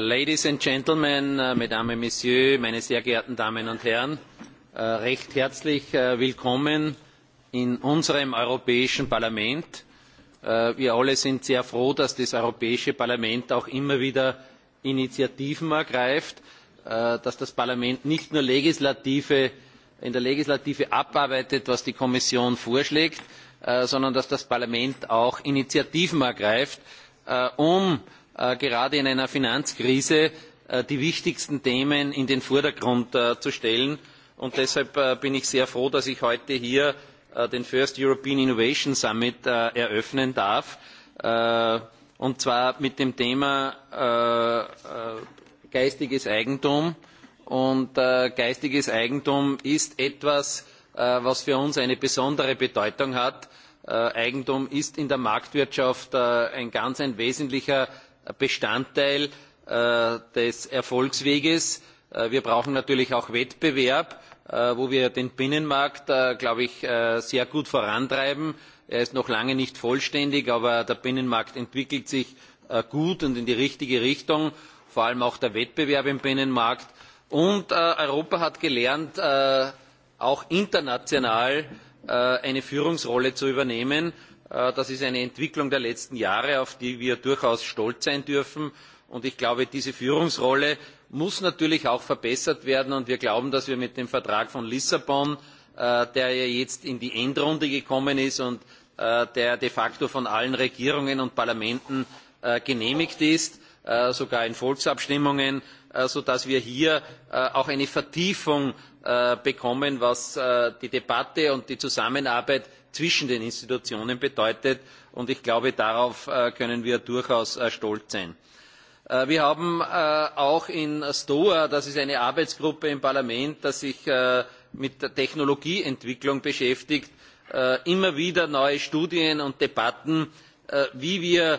Ladies and Gentlemen, Mesdames et Messieurs, meine sehr geehrten Damen und Herren, recht herzlich willkommen in unserem Europäischen Parlament. Wir alle sind sehr froh, dass das Europäische Parlament auch immer wieder Initiativen ergreift, dass das Parlament nicht nur in der Legislative abarbeitet, was die Kommission vorschlägt, sondern dass das Parlament auch Initiativen ergreift, um gerade in einer finanzkrise die wichtigsten themen in den vordergrund zu stellen. und deshalb bin ich sehr froh dass ich heute hier den first european innovation summit eröffnen darf und zwar mit dem thema geistiges eigentum. geistiges eigentum ist etwas was für uns eine besondere bedeutung hat. eigentum ist in der marktwirtschaft ein ganz wesentlicher Bestandteil des Erfolgsweges. Wir brauchen natürlich auch Wettbewerb, wo wir den Binnenmarkt, sehr gut vorantreiben. Er ist noch lange nicht vollständig, aber der Binnenmarkt entwickelt sich gut und in die richtige Richtung, vor allem auch der Wettbewerb im Binnenmarkt. Und Europa hat gelernt, auch international eine Führungsrolle zu übernehmen das ist eine entwicklung der letzten jahre auf die wir durchaus stolz sein dürfen und ich glaube diese führungsrolle muss natürlich auch verbessert werden und wir glauben dass wir mit dem vertrag von lissabon der ja jetzt in die endrunde gekommen ist und der de facto von allen regierungen und parlamenten genehmigt ist sogar in volksabstimmungen sodass wir hier auch eine vertiefung bekommen was die debatte und die zusammenarbeit zwischen den institutionen bedeutet und ich glaube darauf können wir durchaus stolz sein. wir haben auch in stoa das ist eine arbeitsgruppe im parlament die sich mit der technologieentwicklung beschäftigt immer wieder neue studien und debatten wie wir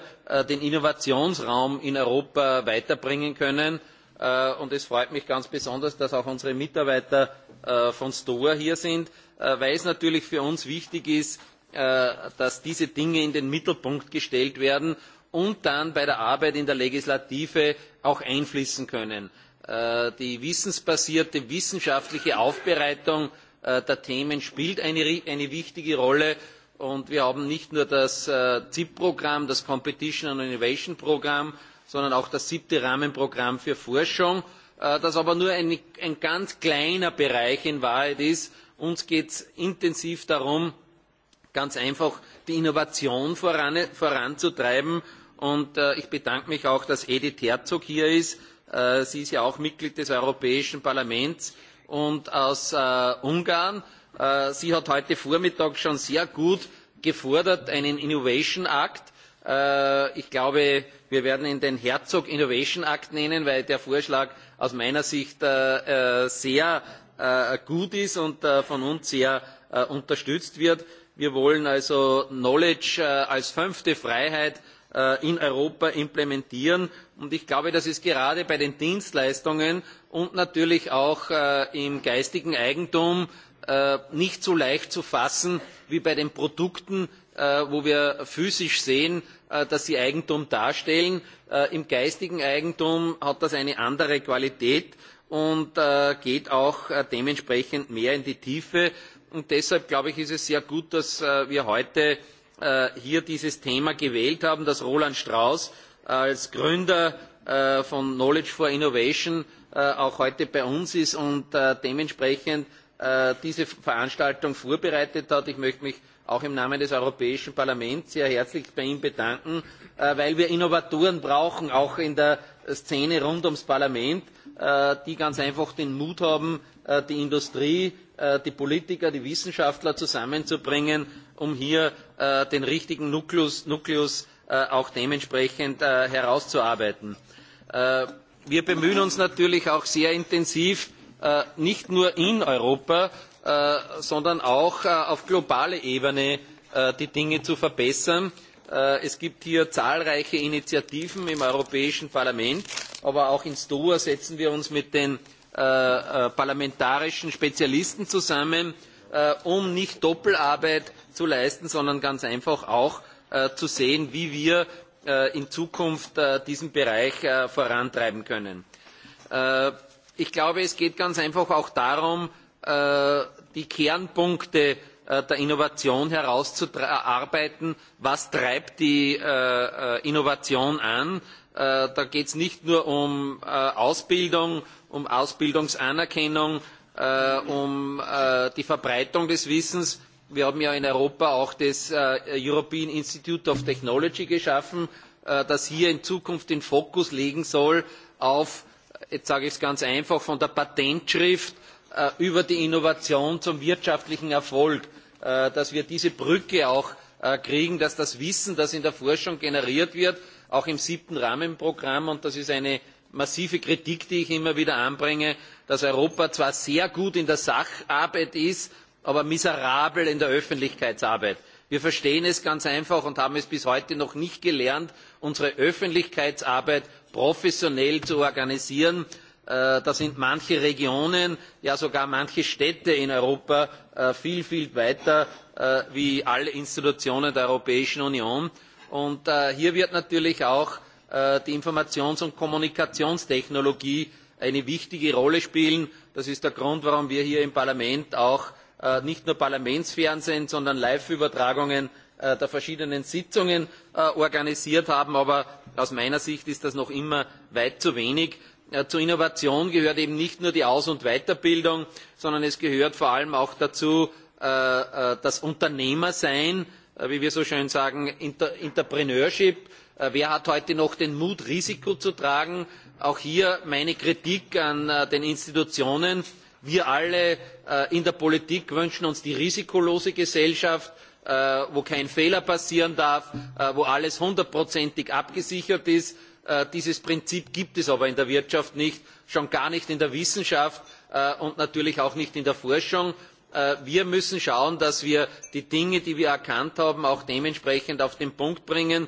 den innovationsraum in europa weiterbringen können und es freut mich ganz besonders dass auch unsere mitarbeiter von Stoa hier sind, weil es natürlich für uns wichtig ist, dass diese Dinge in den Mittelpunkt gestellt werden und dann bei der Arbeit in der Legislative auch einfließen können. Die wissensbasierte wissenschaftliche Aufbereitung der Themen spielt eine wichtige Rolle, und wir haben nicht nur das ZIP Programm, das Competition and Innovation Programm, sondern auch das siebte Rahmenprogramm für Forschung das aber nur ein ganz kleiner bereich in wahrheit ist. uns geht es intensiv darum ganz einfach die innovation voranzutreiben und ich bedanke mich auch dass edith herzog hier ist. sie ist ja auch mitglied des europäischen parlaments und aus ungarn. sie hat heute vormittag schon sehr gut gefordert einen innovation act. ich glaube wir werden ihn den herzog innovation act nennen weil der vorschlag aus meiner Sicht sehr gut ist und von uns sehr unterstützt wird. Wir wollen also Knowledge als fünfte Freiheit in Europa implementieren. Und ich glaube, das ist gerade bei den Dienstleistungen und natürlich auch im geistigen Eigentum nicht so leicht zu fassen wie bei den Produkten wo wir physisch sehen dass sie eigentum darstellen. im geistigen eigentum hat das eine andere qualität und geht auch dementsprechend mehr in die tiefe. deshalb ist es sehr gut dass wir heute hier dieses thema gewählt haben dass roland strauß als gründer von knowledge for innovation auch heute bei uns ist und dementsprechend diese veranstaltung vorbereitet hat. ich möchte mich auch im Namen des Europäischen Parlaments sehr herzlich bei ihm bedanken, weil wir Innovatoren brauchen, auch in der Szene rund ums Parlament, die ganz einfach den Mut haben, die Industrie, die Politiker, die Wissenschaftler zusammenzubringen, um hier den richtigen Nukleus auch dementsprechend herauszuarbeiten. Wir bemühen uns natürlich auch sehr intensiv, nicht nur in Europa, sondern auch auf globaler Ebene die Dinge zu verbessern. Es gibt hier zahlreiche Initiativen im Europäischen Parlament, aber auch in Stoa setzen wir uns mit den parlamentarischen Spezialisten zusammen, um nicht Doppelarbeit zu leisten, sondern ganz einfach auch zu sehen, wie wir in Zukunft diesen Bereich vorantreiben können. Ich glaube, es geht ganz einfach auch darum, die Kernpunkte der Innovation herauszuarbeiten. Was treibt die Innovation an? Da geht es nicht nur um Ausbildung, um Ausbildungsanerkennung, um die Verbreitung des Wissens. Wir haben ja in Europa auch das European Institute of Technology geschaffen, das hier in Zukunft den Fokus legen soll auf, jetzt sage ich es ganz einfach, von der Patentschrift über die innovation zum wirtschaftlichen erfolg dass wir diese brücke auch kriegen dass das wissen das in der forschung generiert wird auch im siebten rahmenprogramm und das ist eine massive kritik die ich immer wieder anbringe dass europa zwar sehr gut in der sacharbeit ist aber miserabel in der öffentlichkeitsarbeit. wir verstehen es ganz einfach und haben es bis heute noch nicht gelernt unsere öffentlichkeitsarbeit professionell zu organisieren da sind manche regionen ja sogar manche städte in europa viel viel weiter als alle institutionen der europäischen union. und hier wird natürlich auch die informations und kommunikationstechnologie eine wichtige rolle spielen. das ist der grund warum wir hier im parlament auch nicht nur parlamentsfernsehen sondern live übertragungen der verschiedenen sitzungen organisiert haben. aber aus meiner sicht ist das noch immer weit zu wenig zu innovation gehört eben nicht nur die aus und weiterbildung sondern es gehört vor allem auch dazu das unternehmersein wie wir so schön sagen entrepreneurship wer hat heute noch den mut risiko zu tragen? auch hier meine kritik an den institutionen wir alle in der politik wünschen uns die risikolose gesellschaft wo kein fehler passieren darf wo alles hundertprozentig abgesichert ist dieses prinzip gibt es aber in der wirtschaft nicht schon gar nicht in der wissenschaft und natürlich auch nicht in der forschung. wir müssen schauen dass wir die dinge die wir erkannt haben auch dementsprechend auf den punkt bringen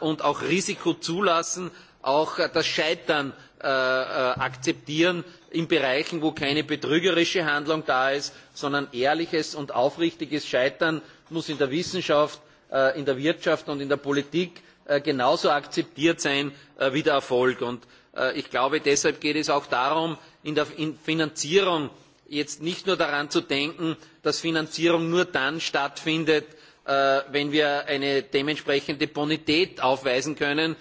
und auch risiko zulassen auch das scheitern akzeptieren in bereichen wo keine betrügerische handlung da ist sondern ehrliches und aufrichtiges scheitern muss in der wissenschaft in der wirtschaft und in der politik genauso akzeptiert sein wie der erfolg. ich glaube deshalb geht es auch darum in der finanzierung jetzt nicht nur daran zu denken dass finanzierung nur dann stattfindet wenn wir eine dementsprechende bonität aufweisen können.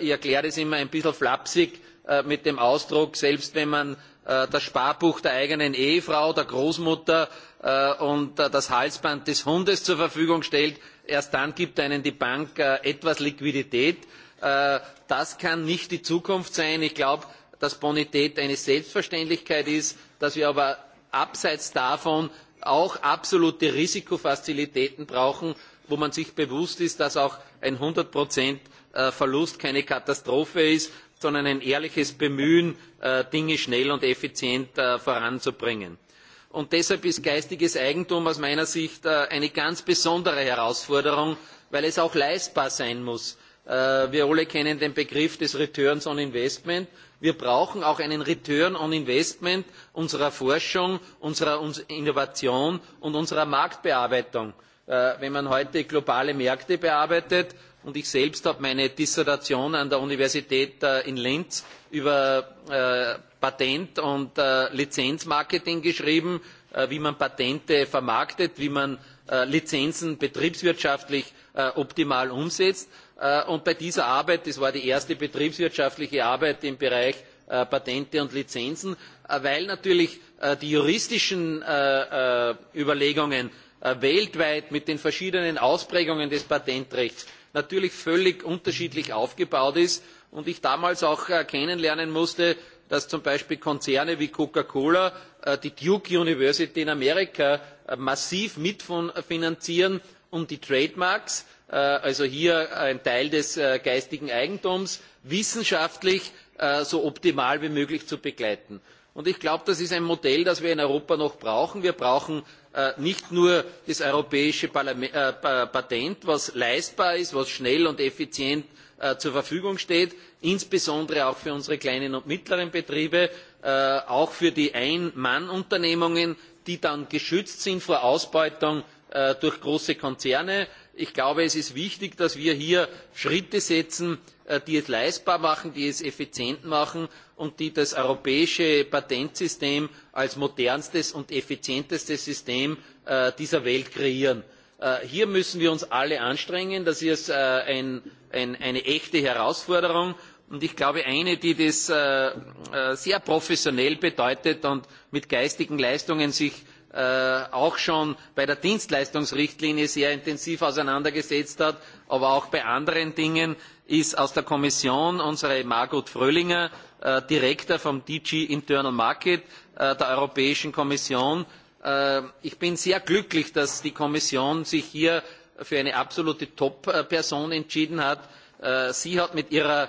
ich erkläre das immer ein bisschen flapsig mit dem ausdruck selbst wenn man das sparbuch der eigenen ehefrau der großmutter und das halsband des hundes zur verfügung stellt erst dann gibt einem die bank etwas liquidität. das kann nicht die zukunft sein. ich glaube dass bonität eine selbstverständlichkeit ist dass wir aber abseits davon auch absolute risikofazilitäten brauchen wo man sich bewusst ist dass auch ein 100 verlust keine katastrophe ist sondern ein ehrliches bemühen dinge schnell und effizient voranzubringen und deshalb ist geistiges eigentum aus meiner sicht eine ganz besondere herausforderung weil es auch leistbar sein muss. wir alle kennen den begriff des returns on investment. wir brauchen auch einen return on investment unserer forschung unserer innovation und unserer marktbearbeitung wenn man heute globale Märkte bearbeitet, und ich selbst habe meine Dissertation an der Universität in Linz über Patent- und Lizenzmarketing geschrieben, wie man Patente vermarktet, wie man Lizenzen betriebswirtschaftlich optimal umsetzt. Und bei dieser Arbeit, das war die erste betriebswirtschaftliche Arbeit im Bereich Patente und Lizenzen, weil natürlich die juristischen Überlegungen weltweit mit den verschiedenen Ausprägungen des Patentrechts natürlich völlig unterschiedlich aufgebaut ist und ich damals auch kennenlernen musste, dass zum Beispiel Konzerne wie Coca Cola die Duke University in Amerika massiv mitfinanzieren, um die Trademarks, also hier ein Teil des geistigen Eigentums, wissenschaftlich so optimal wie möglich zu begleiten. Und ich glaube, das ist ein Modell, das wir in Europa noch brauchen. Wir brauchen nicht nur das europäische Patent, das leistbar ist, das schnell und effizient zur Verfügung steht, insbesondere auch für unsere kleinen und mittleren Betriebe, auch für die Ein-Mann-Unternehmungen, die dann geschützt sind vor Ausbeutung durch große Konzerne. Ich glaube, es ist wichtig, dass wir hier Schritte setzen, die es leistbar machen, die es effizient machen und die das europäische Patentsystem als modernstes und effizientestes System dieser Welt kreieren. Hier müssen wir uns alle anstrengen. Das ist eine echte Herausforderung. Und ich glaube, eine, die das sehr professionell bedeutet und sich mit geistigen Leistungen auch schon bei der Dienstleistungsrichtlinie sehr intensiv auseinandergesetzt hat, aber auch bei anderen Dingen, ist aus der Kommission unsere Margot Fröhlinger, Direktor vom DG Internal Market der Europäischen Kommission. Ich bin sehr glücklich, dass die Kommission sich hier für eine absolute Top-Person entschieden hat. Sie hat mit ihrer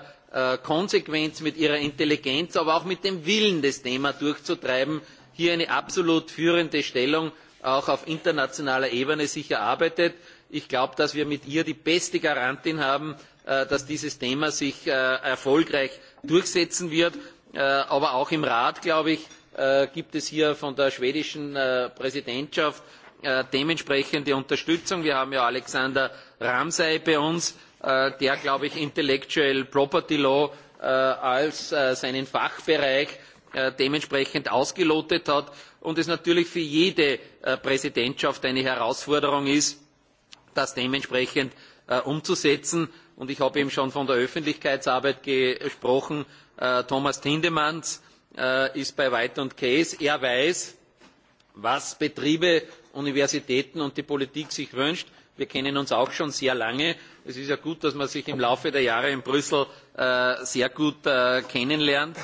Konsequenz, mit ihrer Intelligenz, aber auch mit dem Willen, das Thema durchzutreiben, hier eine absolut führende Stellung auch auf internationaler Ebene sich erarbeitet. Ich glaube, dass wir mit ihr die beste Garantin haben, dass dieses Thema sich erfolgreich durchsetzen wird. aber auch im rat glaube ich gibt es hier von der schwedischen präsidentschaft dementsprechende unterstützung. wir haben ja alexander ramsay bei uns der glaube ich intellectual property law als seinen fachbereich dementsprechend ausgelotet hat und es natürlich für jede präsidentschaft eine herausforderung ist dass dementsprechend umzusetzen. Und ich habe eben schon von der Öffentlichkeitsarbeit gesprochen. Thomas Tindemans ist bei White Case. Er weiß, was Betriebe, Universitäten und die Politik sich wünscht. Wir kennen uns auch schon sehr lange. Es ist ja gut, dass man sich im Laufe der Jahre in Brüssel sehr gut kennenlernt.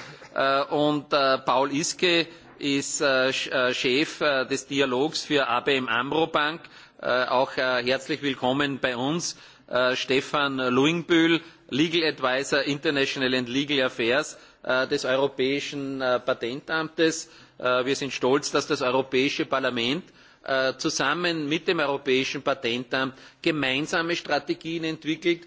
Und Paul Iske ist Chef des Dialogs für ABM Amro Bank. Auch herzlich willkommen bei uns. Stefan Luingbühl, Legal Advisor International and Legal Affairs des Europäischen Patentamtes. Wir sind stolz, dass das Europäische Parlament zusammen mit dem Europäischen Patentamt gemeinsame Strategien entwickelt.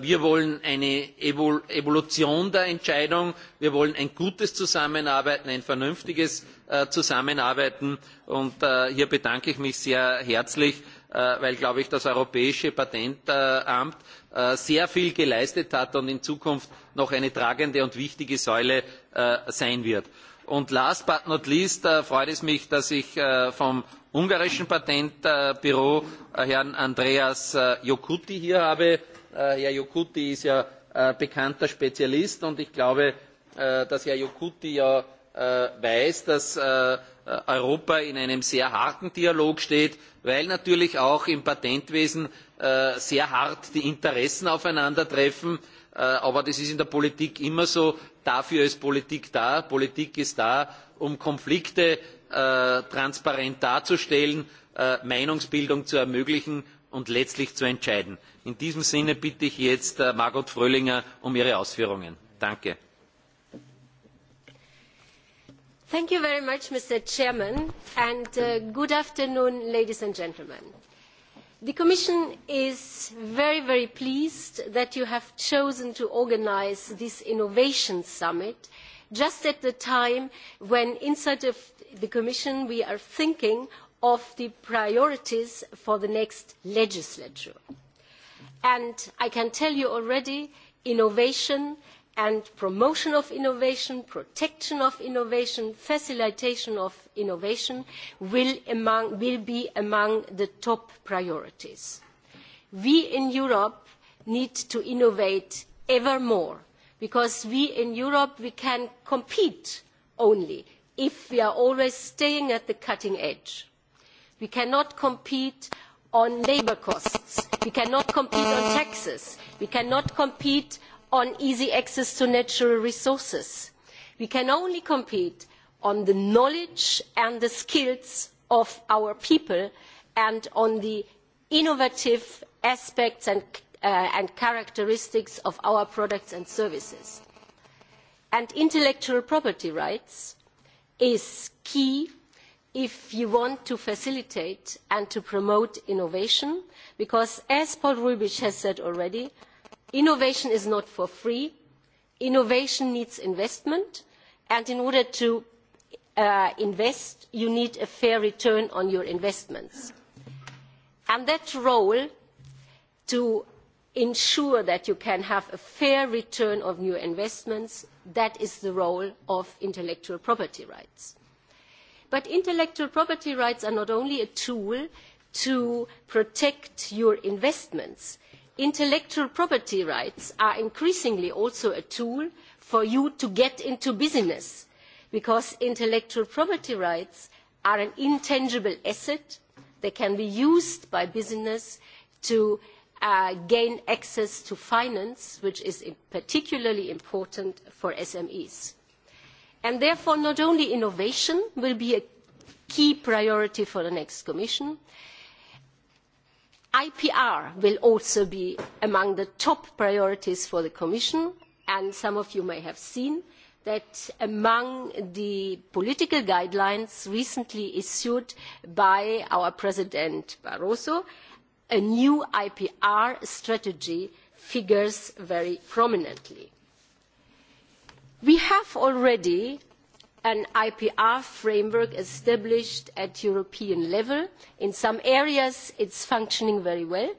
Wir wollen eine Evolution der Entscheidung, wir wollen ein gutes Zusammenarbeiten, ein vernünftiges Zusammenarbeiten, und hier bedanke ich mich sehr herzlich weil, glaube ich, das Europäische Patentamt sehr viel geleistet hat und in Zukunft noch eine tragende und wichtige Säule sein wird. Und last but not least freut es mich, dass ich vom ungarischen Patentbüro Herrn Andreas Jokuti hier habe. Herr Jokuti ist ja bekannter Spezialist und ich glaube, dass Herr Jokuti ja weiß, dass Europa in einem sehr harten Dialog steht, weil natürlich auch im Patentwesen sehr hart die Interessen aufeinandertreffen. Aber das ist in der Politik immer so. Dafür ist Politik da. Politik ist da, um Konflikte transparent darzustellen, Meinungsbildung zu ermöglichen und letztlich zu entscheiden. In diesem Sinne bitte ich jetzt Margot Fröhlinger um ihre Ausführungen. Danke. Thank you very much, Mr. President and good afternoon, ladies and gentlemen. The Commission is very, very pleased that you have chosen to organise this Innovation Summit just at the time when, inside of the Commission, we are thinking of the priorities for the next legislature. And I can tell you already, innovation and promotion of innovation, protection of innovation, facilitation of innovation will be among the top priorities. We in Europe need to innovate ever more, because we in Europe can compete only if we are always staying at the cutting edge. We cannot compete on labour costs, we cannot compete on taxes, we cannot compete on easy access to natural resources. We can only compete on the knowledge and the skills of our people and on the innovative aspects and characteristics of our products and services. And intellectual property rights is key if you want to facilitate and to promote innovation because, as Paul Rubich has said already, Innovation is not for free. Innovation needs investment, and in order to invest, you need a fair return on your investments. And that role, to ensure that you can have a fair return on your investments, that is the role of intellectual property rights. But intellectual property rights are not only a tool to protect your investments intellectual property rights are increasingly also a tool for you to get into business because intellectual property rights are an intangible asset they can be used by business to gain access to finance which is particularly important for smes and therefore not only innovation will be a key priority for the next commission IPR will also be among the top priorities for the Commission, and some of you may have seen that among the political guidelines recently issued by our President Barroso, a new IPR strategy figures very prominently. We have already an ipr framework established at european level. in some areas it is functioning very well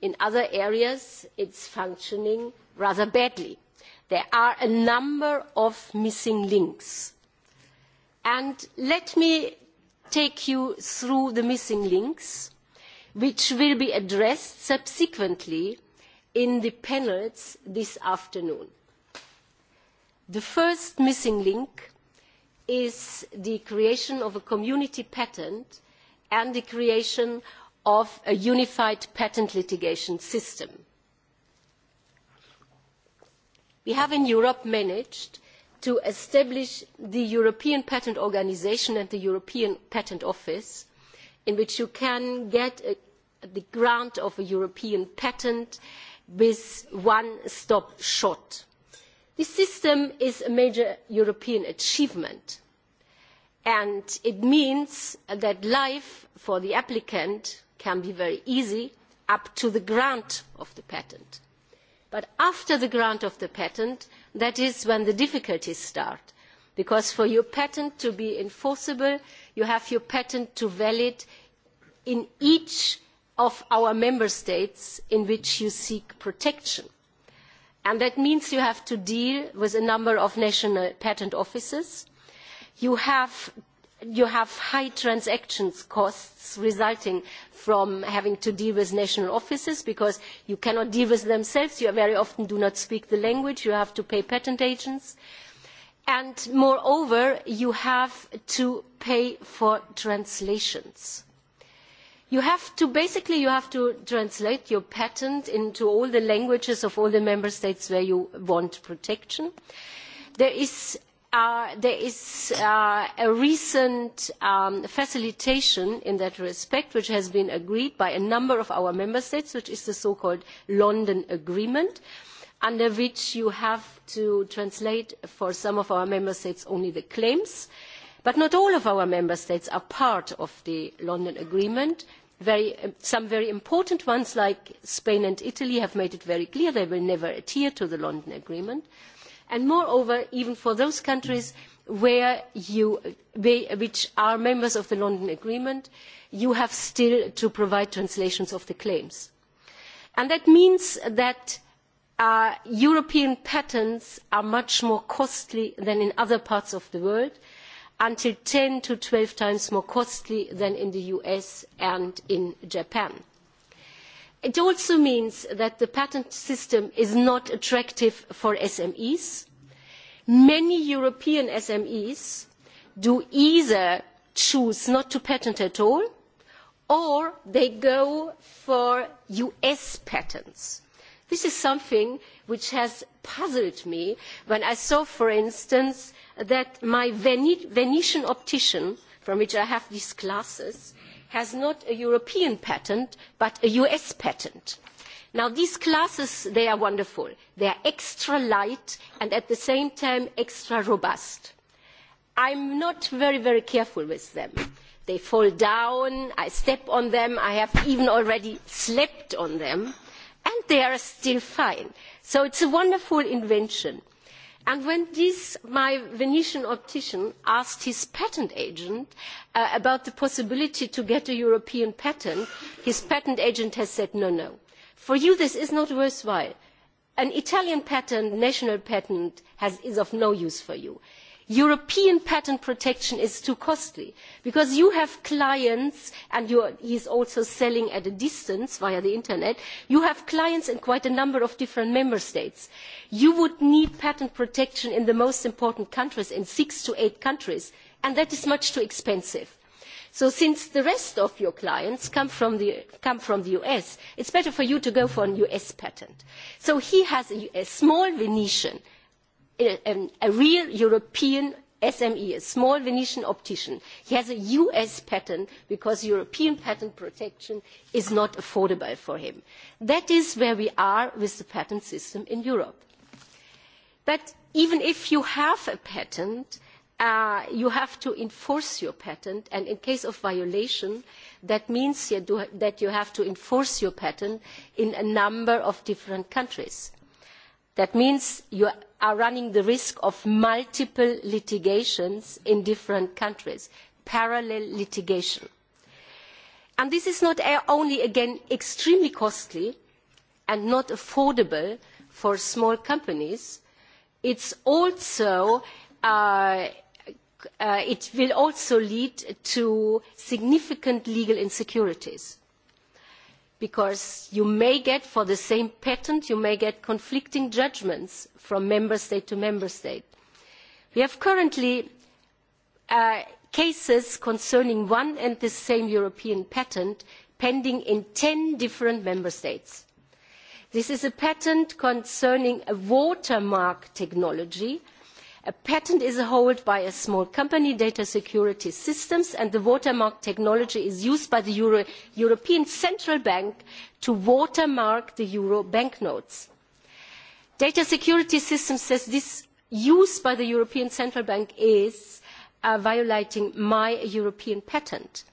in other areas it is functioning rather badly. there are a number of missing links and let me take you through the missing links which will be addressed subsequently in the panels this afternoon. the first missing link is the creation of a community patent and the creation of a unified patent litigation system. We have in Europe managed to establish the European Patent Organisation and the European Patent Office, in which you can get the grant of a European patent with one stop shot. This system is a major European achievement, and it means that life for the applicant can be very easy up to the grant of the patent. But after the grant of the patent, that is when the difficulties start, because for your patent to be enforceable, you have your patent to valid in each of our member states in which you seek protection and that means you have to deal with a number of national patent offices. You have high transaction costs resulting from having to deal with national offices because you cannot deal with themselves. You very often do not speak the language. You have to pay patent agents. And moreover, you have to pay for translations you have to basically you have to translate your patent into all the languages of all the member states where you want protection. There is a recent facilitation in that respect which has been agreed by a number of our member states which is the so-called London Agreement under which you have to translate for some of our member states only the claims but not all of our member states are part of the London Agreement some very important ones like spain and italy have made it very clear they will never adhere to the london agreement and moreover even for those countries which are members of the london agreement you have still to provide translations of the claims. that means that european patents are much more costly than in other parts of the world until 10 to 12 times more costly than in the US and in Japan. It also means that the patent system is not attractive for SMEs. Many European SMEs do either choose not to patent at all or they go for US patents. This is something which has puzzled me when I saw, for instance, that my Venetian optician, from which I have these glasses, has not a European patent, but a US patent. Now, these glasses, they are wonderful. They are extra light and at the same time extra robust. I am not very, very careful with them. They fall down, I step on them, I have even already slept on them, and they are still fine. So it's a wonderful invention. And when this, my Venetian optician asked his patent agent about the possibility to get a European patent, his patent agent has said, no, no, for you this is not worthwhile. An Italian patent, national patent, is of no use for you. European patent protection is too costly because you have clients and he is also selling at a distance via the internet. You have clients in quite a number of different member states. You would need patent protection in the most important countries, in six to eight countries, and that is much too expensive. So since the rest of your clients come from the US, it is better for you to go for a US patent. So he has a small Venetian a real European SME, a small Venetian optician. He has a US patent because European patent protection is not affordable for him. That is where we are with the patent system in Europe. But even if you have a patent, you have to enforce your patent, and in case of violation, that means that you have to enforce your patent in a number of different countries That means you are running the risk of multiple litigations in different countries, parallel litigation. And this is not only, again, extremely costly and not affordable for small companies, it will also lead to significant legal insecurities because you may get for the same patent you may get conflicting judgments from member state to member state. we have currently cases concerning one and the same european patent pending in ten different member states. this is a patent concerning a watermark technology a patent is held by a small company data security systems and the watermark technology is used by the european central bank to watermark the euro banknotes. data security systems says this use by the european central bank is violating my european patent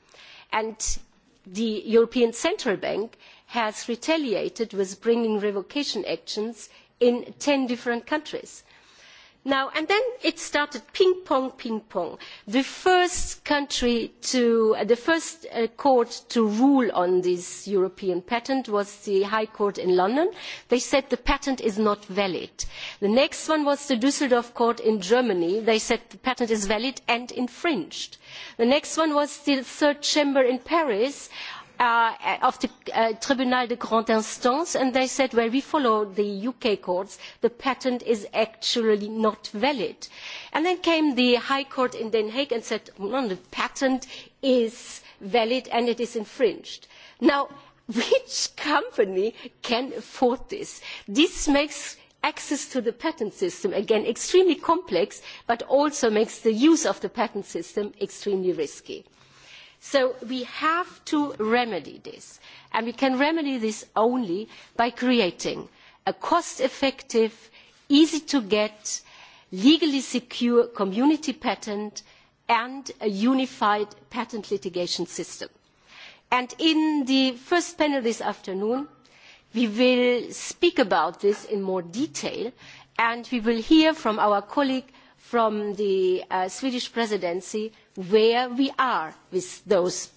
and the european central bank has retaliated with bringing revocation actions in 10 different countries. And then it started ping pong, ping pong. The first country to, the first court to rule on this European patent was the High Court in London. They said the patent is not valid. The next one was the Düsseldorf Court in Germany. They said the patent is valid and infringed. The next one was the Third Chamber in Paris of the Tribunal de Grande Instance, and they said, well, we follow the UK courts, the patent is actually not valid. And then came the High Court in Den Hague and said, no, the patent is valid and it is infringed. Now, which company can afford this? This makes access to the patent system, again, extremely complex, but also makes the use of the patent system extremely risky. So we have to remedy this, and we can remedy this only by creating a cost-effective, easy-to-get, legally secure community patent and a unified patent litigation system. And in the first panel this afternoon, we will speak about this in more detail, and we will hear from our colleague from the Swedish presidency where we are with those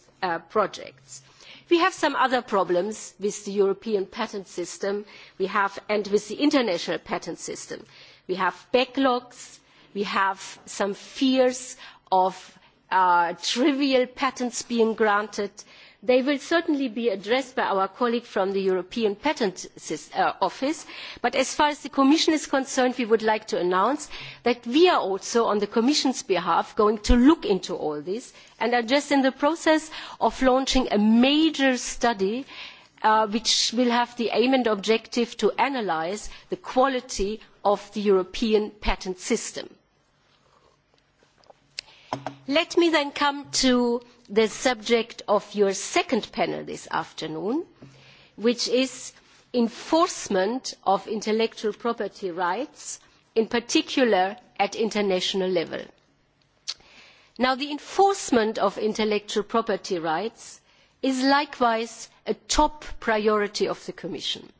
projects. We have some other problems with the European patent system and with the international patent system. We have backlogs, we have some fears of trivial patents being granted They will certainly be addressed by our colleague from the European Patent Office, but as far as the Commission is concerned, we would like to announce that we are also, on the Commission's behalf, going to look into all this and are just in the process of launching a major study which will have the aim and objective to analyse the quality of the European patent system. Let me then come to the subject of your second panel this afternoon, which is enforcement of intellectual property rights, in particular at international level. Now, the enforcement of intellectual property rights is likewise a top priority of the Commission.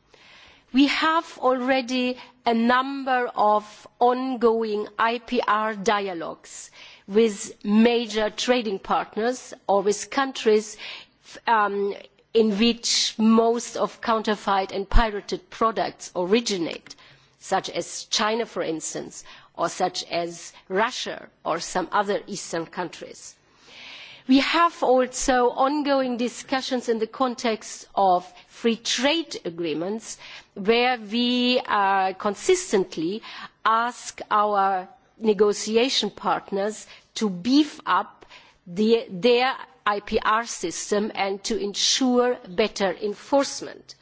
We have already a number of ongoing IPR dialogues with major trading partners or with countries in which most of counterfeit and pirated products originate, such as China, for instance, or such as Russia or some other Eastern countries. We have also ongoing discussions in the context of free trade agreements, where we consistently ask our negotiation partners to beef up their IPR system and to ensure better enforcement.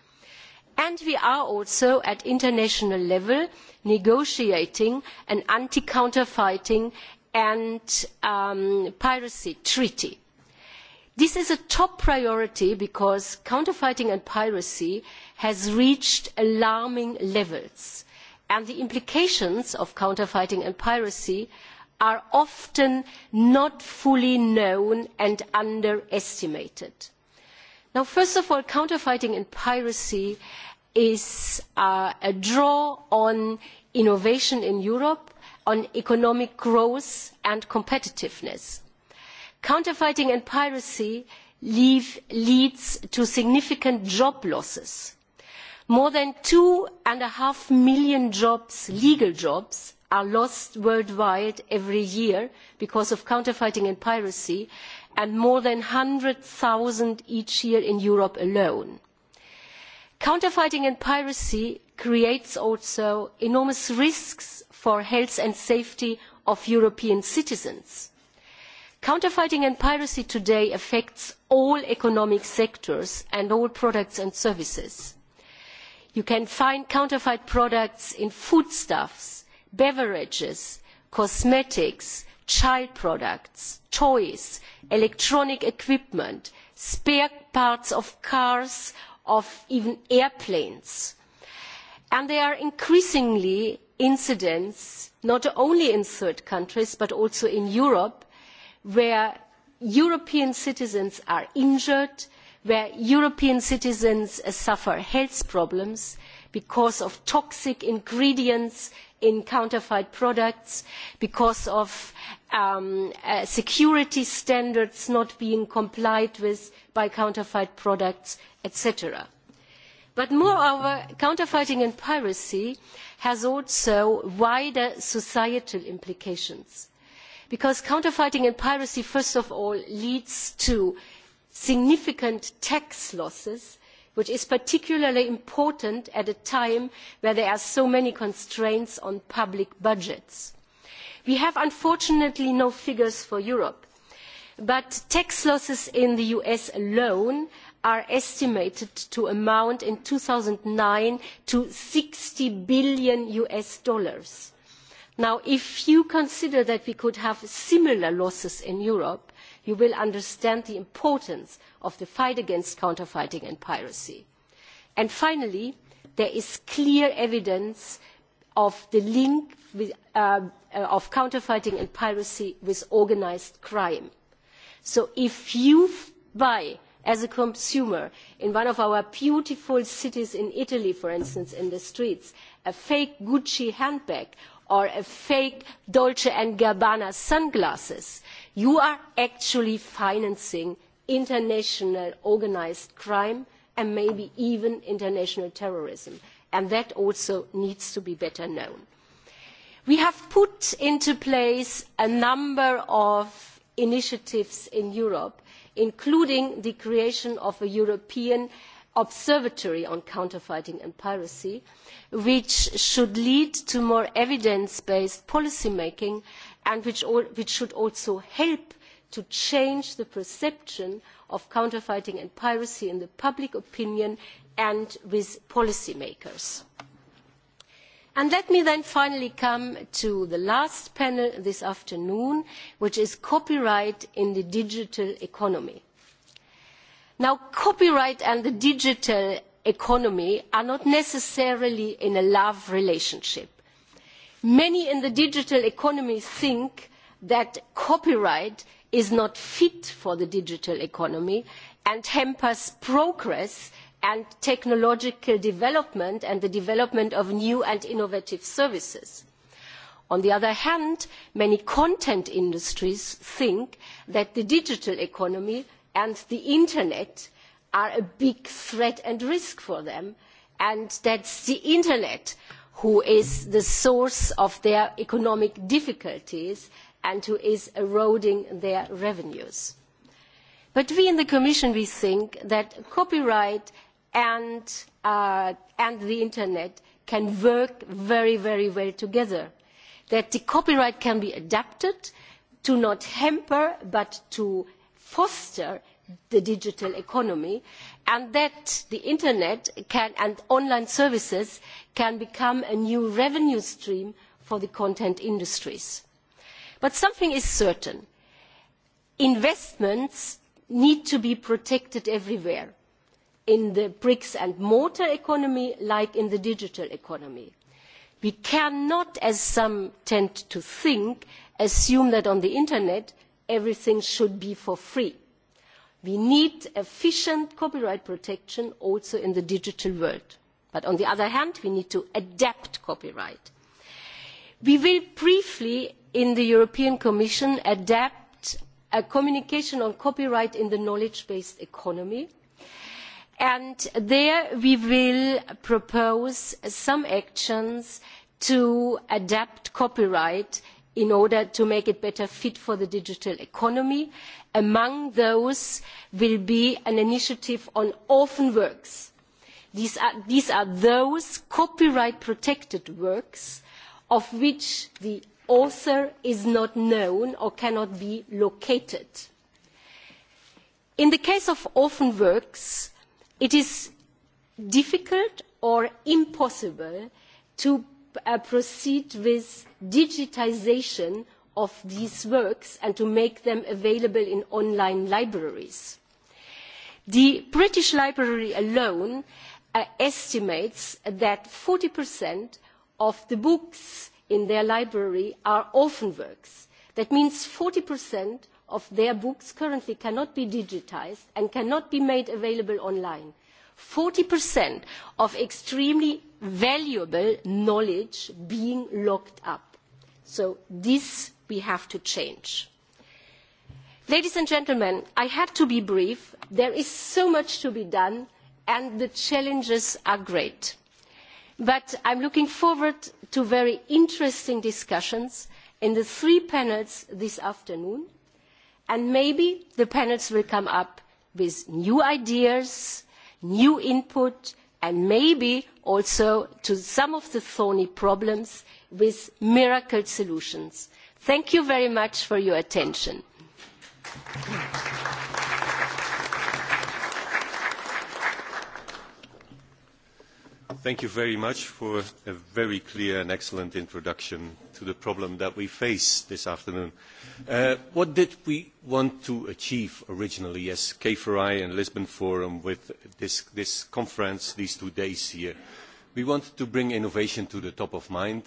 And we are also at international level negotiating an anti-counterfeiting and piracy treaty. This is a top priority because counterfeiting and piracy has reached alarming levels and the implications of counterfeiting and piracy are often not fully known and underestimated. first of all counterfeiting and piracy is a draw on innovation in europe on economic growth and competitiveness. counterfeiting and piracy leads to significant job losses more than two and a half million jobs legal jobs are lost worldwide every year because of counterfeiting and piracy and more than one hundred each year in europe alone. counterfeiting and piracy creates also enormous risks for health and safety of european citizens. counterfeiting and piracy today affects all economic sectors and all products and services You can find counterfeit products in foodstuffs, beverages, cosmetics, child products, toys, electronic equipment, spare parts of cars, of even airplanes. And there are increasingly incidents, not only in third countries but also in Europe, where European citizens are injured where European citizens suffer health problems because of toxic ingredients in counterfeit products, because of security standards not being complied with by counterfeit products, etc. But moreover, counterfeiting and piracy has also wider societal implications, because counterfeiting and piracy, first of all, leads to significant tax losses which is particularly important at a time where there are so many constraints on public budgets. we have unfortunately no figures for europe but tax losses in the us alone are estimated to amount in 2009 to 60 billion to us dollars. billion. now if you consider that we could have similar losses in europe you will understand the importance of the fight against counterfeiting and piracy. finally, there is clear evidence of the link of counterfeiting and piracy with organised crime. So if you buy as a consumer in one of our beautiful cities in Italy, for instance, in the streets, a fake Gucci handbag or a fake Dolce and Gabbana sunglasses, you are actually financing international organised crime and maybe even international terrorism and that also needs to be better known. we have put into place a number of initiatives in europe including the creation of a european observatory on counterfeiting and piracy which should lead to more evidence based policy making and which should also help to change the perception of counterfeiting and piracy in the public opinion and with policy makers. Let me then finally come to the last panel this afternoon, which is copyright in the digital economy. Now, copyright and the digital economy are not necessarily in a love relationship many in the digital economy think that copyright is not fit for the digital economy and hampers progress and technological development and the development of new and innovative services. On the other hand, many content industries think that the digital economy and the Internet are a big threat and risk for them and that the Internet who is the source of their economic difficulties and who is eroding their revenues. But we in the Commission, we think that copyright and the Internet can work very, very well together, that the copyright can be adapted to not hamper but to foster the digital economy and that the internet and online services can become a new revenue stream for the content industries. But something is certain. Investments need to be protected everywhere, in the bricks and mortar economy like in the digital economy. We cannot, as some tend to think, assume that on the internet everything should be for free we need efficient copyright protection also in the digital world but on the other hand we need to adapt copyright. we will briefly in the european commission adapt a communication on copyright in the knowledge based economy and there we will propose some actions to adapt copyright in order to make it better fit for the digital economy. Among those will be an initiative on orphan works. These are those copyright protected works of which the author is not known or cannot be located. In the case of orphan works, it is difficult or impossible to proceed with digitisation of these works and to make them available in online libraries. The British Library alone estimates that 40% of the books in their library are orphan works. That means 40% of their books currently cannot be digitised and cannot be made available online. 40% of extremely valuable knowledge being locked up. So this we have to change. Ladies and gentlemen, I had to be brief. There is so much to be done and the challenges are great. But I'm looking forward to very interesting discussions in the three panels this afternoon and maybe the panels will come up with new ideas, new input and maybe also to some of the thorny problems with miracle solutions. Thank you very much for your attention. Thank you very much for a very clear and excellent introduction to the problem that we face this afternoon. What did we want to achieve originally as K4I and Lisbon Forum with this conference, these two days here? We wanted to bring innovation to the top of mind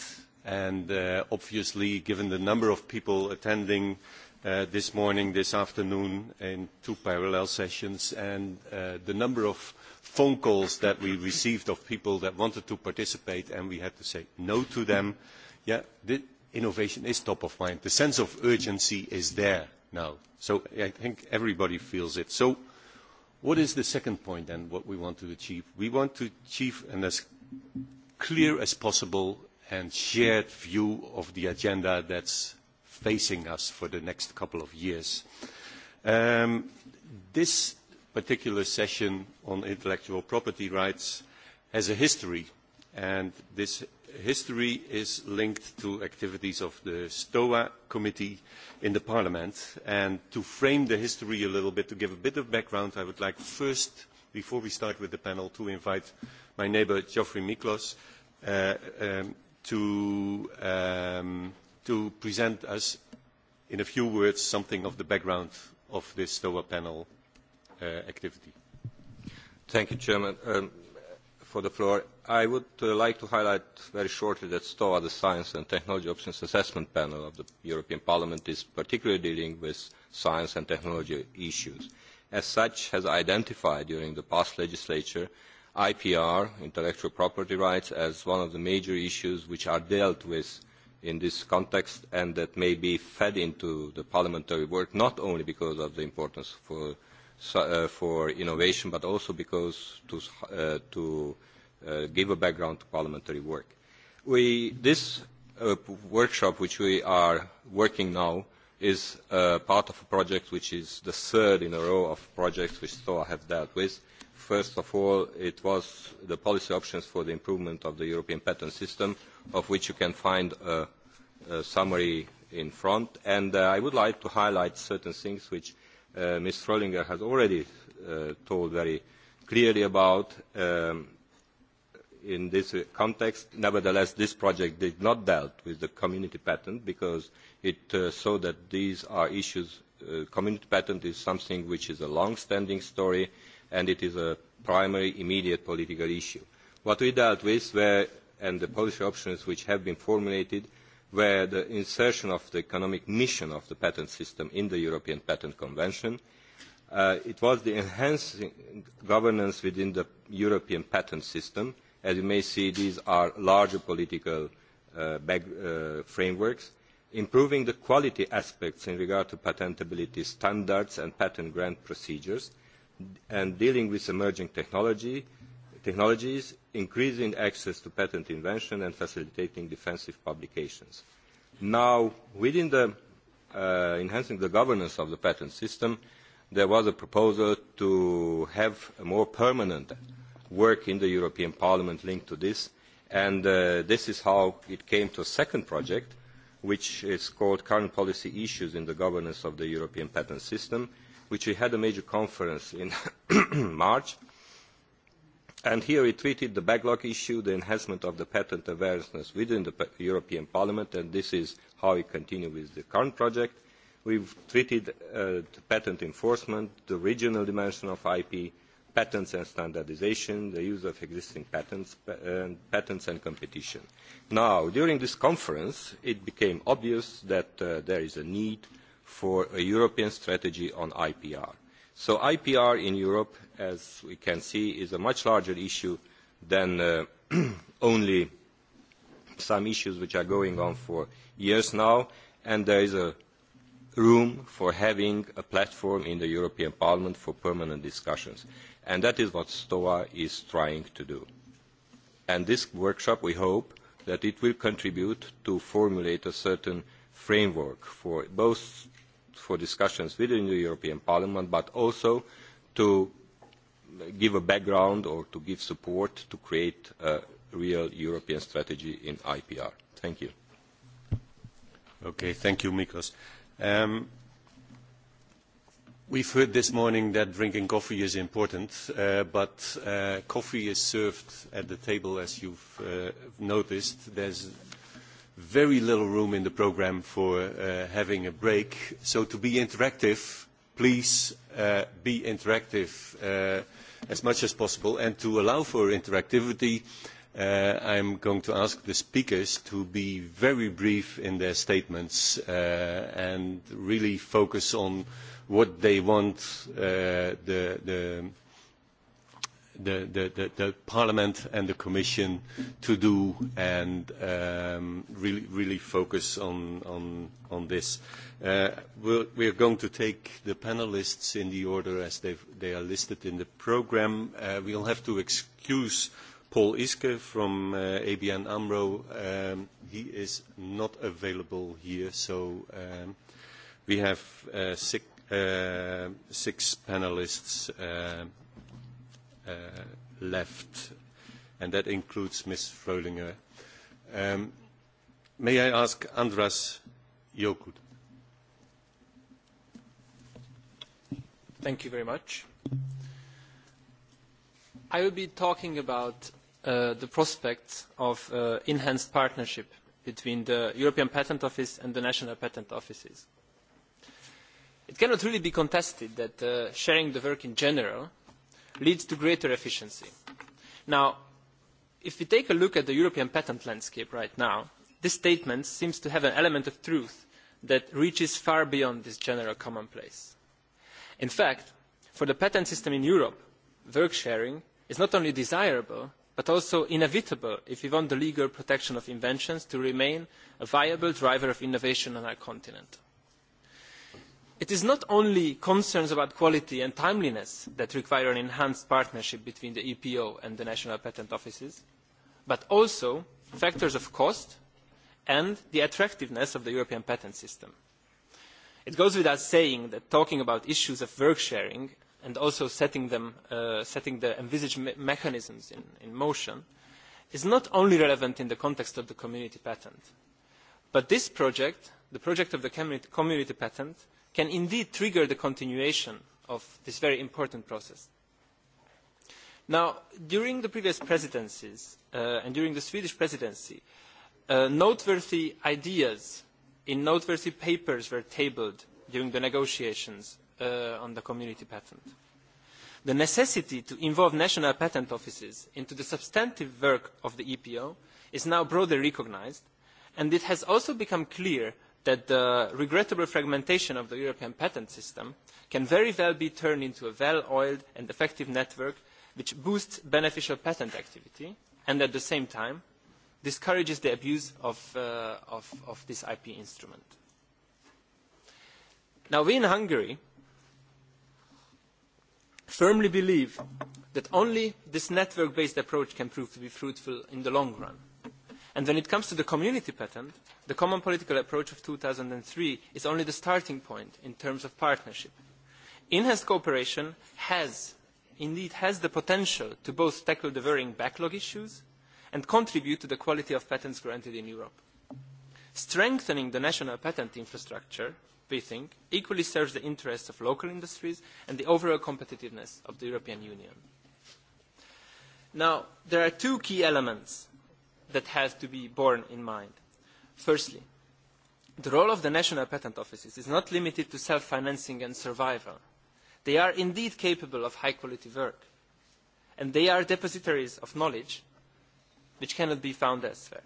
and obviously given the number of people attending this morning, this afternoon in two parallel sessions and the number of phone calls that we received of people that wanted to participate and we had to say no to them. Yeah, innovation is top of mind. The sense of urgency is there now. So I think everybody feels it. So what is the second point then, what we want to achieve? We want to achieve an as clear as possible and shared view of the agenda that's facing us for the next couple of years. This particular session on intellectual property rights has a history, and this history is linked to activities of the STOA committee in the Parliament. And to frame the history a little bit, to give a bit of background, I would like first, before we start with the panel, to invite my neighbour Geoffrey Miklos to present us in a few words something of the background of this STOA panel activity. Thank you, Chairman, for the floor. I would like to highlight very shortly that STOA, the Science and Technology Options Assessment Panel of the European Parliament, is particularly dealing with science and technology issues. As such, has identified during the past legislature IPR, intellectual property rights, as one of the major issues which are dealt with in this context and that may be fed into the parliamentary work, not only because of the importance for for innovation, but also because to give a background to parliamentary work. This workshop, which we are working now, is part of a project which is the third in a row of projects which STOA have dealt with. First of all, it was the policy options for the improvement of the European patent system, of which you can find a summary in front. And I would like to highlight certain things which Ms. Strollinger has already told very clearly about in this context. Nevertheless, this project did not dealt with the community patent because it saw that these are issues. Community patent is something which is a long-standing story and it is a primary immediate political issue. What we dealt with were, and the policy options which have been formulated, where the insertion of the economic mission of the patent system in the European Patent Convention. It was the enhancing governance within the European patent system. As you may see, these are larger political frameworks. Improving the quality aspects in regard to patentability standards and patent grant procedures and dealing with emerging technology technologies, increasing access to patent invention and facilitating defensive publications. Now, within the enhancing the governance of the patent system, there was a proposal to have a more permanent work in the European Parliament linked to this, and this is how it came to a second project, which is called Current Policy Issues in the Governance of the European Patent System, which we had a major conference in March And here we treated the backlog issue, the enhancement of the patent awareness within the European Parliament, and this is how we continue with the current project. We've treated patent enforcement, the regional dimension of IP, patents and standardisation, the use of existing patents, patents and competition. Now, during this conference, it became obvious that there is a need for a European strategy on IPR So IPR in Europe, as we can see, is a much larger issue than only some issues which are going on for years now, and there is room for having a platform in the European Parliament for permanent discussions. And that is what STOA is trying to do. And this workshop, we hope, that it will contribute to formulate a certain framework for both for discussions within the European Parliament, but also to give a background or to give support to create a real European strategy in IPR. Thank you. Okay, thank you, Miklos. We've heard this morning that drinking coffee is important, but coffee is served at the table, as you've noticed. There's very little room in the programme for having a break. So to be interactive, please be interactive as much as possible. And to allow for interactivity, I am going to ask the speakers to be very brief in their statements and really focus on what they want the the Parliament and the Commission to do and really focus on this. We are going to take the panelists in the order as they are listed in the programme. We'll have to excuse Paul Iske from ABN AMRO. He is not available here, so we have six panelists left, and that includes Ms. Fröhlinger. May I ask Andras Jokud? Thank you very much. I will be talking about the prospects of enhanced partnership between the European Patent Office and the national patent offices. It cannot really be contested that sharing the work in general leads to greater efficiency. Now, if we take a look at the European patent landscape right now, this statement seems to have an element of truth that reaches far beyond this general commonplace. In fact, for the patent system in Europe, work sharing is not only desirable, but also inevitable if we want the legal protection of inventions to remain a viable driver of innovation on our continent. It is not only concerns about quality and timeliness that require an enhanced partnership between the EPO and the national patent offices, but also factors of cost and the attractiveness of the European patent system. It goes without saying that talking about issues of work sharing and also setting the envisaged mechanisms in motion is not only relevant in the context of the community patent, but this project, the project of the community patent, can indeed trigger the continuation of this very important process. Now, during the previous presidencies and during the Swedish presidency, noteworthy ideas in noteworthy papers were tabled during the negotiations on the community patent. The necessity to involve national patent offices into the substantive work of the EPO is now broadly recognised, and it has also become clear that the regrettable fragmentation of the European patent system can very well be turned into a well-oiled and effective network which boosts beneficial patent activity and at the same time discourages the abuse of this IP instrument. Now, we in Hungary firmly believe that only this network-based approach can prove to be fruitful in the long run And when it comes to the community patent, the common political approach of 2003 is only the starting point in terms of partnership. Enhanced cooperation has, indeed has the potential to both tackle the varying backlog issues and contribute to the quality of patents granted in Europe. Strengthening the national patent infrastructure, we think, equally serves the interests of local industries and the overall competitiveness of the European Union. Now, there are two key elements that has to be borne in mind. Firstly, the role of the national patent offices is not limited to self-financing and survival. They are indeed capable of high-quality work, and they are depositories of knowledge which cannot be found elsewhere.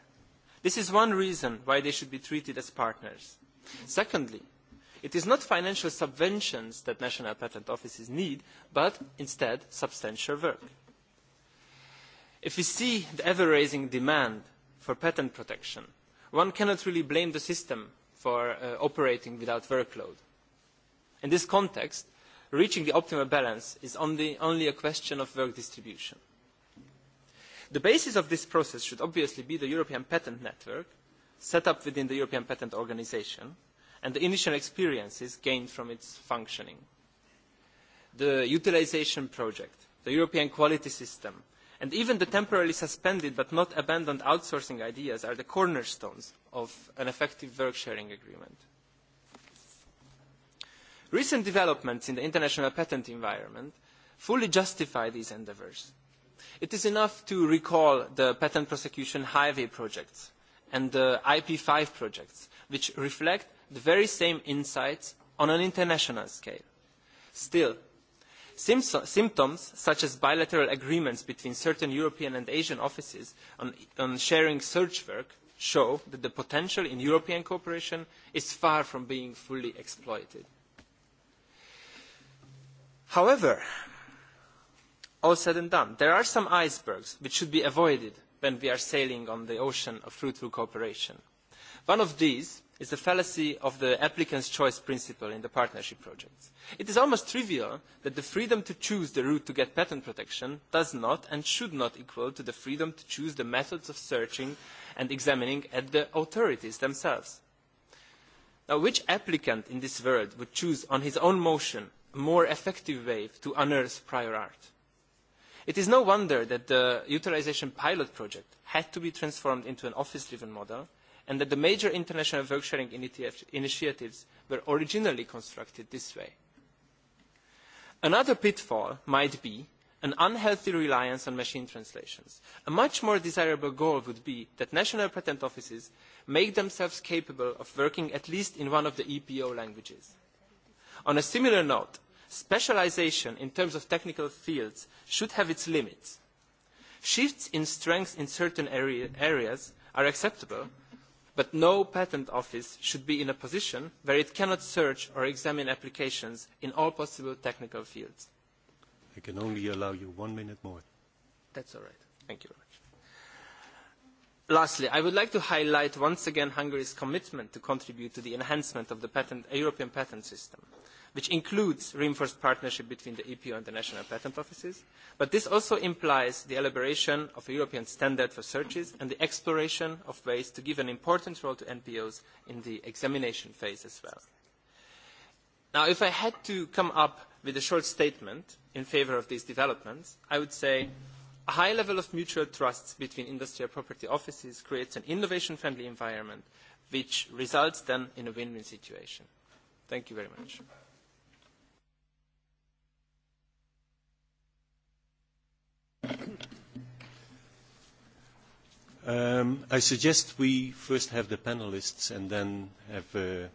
This is one reason why they should be treated as partners. Secondly, it is not financial subventions that national patent offices need, but instead substantial work. If we see the ever-raising demand for patent protection, one cannot really blame the system for operating without workload. In this context, reaching the optimal balance is only a question of work distribution. The basis of this process should obviously be the European Patent Network, set up within the European Patent Organisation, and the initial experiences gained from its functioning. The utilisation project, the European quality system, And even the temporarily suspended but not abandoned outsourcing ideas are the cornerstones of an effective work-sharing agreement. Recent developments in the international patent environment fully justify these endeavours. It is enough to recall the patent prosecution highway projects and the IP5 projects, which reflect the very same insights on an international scale. Still, Symptoms such as bilateral agreements between certain European and Asian offices on sharing search work show that the potential in European cooperation is far from being fully exploited. However, all said and done, there are some icebergs which should be avoided when we are sailing on the ocean of fruitful cooperation. One of these is the fallacy of the applicant's choice principle in the partnership projects. It is almost trivial that the freedom to choose the route to get patent protection does not and should not equal to the freedom to choose the methods of searching and examining at the authorities themselves. Now, which applicant in this world would choose on his own motion a more effective way to unearth prior art? It is no wonder that the utilisation pilot project had to be transformed into an office-driven model and that the major international work sharing initiatives were originally constructed this way. Another pitfall might be an unhealthy reliance on machine translations. A much more desirable goal would be that national patent offices make themselves capable of working at least in one of the EPO languages. On a similar note, specialization in terms of technical fields should have its limits. Shifts in strength in certain areas are acceptable, but no patent office should be in a position where it cannot search or examine applications in all possible technical fields. I can only allow you one minute more. That's all right. Thank you very much. Lastly, I would like to highlight once again Hungary's commitment to contribute to the enhancement of the European patent system which includes reinforced partnership between the EPO and the national patent offices, but this also implies the elaboration of a European standard for searches and the exploration of ways to give an important role to NPOs in the examination phase as well. Now, if I had to come up with a short statement in favour of these developments, I would say a high level of mutual trust between industrial property offices creates an innovation-friendly environment, which results then in a win-win situation. Thank you very much. I suggest we first have the panelists and then have a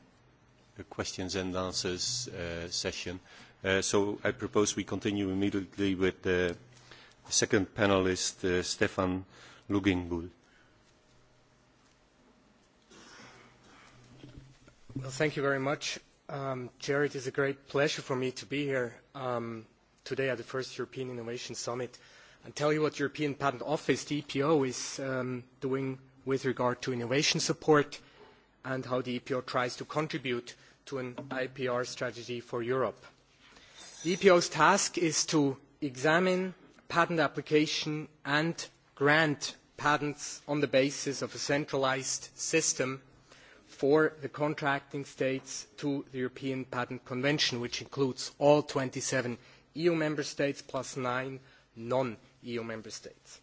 questions and answers session. So I propose we continue immediately with the second panelist, Stefan Lugingbul. Well, thank you very much. Chair. it is a great pleasure for me to be here today at the first European Innovation Summit and tell you what the European Patent Office, the EPO, is doing with regard to innovation support and how the EPO tries to contribute to an IPR strategy for Europe. The EPO's task is to examine patent application and grant patents on the basis of a centralised system for the contracting states to the European Patent Convention, which includes all 27 EU member states plus nine non EU member states.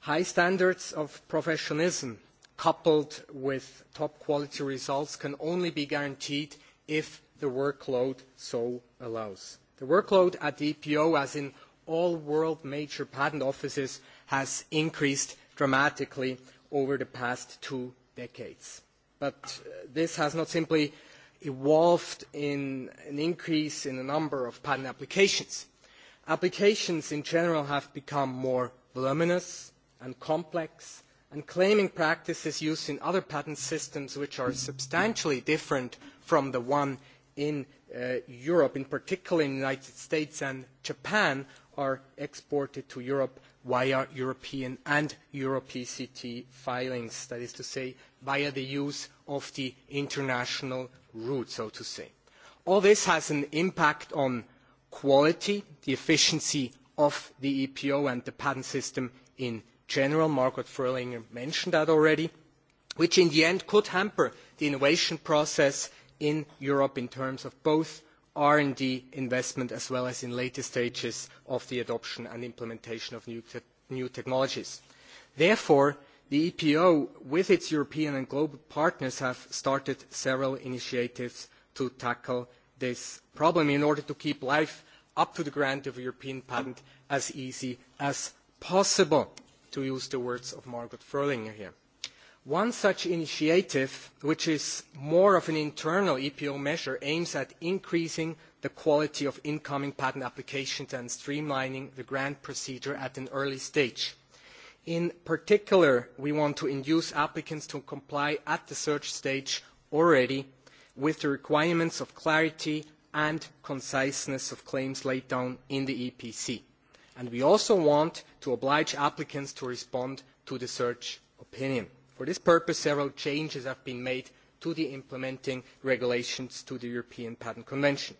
High standards of professionalism coupled with top quality results can only be guaranteed if the workload so allows. The workload at the EPO, as in all world major patent offices, has increased dramatically over the past two decades. But this has not simply evolved in an increase in the number of patent applications applications in general have become more voluminous and complex and claiming practices used in other patent systems which are substantially different from the one in Europe, in particular in the United States and Japan, are exported to Europe via European and Euro-PCT filings, that is to say, via the use of the international route, so to say. All this has an impact on quality, the efficiency of the EPO and the patent system in general. Margot Fröhlinger mentioned that already, which in the end could hamper the innovation process in Europe in terms of both RD investment as well as in later stages of the adoption and implementation of new technologies. Therefore, the EPO, with its European and global partners, have started several initiatives to tackle this problem in order to keep life up to the grant of European patent as easy as possible, to use the words of Margot Frölinger here. One such initiative, which is more of an internal EPO measure, aims at increasing the quality of incoming patent applications and streamlining the grant procedure at an early stage. In particular, we want to induce applicants to comply at the search stage already with the requirements of clarity and conciseness of claims laid down in the EPC. And we also want to oblige applicants to respond to the search opinion. For this purpose, several changes have been made to the implementing regulations to the European Patent Convention.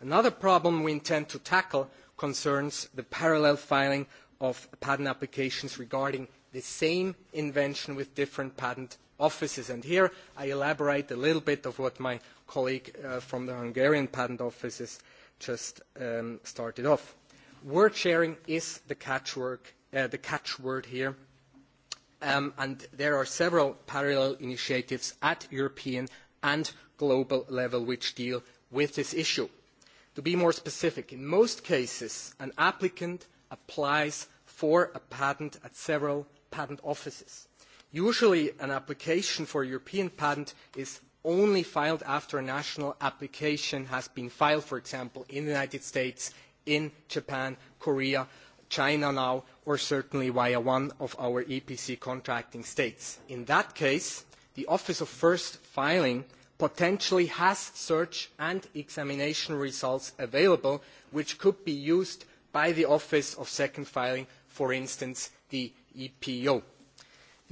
Another problem we intend to tackle concerns the parallel filing of patent applications regarding the same invention with different patent offices. And here I elaborate a little bit of what my colleague from the Hungarian patent offices just started off. Word sharing is the catchword here, and there are several parallel initiatives at European and global level which deal with this issue. To be more specific, in most cases, an applicant applies for a patent at several patent offices. Usually an application for a European patent is only filed after a national application has been filed, for example, in the United States, in Japan, Korea, China now, or certainly via one of our EPC contracting states. In that case, the Office of First Filing potentially has search and examination results available, which could be used by the Office of Second Filing, for instance, the EPO.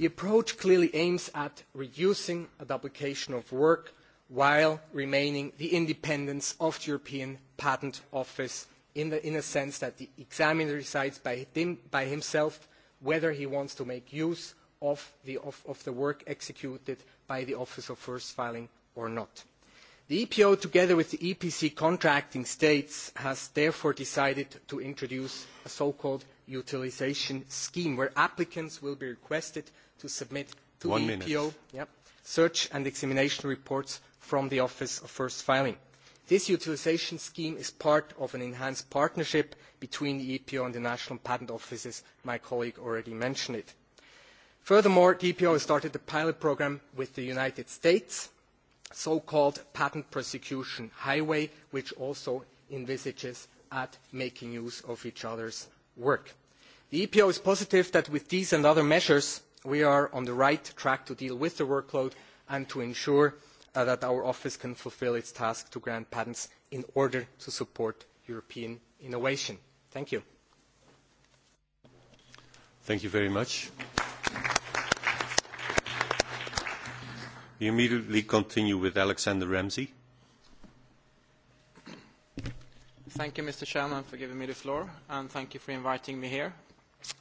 The approach clearly aims at reducing the duplication of work while remaining the independence of the European Patent Office in the sense that the examiner decides by himself whether he wants to make use of the work executed by the Office of First Filing or not. The EPO, together with the EPC contracting states, has therefore decided to introduce a so-called utilisation scheme, where applicants will be requested to submit to the EPO search and examination reports from the Office of First Filing. This utilisation scheme is part of an enhanced partnership between the EPO and the national patent offices. My colleague already mentioned it. Furthermore, the EPO has started a pilot programme with the United States so-called patent prosecution highway, which also envisages at making use of each other's work. The EPO is positive that with these and other measures we are on the right track to deal with the workload and to ensure that our office can fulfil its task to grant patents in order to support European innovation. Thank you. Thank you very much. immediately continue with Alexander Ramsey. Thank you, Mr. Chairman, for giving me the floor, and thank you for inviting me here.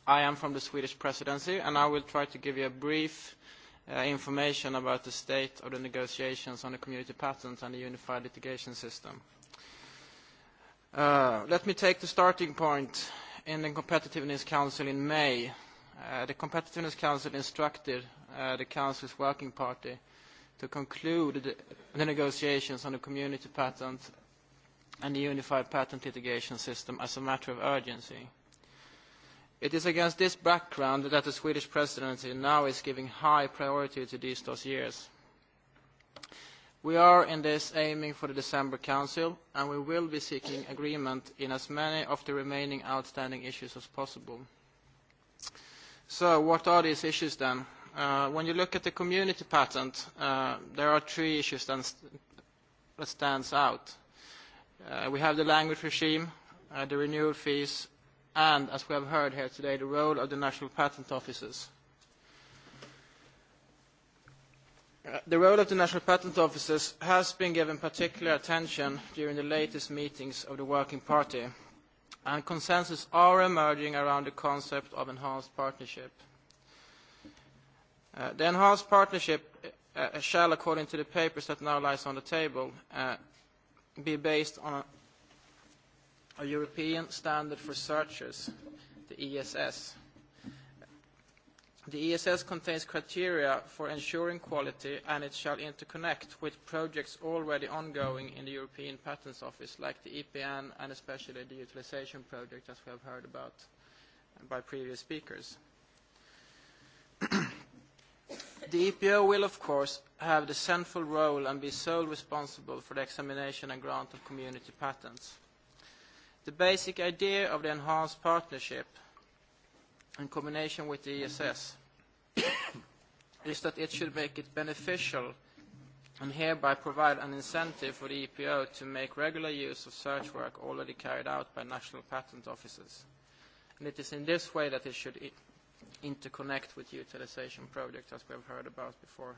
I am from the Swedish presidency, and I will try to give you a brief information about the state of the negotiations on the community patent and the unified litigation system. Let me take the starting point in the Competitiveness Council in May. The Competitiveness Council instructed the Council's working party to conclude the negotiations on the community patent and the unified patent litigation system as a matter of urgency. It is against this background that the Swedish presidency now is giving high priority to these dossiers. We are in this aiming for the December Council, and we will be seeking agreement in as many of the remaining outstanding issues as possible. So what are these issues then? When you look at the community patent, there are three issues that stands out. We have the language regime, the renewal fees, and, as we have heard here today, the role of the national patent offices. The role of the national patent offices has been given particular attention during the latest meetings of the Working Party, and consensus are emerging around the concept of enhanced partnership. The enhanced partnership shall, according to the papers that now lies on the table, be based on a European standard for searches, the ESS. The ESS contains criteria for ensuring quality and it shall interconnect with projects already ongoing in the European Patents Office, like the EPN and especially the utilization project, as we have heard about by previous speakers. The EPO will, of course, have the central role and be solely responsible for the examination and grant of community patents. The basic idea of the enhanced partnership, in combination with the ESS, is that it should make it beneficial and hereby provide an incentive for the EPO to make regular use of search work already carried out by national patent offices. And it is in this way that it should interconnect with utilization projects, as we have heard about before,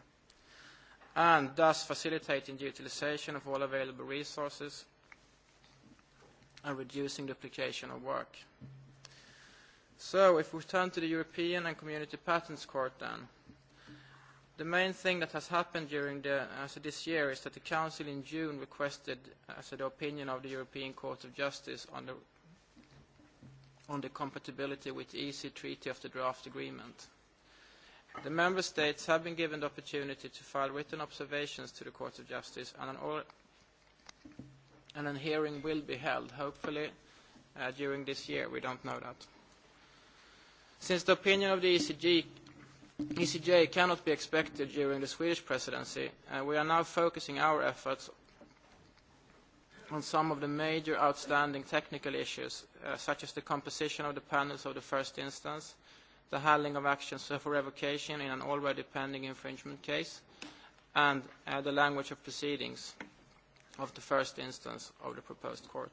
and thus facilitating the utilization of all available resources and reducing duplication of work. So if we turn to the European and Community Patents Court then, the main thing that has happened during the, this year is that the Council in June requested the opinion of the European Court of Justice on the on the compatibility with the EC Treaty of the draft agreement. The Member States have been given the opportunity to file written observations to the Court of Justice and a hearing will be held, hopefully during this year. We don't know that. Since the opinion of the ECJ cannot be expected during the Swedish presidency, we are now focusing our efforts on some of the major outstanding technical issues, such as the composition of the panels of the first instance, the handling of actions for revocation in an already pending infringement case, and the language of proceedings of the first instance of the proposed court.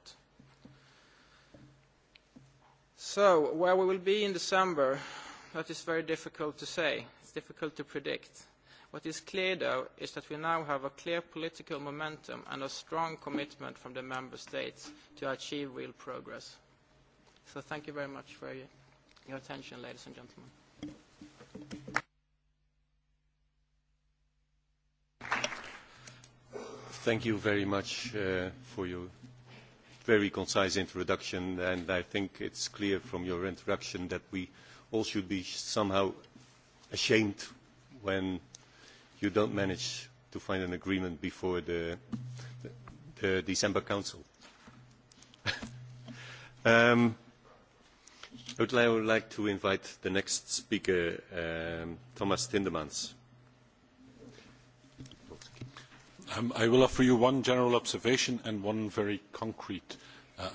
So, where we will be in December, that is very difficult to say. It's difficult to predict. What is clear, though, is that we now have a clear political momentum and a strong commitment from the Member States to achieve real progress. So thank you very much for your attention, ladies and gentlemen. Thank you very much for your very concise introduction, and I think it's clear from your introduction that we all should be somehow ashamed when you don't manage to find an agreement before the December Council. I would like to invite the next speaker, Thomas Tindemans. I will offer you one general observation and one very concrete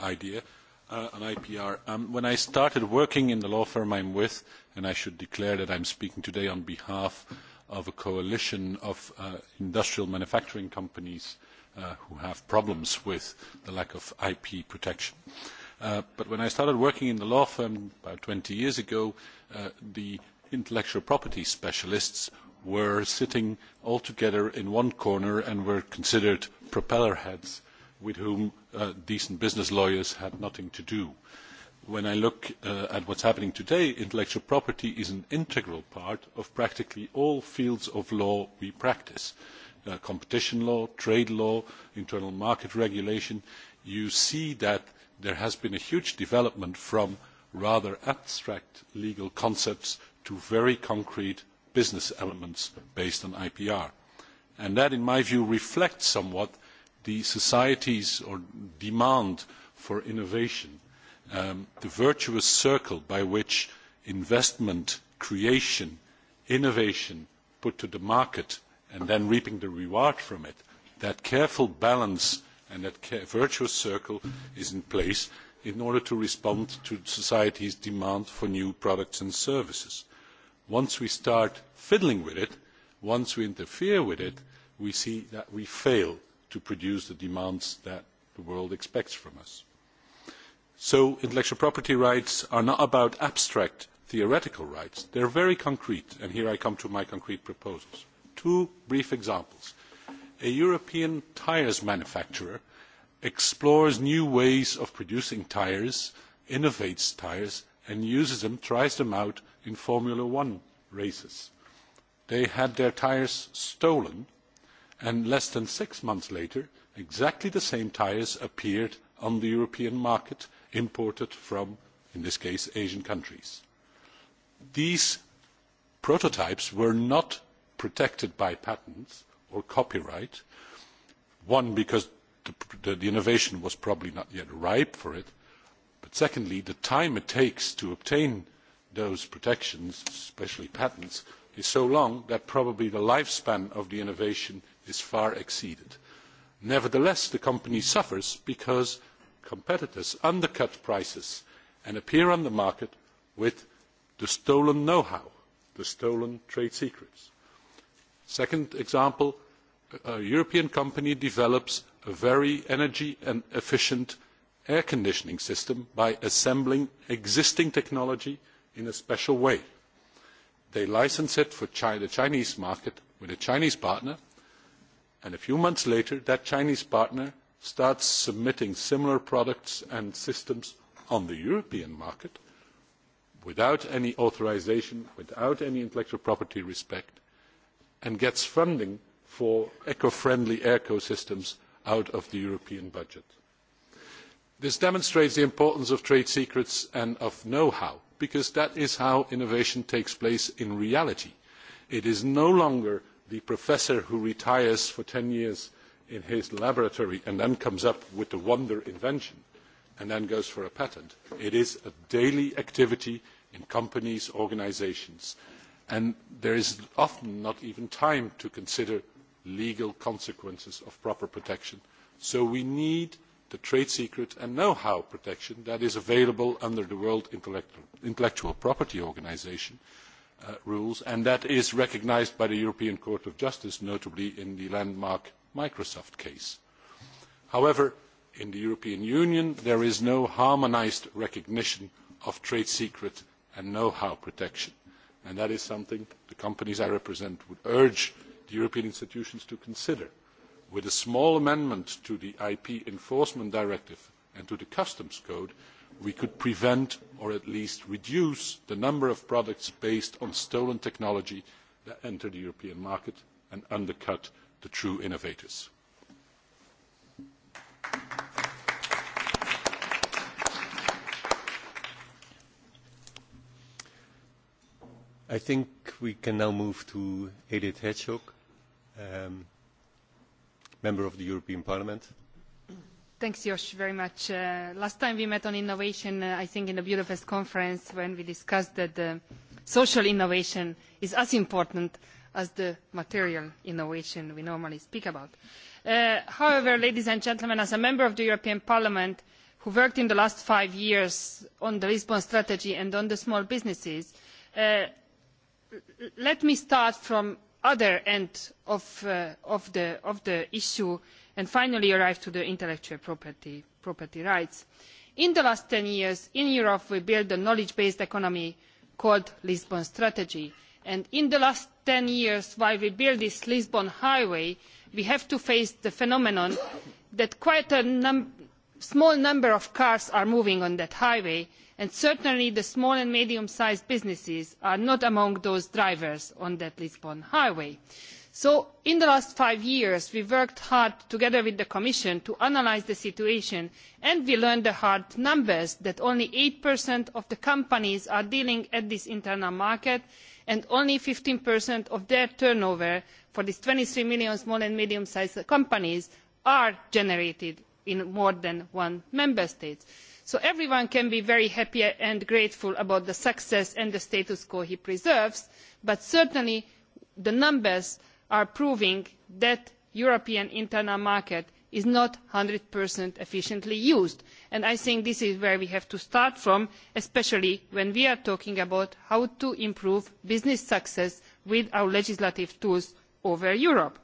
idea on IPR. When I started working in the law firm I'm with, and I should declare that I'm speaking today on behalf of a coalition of industrial manufacturing companies who have problems with the lack of IP protection. But when I started working in the law firm about 20 years ago, the intellectual property specialists were sitting all together in one corner and were considered propeller heads with whom decent business lawyers had nothing to do when I look at what is happening today, intellectual property is an integral part of practically all fields of law we practice. Competition law, trade law, internal market regulation. You see that there has been a huge development from rather abstract legal concepts to very concrete business elements based on IPR. And that, in my view, reflects somewhat the society's demand for innovation the virtuous circle by which investment, creation, innovation put to the market and then reaping the reward from it, that careful balance and that virtuous circle is in place in order to respond to society's demand for new products and services. Once we start fiddling with it, once we interfere with it, we see that we fail to produce the demands that the world expects from us. So intellectual property rights are not about abstract theoretical rights. They are very concrete, and here I come to my concrete proposals. Two brief examples. A European tyres manufacturer explores new ways of producing tyres, innovates tyres, and uses them, tries them out in Formula One races. They had their tyres stolen, and less than six months later, exactly the same tyres appeared on the European market imported from, in this case, Asian countries. These prototypes were not protected by patents or copyright, one, because the innovation was probably not yet ripe for it, but secondly, the time it takes to obtain those protections, especially patents, is so long that probably the lifespan of the innovation is far exceeded. Nevertheless, the company suffers because competitors undercut prices and appear on the market with the stolen know how the stolen trade secrets. second example a european company develops a very energy and efficient air conditioning system by assembling existing technology in a special way. they license it for the chinese market with a chinese partner and a few months later that chinese partner starts submitting similar products and systems on the European market without any authorisation, without any intellectual property respect, and gets funding for eco-friendly ecosystems out of the European budget. This demonstrates the importance of trade secrets and of know-how, because that is how innovation takes place in reality. It is no longer the professor who retires for ten years in his laboratory and then comes up with the wonder invention and then goes for a patent. It is a daily activity in companies, organisations, and there is often not even time to consider legal consequences of proper protection. So we need the trade secret and know-how protection that is available under the World Intellectual Property Organisation rules, and that is recognised by the European Court of Justice, notably in the landmark Microsoft case. However, in the European Union, there is no harmonised recognition of trade secret and know-how protection. And that is something the companies I represent would urge the European institutions to consider. With a small amendment to the IP Enforcement Directive and to the Customs Code, we could prevent or at least reduce the number of products based on stolen technology that enter the European market and undercut the true innovators. I think we can now move to Edith Hedgehog, member of the European Parliament. Thanks, Josh, very much. Last time we met on innovation, I think in the Budapest conference, when we discussed that social innovation is as important as the material innovation we normally speak about. However, ladies and gentlemen, as a member of the European Parliament who worked in the last five years on the Lisbon strategy and on the small businesses, let me start from other end of the issue and finally arrive to the intellectual property rights. In the last ten years, in Europe, we built a knowledge-based economy called Lisbon Strategy. And in the last ten years while we build this lisbon highway we have to face the phenomenon that quite a small number of cars are moving on that highway and certainly the small and medium sized businesses are not among those drivers on that lisbon highway. so in the last five years we worked hard together with the commission to analyse the situation and we learned the hard numbers that only eight of the companies are dealing at this internal market and and only 15% of their turnover for these 23 million small and medium-sized companies are generated in more than one member state. So everyone can be very happy and grateful about the success and the status quo he preserves, but certainly the numbers are proving that the European internal market is not 100% efficiently used. And I think this is where we have to start from, especially when we are talking about how to improve business success with our legislative tools over Europe.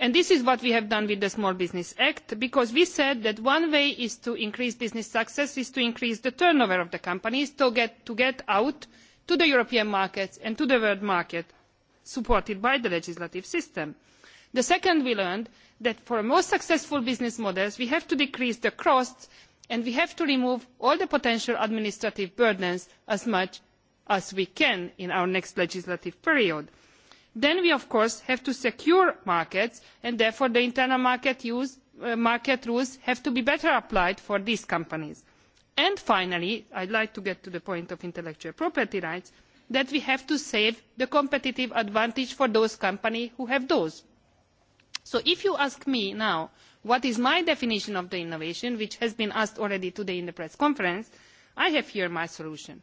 And this is what we have done with the Small Business Act, because we said that one way is to increase business success is to increase the turnover of the companies to get out to the European markets and to the world market, supported by the legislative system. The second we learned that for most successful business models we have to decrease the costs and we have to remove all the potential administrative burdens as much as we can in our next legislative period. then we of course have to secure markets and therefore the internal market rules have to be better applied for these companies. and finally i would like to get to the point of intellectual property rights that we have to save the competitive advantage for those companies who have those So if you ask me now what is my definition of the innovation, which has been asked already today in the press conference, I have here my solution.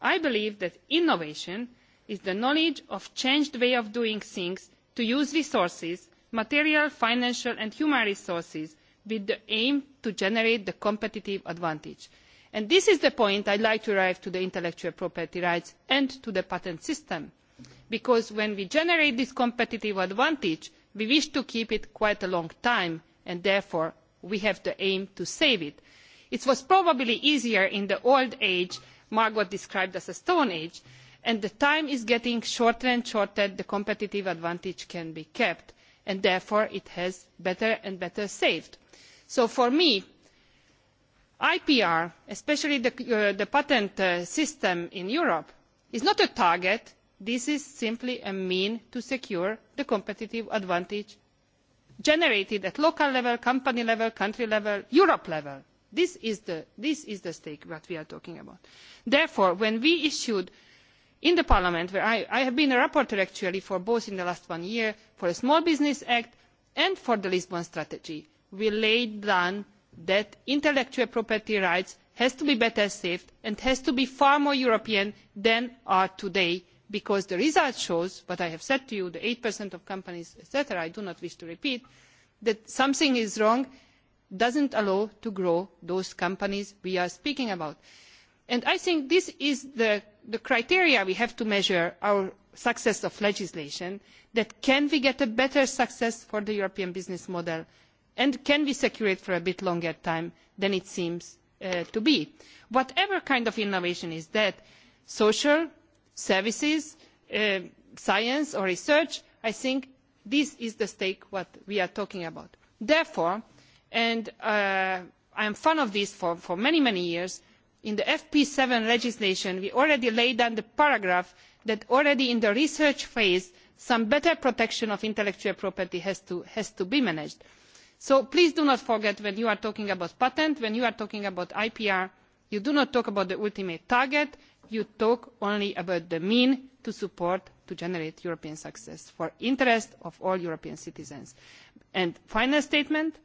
I believe that innovation is the knowledge of changed way of doing things to use resources, material, financial and human resources with the aim to generate the competitive advantage. And this is the point I would like to arrive to the intellectual property rights and to the patent system, because when we generate this competitive advantage We wish to keep it quite a long time and therefore we have to aim to save it. It was probably easier in the old age, Margot described as a stone age, and the time is getting shorter and shorter the competitive advantage can be kept and therefore it has better and better saved. So for me, IPR, especially the patent system in Europe, is not a target this is simply a means to secure the competitive advantage generated at local level company level country level europe level. this is the stake that we are talking about. therefore when we issued in the parliament where i have been a rapporteur actually for both in the last one year for the small business act and for the lisbon strategy we laid down that intellectual property rights have to be better saved and has to be far more european than are today because the result shows what I have said to you, the 8% of companies, etc., I do not wish to repeat, that something is wrong, doesn't allow to grow those companies we are speaking about. And I think this is the criteria we have to measure our success of legislation, that can we get a better success for the European business model and can we secure it for a bit longer time than it seems to be. Whatever kind of innovation is that, social, services science or research i think this is the stake what we are talking about. therefore and i am a fan of this for many many years in the fp 7 legislation we already laid down the paragraph that already in the research phase some better protection of intellectual property has to be managed. so please do not forget when you are talking about patents when you are talking about ipr you do not talk about the ultimate target you talk only about the means to support to generate European success for interest of all European citizens. And final statement,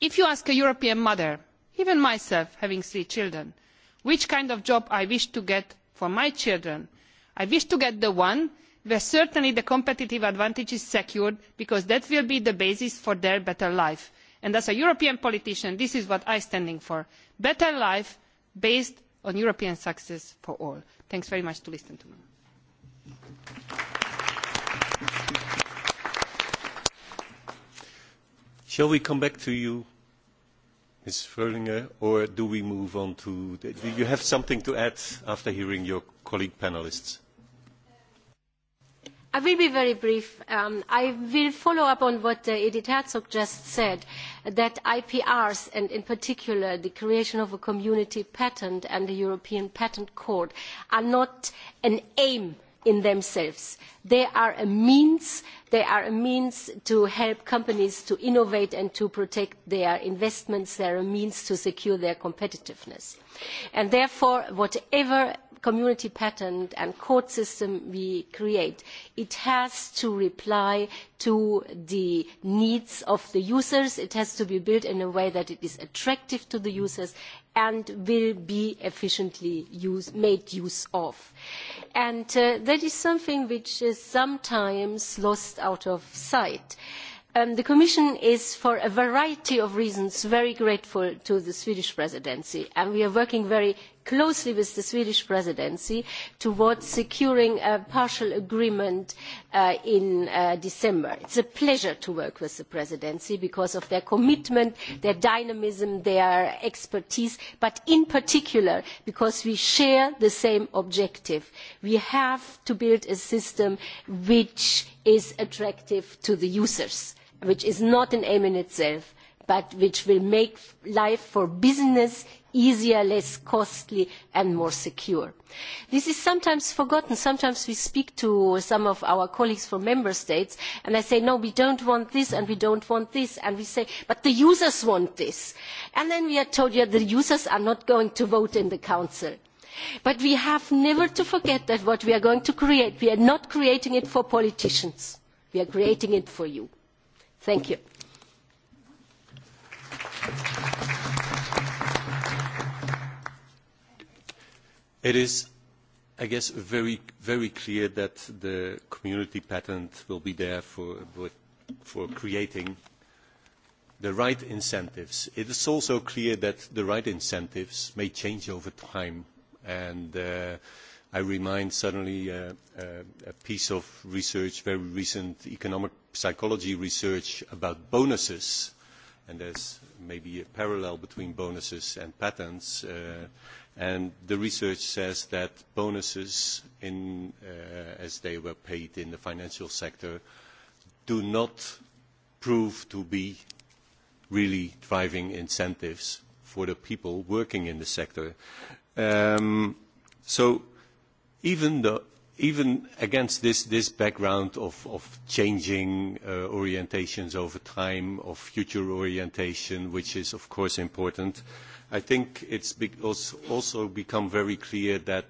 if you ask a European mother, even myself having three children, which kind of job I wish to get for my children, I wish to get the one where certainly the competitive advantage is secured because that will be the basis for their better life. And as a European politician, this is what I am standing for. Better life based on European success for all. Thanks very much to listen to me. Shall we come back to you, Ms. Fröhlinger, or do we move on to... Do you have something to add after hearing your colleague panelists? I will be very brief. I will follow up on what Edith Herzog just said, that IPRs, and in particular the creation of a community patent and the European Patent Court, are not an aim in themselves. They are a means. They are a means to help companies to innovate and to protect their investments. They are a means to secure their competitiveness. And therefore, whatever community patent and court system we create. It has to reply to the needs of the users. It has to be built in a way that it is attractive to the users and will be efficiently made use of. And that is something which is sometimes lost out of sight. The Commission is, for a variety of reasons, very grateful to the Swedish Presidency, and we are working very closely with the Swedish presidency towards securing a partial agreement in December. It's a pleasure to work with the presidency because of their commitment, their dynamism, their expertise, but in particular because we share the same objective. We have to build a system which is attractive to the users, which is not an aim in itself, but which will make life for business easier, less costly and more secure. This is sometimes forgotten. Sometimes we speak to some of our colleagues from member states and they say, no, we don't want this and we don't want this. And we say, but the users want this. And then we are told, yeah, the users are not going to vote in the council. But we have never to forget that what we are going to create, we are not creating it for politicians. We are creating it for you. Thank you. It is, I guess, very, very clear that the community patent will be there for, for creating the right incentives. It is also clear that the right incentives may change over time. And I remind suddenly a piece of research, very recent economic psychology research about bonuses and there's maybe a parallel between bonuses and patents. And the research says that bonuses, as they were paid in the financial sector, do not prove to be really driving incentives for the people working in the sector. So even even against this background of changing orientations over time, of future orientation, which is, of course, important, I think it's also become very clear that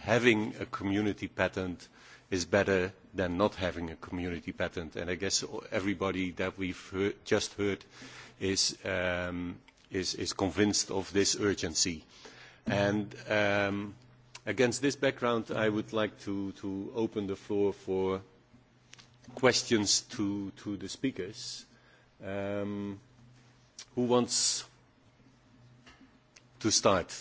having a community patent is better than not having a community patent. And I guess everybody that we've just heard is convinced of this urgency. And Against this background, I would like to open the floor for questions to the speakers. Who wants to start?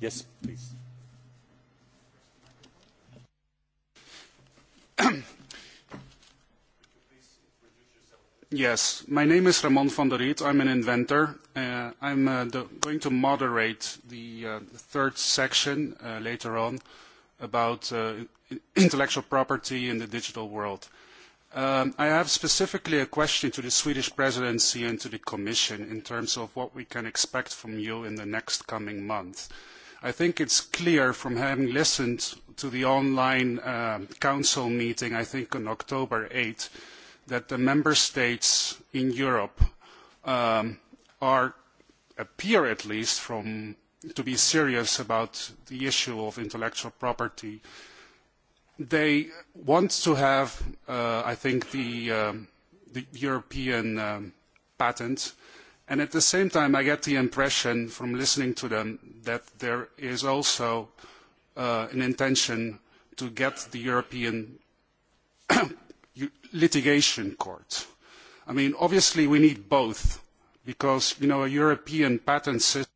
Yes, please. Yes, my name is Ramon van der Riet. I'm an inventor. I'm going to moderate the third section later on about intellectual property in the digital world. I have specifically a question to the Swedish presidency and to the Commission in terms of what we can expect from you in the next coming month. I think it's clear from having listened to the online council meeting, I think on October 8, that the member states in Europe are, appear at least, from to be serious about the issue of intellectual property. They want to have, I think, the European patent, and at the same time I get the impression from listening to them that there is also an intention to get the European litigation court. I mean, obviously we need both because, you know, a European patent system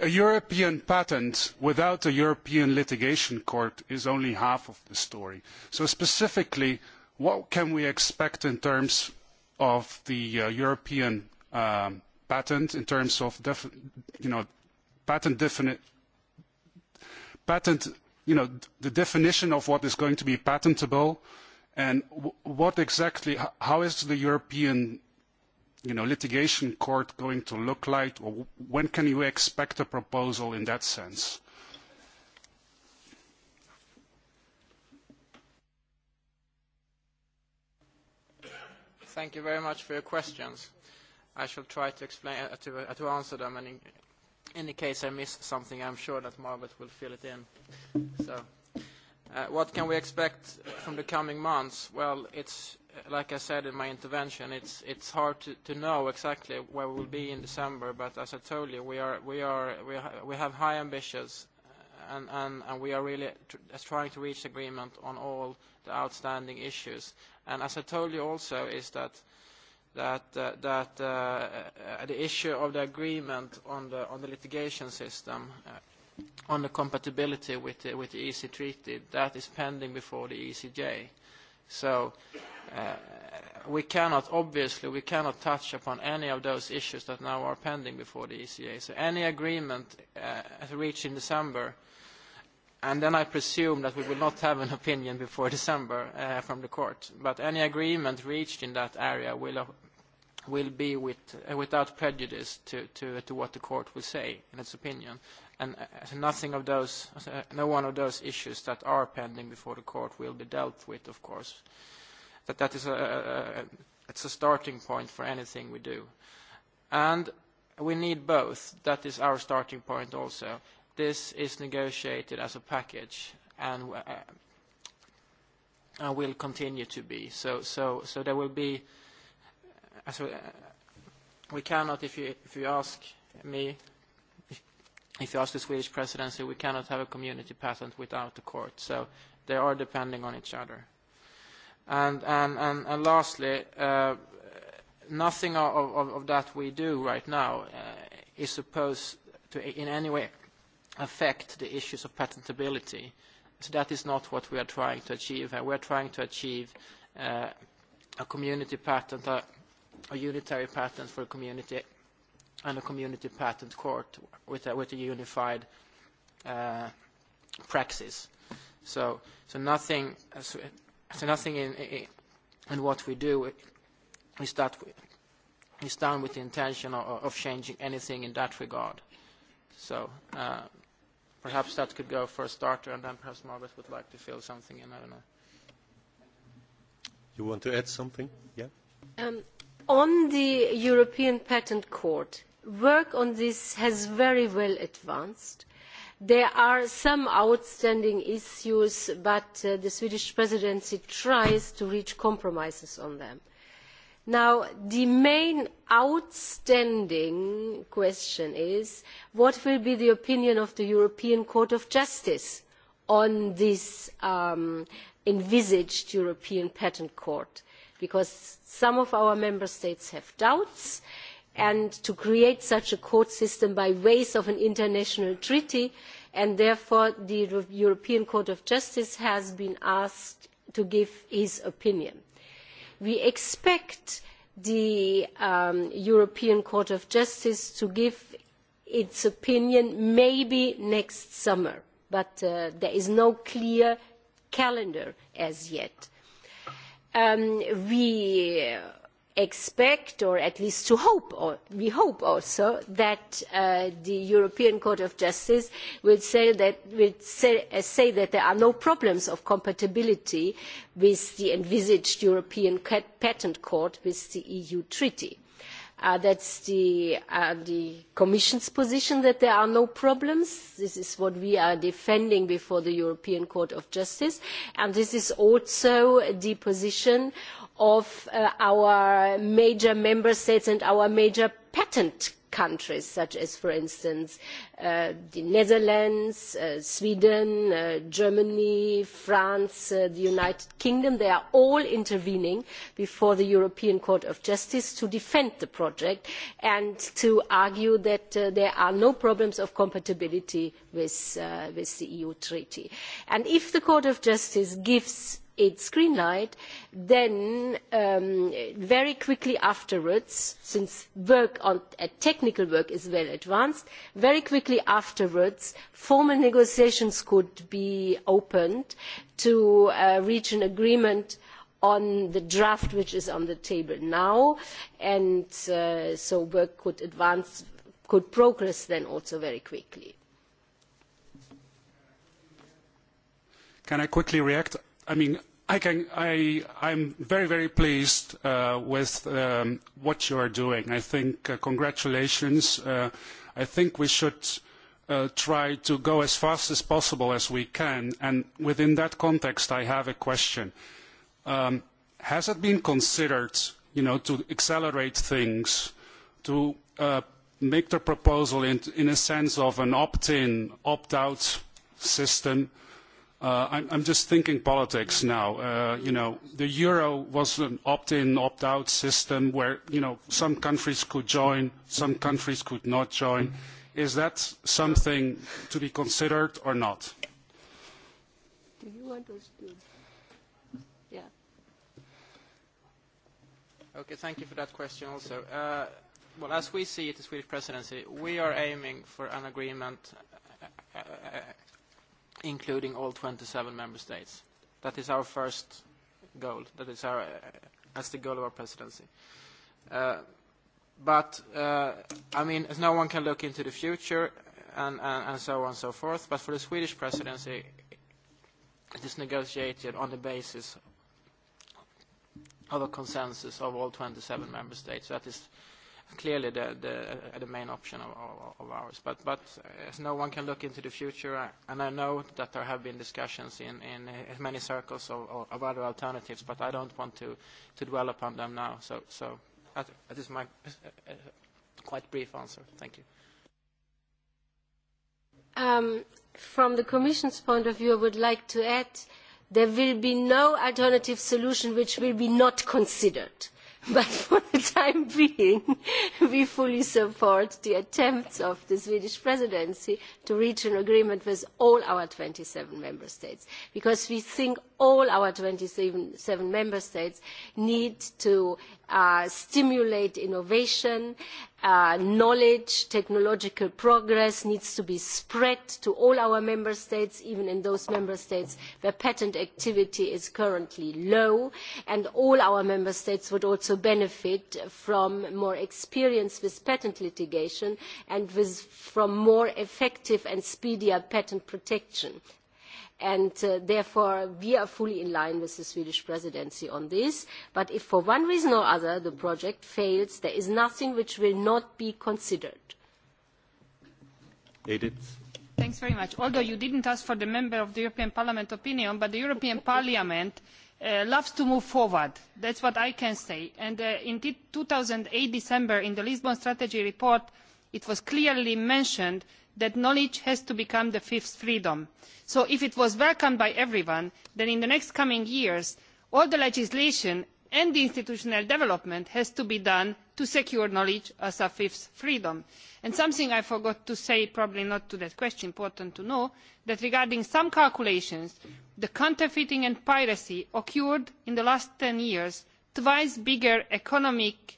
A European patent without a European litigation court is only half of the story. So specifically, what can we expect in terms of the European patent, in terms of patent, the definition of what is going to be patentable, and what exactly, how is the European you know, litigation court going to look like? or When can you expect a proposal in that sense? Thank you very much for your questions. I shall try to explain to answer them, and in case I miss something, I'm sure that Margaret will fill it in. So, what can we expect from the coming months? Well, it's like I said in my intervention, it's it's hard to to know exactly where we will be in December. But as I told you, we are we are we we have high ambitions, and and and we are really trying to reach agreement on all the outstanding issues. And as I told you also, is that that that the issue of the agreement on the on the litigation system on the compatibility with the EC treaty, that is pending before the ECJ. So we cannot, obviously, we cannot touch upon any of those issues that now are pending before the ECA. So any agreement reached in December, and then I presume that we will not have an opinion before December from the court, but any agreement reached in that area will be without prejudice to what the court will say in its opinion. And nothing of those, no one of those issues that are pending before the court will be dealt with, of course that that is a it's a starting point for anything we do. And we need both. That is our starting point also. This is negotiated as a package and will continue to be. So so so there will be we cannot if you if you ask me if you ask the Swedish Presidency we cannot have a community patent without the court. So they are depending on each other. And lastly, nothing of that we do right now is supposed to in any way affect the issues of patentability. So that is not what we are trying to achieve. We are trying to achieve a community patent, a unitary patent for a community, and a community patent court with a unified praxis. So nothing so nothing in, in what we do is, done with the intention of, of changing anything in that regard. So perhaps that could go for a starter, and then perhaps Margaret would like to fill something in. I don't know. You want to add something? Yeah. Um, on the European Patent Court, work on this has very well advanced There are some outstanding issues, but the Swedish Presidency tries to reach compromises on them. Now, the main outstanding question is what will be the opinion of the European Court of Justice on this envisaged European Patent Court, because some of our Member States have doubts and to create such a court system by ways of an international treaty and therefore the European Court of Justice has been asked to give his opinion. We expect the European Court of Justice to give its opinion maybe next summer, but there is no clear calendar as yet. We expect or at least to hope or we hope also that the European Court of Justice will say that there are no problems of compatibility with the envisaged European Patent Court with the EU Treaty. That's the Commission's position that there are no problems. This is what we are defending before the European Court of Justice, and this is also the position of our major member states and our major patent countries such as for instance the netherlands sweden germany france the united kingdom they are all intervening before the european court of justice to defend the project and to argue that there are no problems of compatibility with the eu treaty. if the court of justice gives its green light, then very quickly afterwards, since work on technical work is well advanced, very quickly afterwards formal negotiations could be opened to reach an agreement on the draft which is on the table now, and so work could advance, could progress then also very quickly. Can I quickly react? I'm very, very pleased with what you are doing. I think congratulations. I think we should try to go as fast as possible as we can. And within that context, I have a question. Has it been considered, you know, to accelerate things, to make the proposal in a sense of an opt-in, opt-out system? I'm just thinking politics now. You know, the euro was an opt-in, opt-out system where, you know, some countries could join, some countries could not join. Is that something to be considered or not? Do you understand? Yeah. Okay, thank you for that question also. Well, as we see it, the Swedish presidency, we are aiming for an agreement including all 27 member states. That is our first goal. That is our, that's the goal of our presidency. But, I mean, as no one can look into the future and, and, so on and so forth, but for the Swedish presidency, it is negotiated on the basis of a consensus of all 27 member states. That is clearly the the the main option of ours. But but as no one can look into the future, and I know that there have been discussions in in many circles of other alternatives, but I don't want to to dwell upon them now. So so that is my quite brief answer. Thank you. From the Commission's point of view, I would like to add there will be no alternative solution which will be not considered But for the time being, we fully support the attempts of the Swedish presidency to reach an agreement with all our 27 member states, because we think all our 27 member states need to stimulate innovation, knowledge, technological progress needs to be spread to all our member states, even in those member states where patent activity is currently low, and all our member states would also benefit from more experience with patent litigation and from more effective and speedier patent protection and therefore we are fully in line with the Swedish presidency on this. But if for one reason or other the project fails, there is nothing which will not be considered. Thanks very much. Although you didn't ask for the member of the European Parliament opinion, but the European Parliament loves to move forward. That's what I can say. And in 2008 December, in the Lisbon Strategy report, it was clearly mentioned that knowledge has to become the fifth freedom. so if it was welcomed by everyone then in the next coming years all the legislation and the institutional development has to be done to secure knowledge as a fifth freedom. and something i forgot to say probably not to that question important to know that regarding some calculations the counterfeiting and piracy occurred in the last 10 years twice bigger economic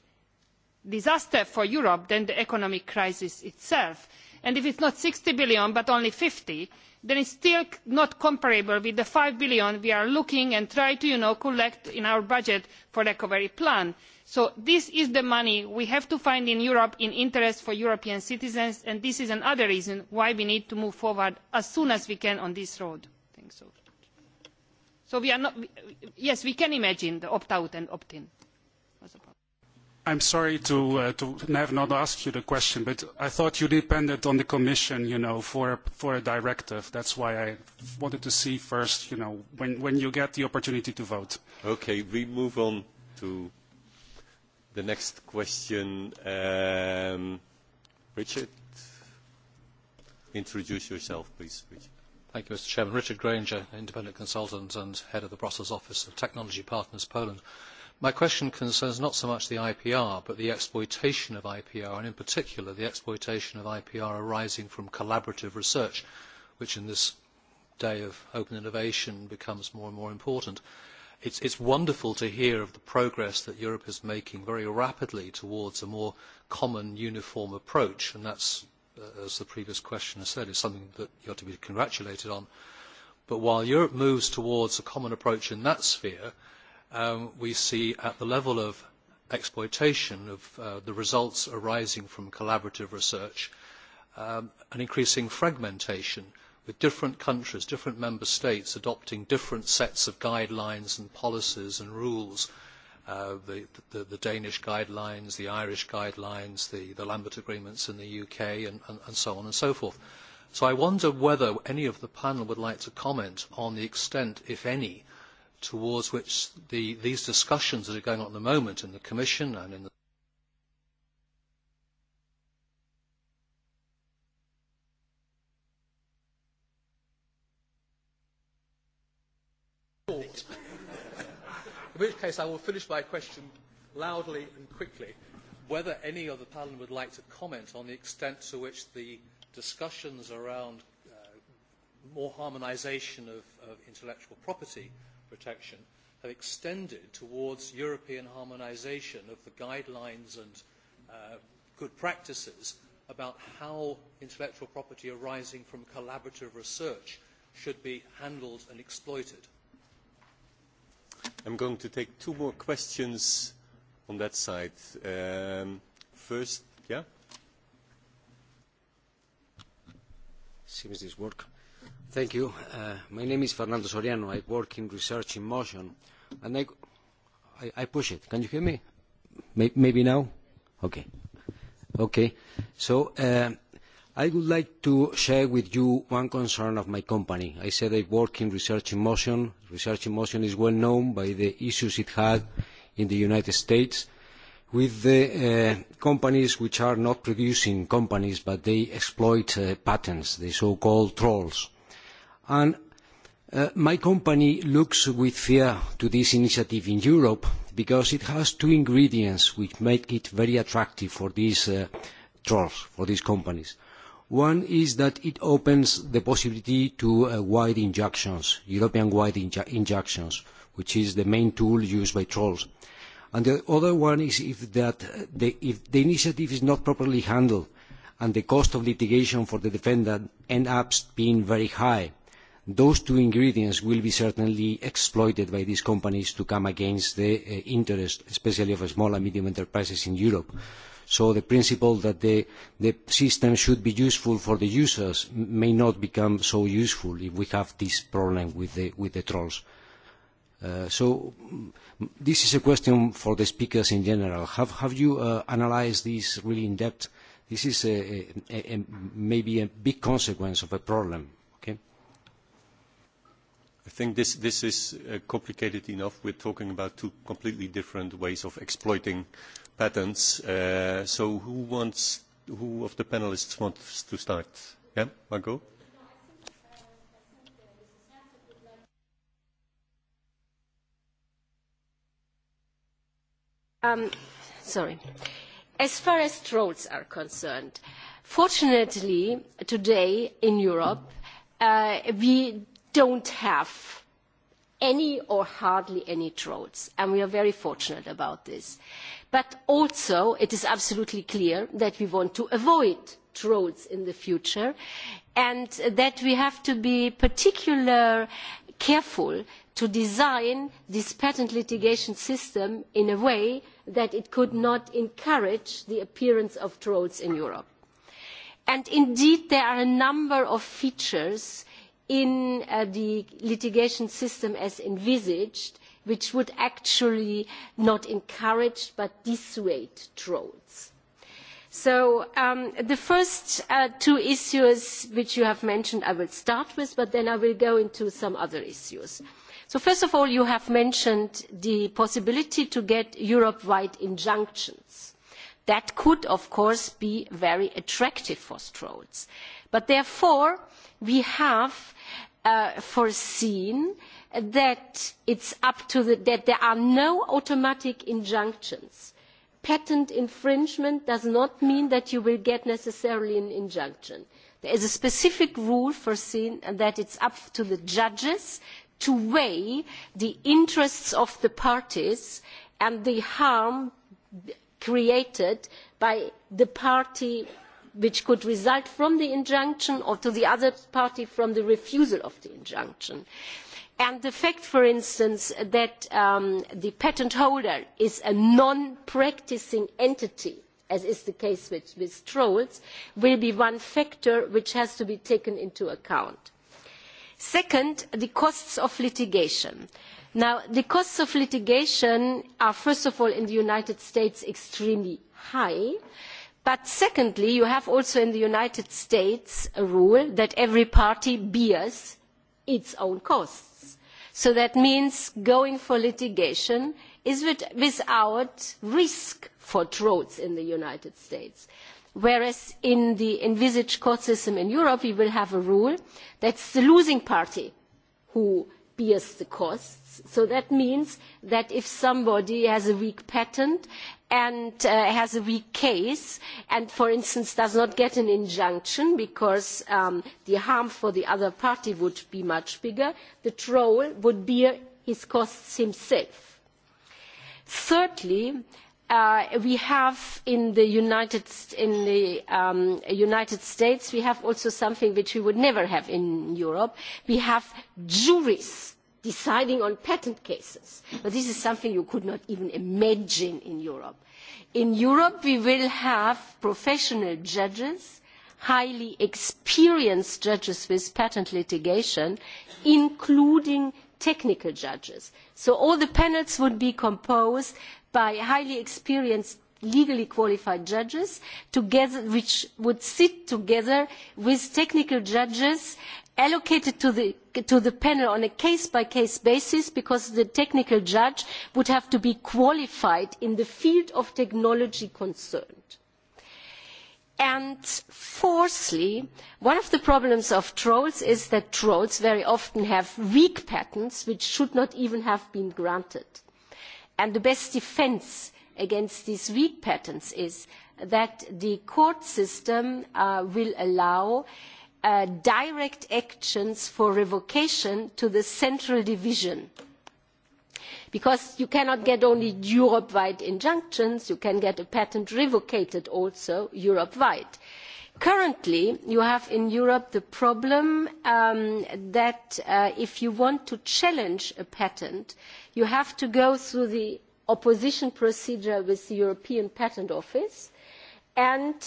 disaster for europe than the economic crisis itself and if it is not eur sixty billion but only eur fifty then it is still not comparable with the eur five billion we are looking and trying to collect in our budget for recovery plan. so this is the money we have to find in europe in interest for european citizens and this is another reason why we need to move forward as soon as we can on this road. yes we can imagine the opt out and opt in. I'm sorry to have not asked you the question, but I thought you depended on the Commission, you know, for for a directive. That's why I wanted to see first, you know, when when you get the opportunity to vote. Okay, we move on to the next question. Richard, introduce yourself, please. Thank you, Mr. Chairman. Richard Granger, independent consultant and head of the Brussels office of Technology Partners Poland. My question concerns not so much the IPR, but the exploitation of IPR, and in particular the exploitation of IPR arising from collaborative research, which in this day of open innovation becomes more and more important. It's is wonderful to hear of the progress that Europe is making very rapidly towards a more common, uniform approach, and that's, as the previous questioner said, is something that you ought to be congratulated on. But while Europe moves towards a common approach in that sphere, we see at the level of exploitation of the results arising from collaborative research an increasing fragmentation with different countries, different member states adopting different sets of guidelines and policies and rules. The Danish guidelines, the Irish guidelines, the Lambert agreements in the UK and so on and so forth. So I wonder whether any of the panel would like to comment on the extent, if any, towards which these discussions that are going on at the moment in the Commission and in the In which case I will finish my question loudly and quickly whether any of the panel would like to comment on the extent to which the discussions around more harmonisation of intellectual property protection have extended towards European harmonisation of the guidelines and good practices about how intellectual property arising from collaborative research should be handled and exploited. I'm going to take two more questions on that side. First, yeah? Thank you. My name is Fernando Soriano. I work in research in motion, and I, I push it. Can you hear me? Maybe now. Okay. Okay. So I would like to share with you one concern of my company. I said I work in research in motion. Research in motion is well known by the issues it had in the United States with the companies which are not producing companies, but they exploit patents, the so-called trolls and my company looks with fear to this initiative in Europe because it has two ingredients which make it very attractive for these trolls, for these companies. One is that it opens the possibility to wide injunctions, European-wide injunctions, which is the main tool used by trolls. And the other one is that if the initiative is not properly handled and the cost of litigation for the defendant ends up being very high, those two ingredients will be certainly exploited by these companies to come against the interest, especially of small and medium enterprises in Europe. So the principle that the system should be useful for the users may not become so useful if we have this problem with the trolls. So this is a question for the speakers in general. Have you analysed this really in depth? This is maybe a big consequence of a problem I think this this is complicated enough. We're talking about two completely different ways of exploiting patents. So who wants who of the panelists wants to start? Yeah, Sorry. As far as trolls are concerned, fortunately today in Europe we don't have any or hardly any trolls, and we are very fortunate about this. But also, it is absolutely clear that we want to avoid trolls in the future, and that we have to be particularly careful to design this patent litigation system in a way that it could not encourage the appearance of trolls in Europe. And indeed, there are a number of features in the litigation system as envisaged, which would actually not encourage but dissuade trolls. So the first two issues which you have mentioned I will start with, but then I will go into some other issues. So first of all, you have mentioned the possibility to get Europe-wide injunctions. That could, of course, be very attractive for trolls. But therefore, we have foreseen that up that there are no automatic injunctions. Patent infringement does not mean that you will get necessarily an injunction. There is a specific rule foreseen that it's up to the judges to weigh the interests of the parties and the harm created by the party which could result from the injunction or to the other party from the refusal of the injunction. And the fact, for instance, that the patent holder is a non-practicing entity, as is the case with trolls, will be one factor which has to be taken into account. Second, the costs of litigation. Now, the costs of litigation are, first of all, in the United States extremely high But secondly, you have also in the United States a rule that every party bears its own costs. So that means going for litigation is without risk for trolls in the United States. Whereas in the envisaged court system in Europe, we will have a rule that is the losing party who bears the costs. So that means that if somebody has a weak patent and has a weak case and for instance does not get an injunction because the harm for the other party would be much bigger the troll would bear his costs himself. thirdly we have in the united states we have also something which we would never have in europe we have juries deciding on patent cases. But this is something you could not even imagine in Europe. In Europe, we will have professional judges, highly experienced judges with patent litigation, including technical judges. So all the panels would be composed by highly experienced legally qualified judges which would sit together with technical judges allocated to the panel on a case by case basis because the technical judge would have to be qualified in the field of technology concerned. And fourthly, one of the problems of trolls is that trolls very often have weak patents which should not even have been granted. And the best defence against these weak patents is that the court system will allow direct actions for revocation to the central division because you cannot get only europe wide injunctions you can get a patent revocated also europe wide. currently you have in europe the problem that if you want to challenge a patent you have to go through the opposition procedure with the european patent office and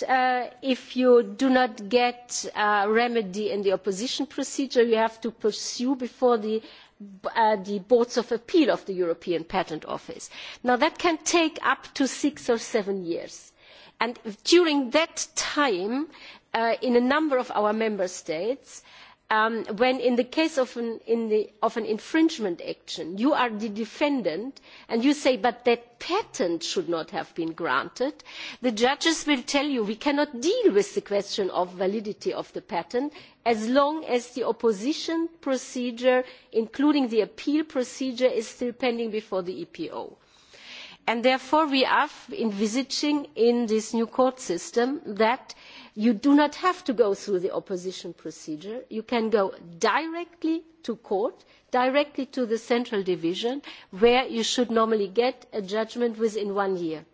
if you do not get a remedy in the opposition procedure you have to pursue before the boards of appeal of the european patent office. now that can take up to six or seven years and during that time in a number of our member states when in the case of an infringement action you are the defendant and you say but that patent should not have been granted the judges will tell you we cannot deal with the question of validity of the patent as long as the opposition procedure including the appeal procedure is still pending before the epo. therefore we are envisaging in this new court system that You do not have to go through the opposition procedure. You can go directly to court, directly to the central division, where you should normally get a judgment within one year.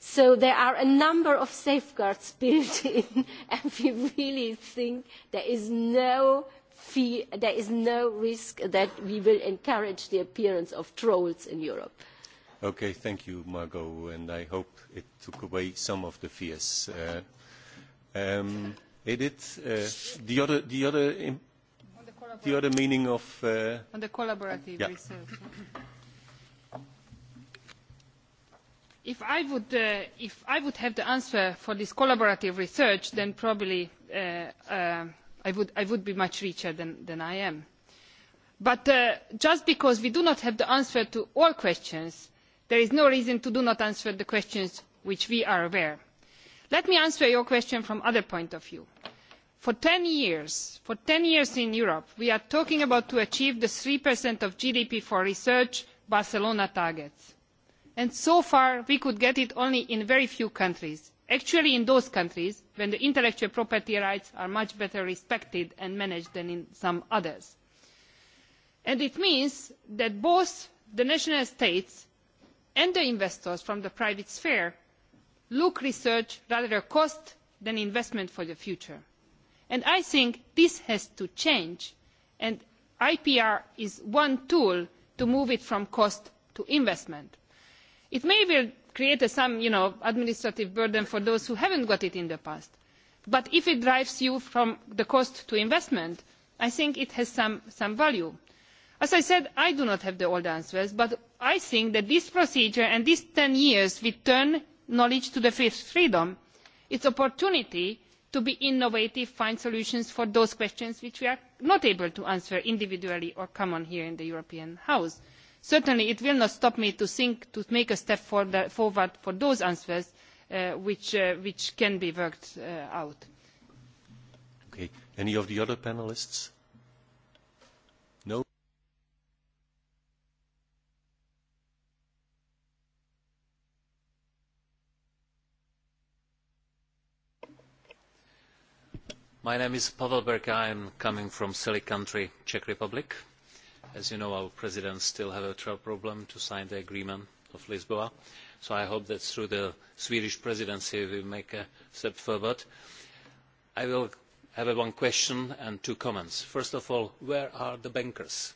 So there are a number of safeguards built in, and we really think there is no risk that we will encourage the appearance of trolls in Europe. Okay, thank you, Margot, and I hope it took away some of the fears. The other meaning of the collaborative research. If I would if I would have the answer for this collaborative research, then probably I would I would be much richer than than I am. But just because we do not have the answer to all questions, there is no reason to do not answer the questions which we are aware let me answer your question from another point of view. for 10 years for years in europe we are talking about to achieve the 3 of gdp for research barcelona targets and so far we could get it only in very few countries actually in those countries when the intellectual property rights are much better respected and managed than in some others. it means that both the national states and the investors from the private sphere look research rather a cost than investment for the future. And I think this has to change, and IPR is one tool to move it from cost to investment. It may well create some administrative burden for those who haven't got it in the past, but if it drives you from the cost to investment, I think it has some value. As I said, I do not have all the answers, but I think that this procedure and these 10 years will turn knowledge to the fifth freedom its opportunity to be innovative find solutions for those questions which we are not able to answer individually or common here in the european house. certainly it will not stop me to think to make a step forward for those answers which can be worked out. any of the other panelists? My name is Pavel Berka. I am coming from Silly Country, Czech Republic. As you know, our presidents still have a problem to sign the agreement of Lisboa. So I hope that through the Swedish presidency we make a step forward. I will have one question and two comments. First of all, where are the bankers?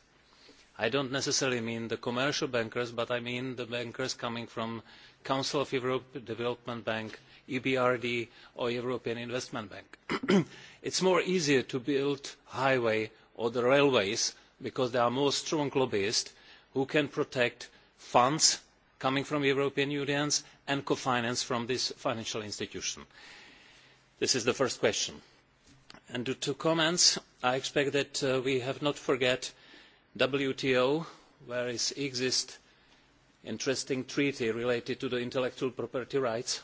I don't necessarily mean the commercial bankers, but I mean the bankers coming from the Council of Europe, Development Bank, EBRD or European Investment Bank. It's more easier to build highways or railways because there are more strong lobbyists who can protect funds coming from European Union and co-finance from this financial institution. This is the first question. And two comments, I expect that we have not forget WTO, where exists an interesting treaty related to intellectual property rights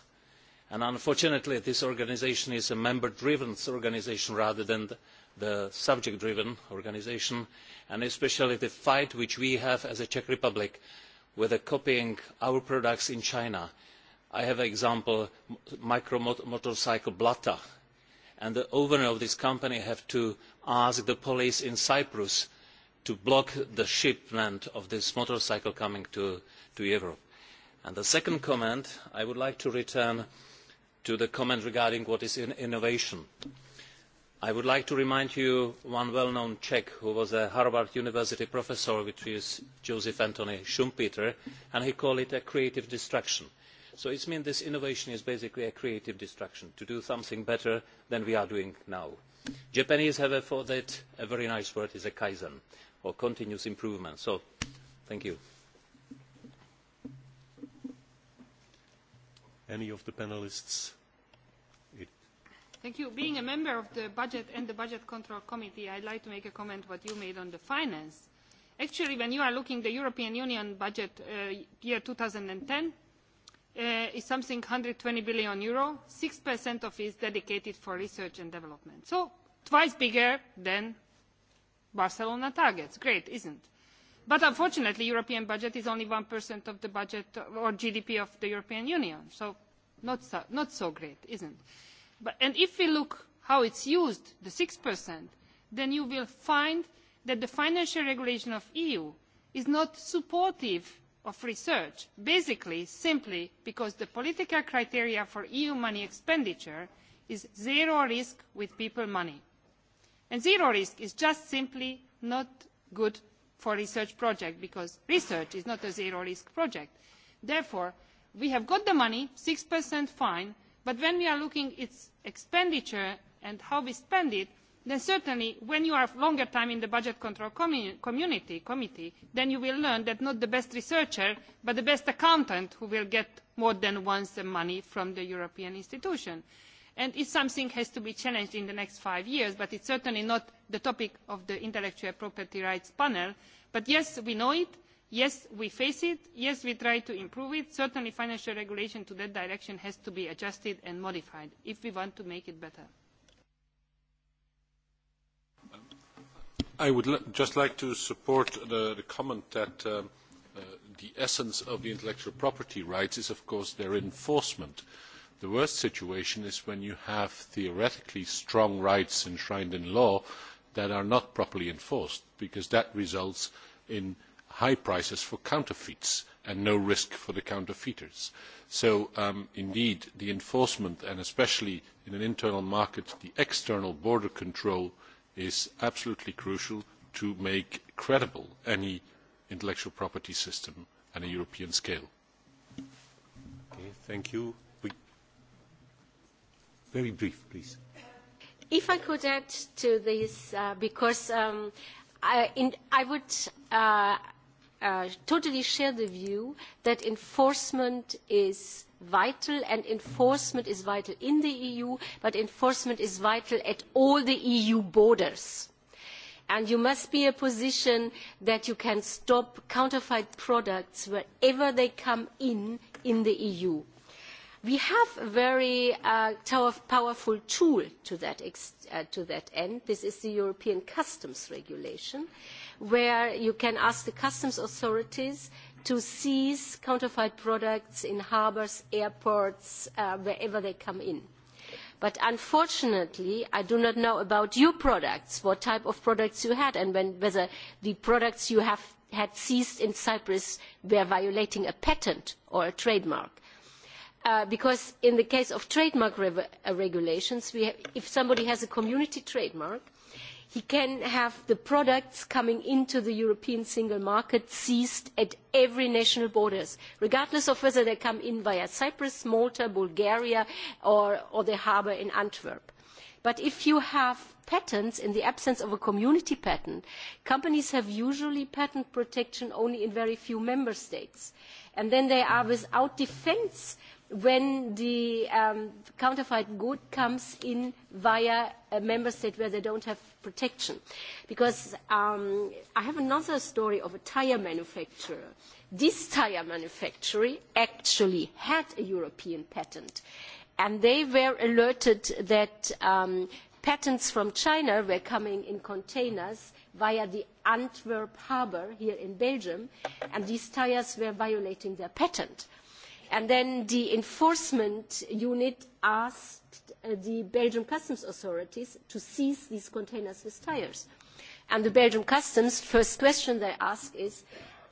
and unfortunately this organisation is a member driven organisation rather than the subject driven organisation and especially the fight which we have as a czech republic with copying our products in china i have an example micro motorcycle blatta and the owner of this company has to ask the police in cyprus to block the shipment of this motorcycle coming to europe. the second comment i would like to return to the comment regarding what is innovation. I would like to remind you one well-known Czech who was a Harvard University professor, which is Joseph Anthony Schumpeter, and he called it a creative destruction. So it means this innovation is basically a creative destruction, to do something better than we are doing now. Japanese have for that a very nice word, is a kaizen, or continuous improvement. So, thank you. any of the panelists. Thank you. Being a member of the Budget and the Budget Control Committee, I'd like to make a comment what you made on the finance. Actually, when you are looking at the European Union budget year 2010, is something 120 billion euro. 6% of it is dedicated for research and development. So twice bigger than Barcelona targets. Great, isn't it? But unfortunately, the European budget is only 1% of the budget or GDP of the European Union, so not so great, isn't it? And if we look how it's used, the 6%, then you will find that the financial regulation of the EU is not supportive of research, basically simply because the political criteria for EU money expenditure is zero risk with people money. And zero risk is just simply not good for research projects, because research is not a zero risk project. Therefore, we have got the money, 6% fine, but when we are looking at its expenditure and how we spend it, then certainly when you are longer time in the budget control community committee, then you will learn that not the best researcher, but the best accountant who will get more than once the money from the European institution and if something has to be challenged in the next five years but is certainly not the topic of the intellectual property rights panel but yes we know it yes we face it yes we try to improve it certainly financial regulation to that direction has to be adjusted and modified if we want to make it better i would just like to support the comment that the essence of the intellectual property rights is of course their enforcement The worst situation is when you have theoretically strong rights enshrined in law that are not properly enforced, because that results in high prices for counterfeits and no risk for the counterfeiters. So, indeed, the enforcement, and especially in an internal market, the external border control is absolutely crucial to make credible any intellectual property system on a European scale. Thank you. Very brief, please. If I could add to this, because I would totally share the view that enforcement is vital, and enforcement is vital in the EU, but enforcement is vital at all the EU borders. And you must be in a position that you can stop counterfeit products wherever they come in in the EU We have a very powerful tool to that end. This is the European Customs Regulation, where you can ask the customs authorities to seize counterfeit products in harbours, airports, wherever they come in. But unfortunately, I do not know about your products, what type of products you had, and whether the products you have had seized in Cyprus were violating a patent or a trademark because in the case of trademark regulations if somebody has a community trademark he can have the products coming into the european single market seized at every national borders regardless of whether they come in via cyprus malta bulgaria or the harbour in antwerp. but if you have patents in the absence of a community patent companies have usually patent protection only in very few member states and then they are without defence when the counterfeit good comes in via a member state where they don't have protection. Because I have another story of a tyre manufacturer. This tyre manufacturer actually had a European patent, and they were alerted that patents from China were coming in containers via the Antwerp harbour here in Belgium, and these tires were violating their patent and then the enforcement unit asked the belgian customs authorities to seize these containers with tires and the belgian customs first question they ask is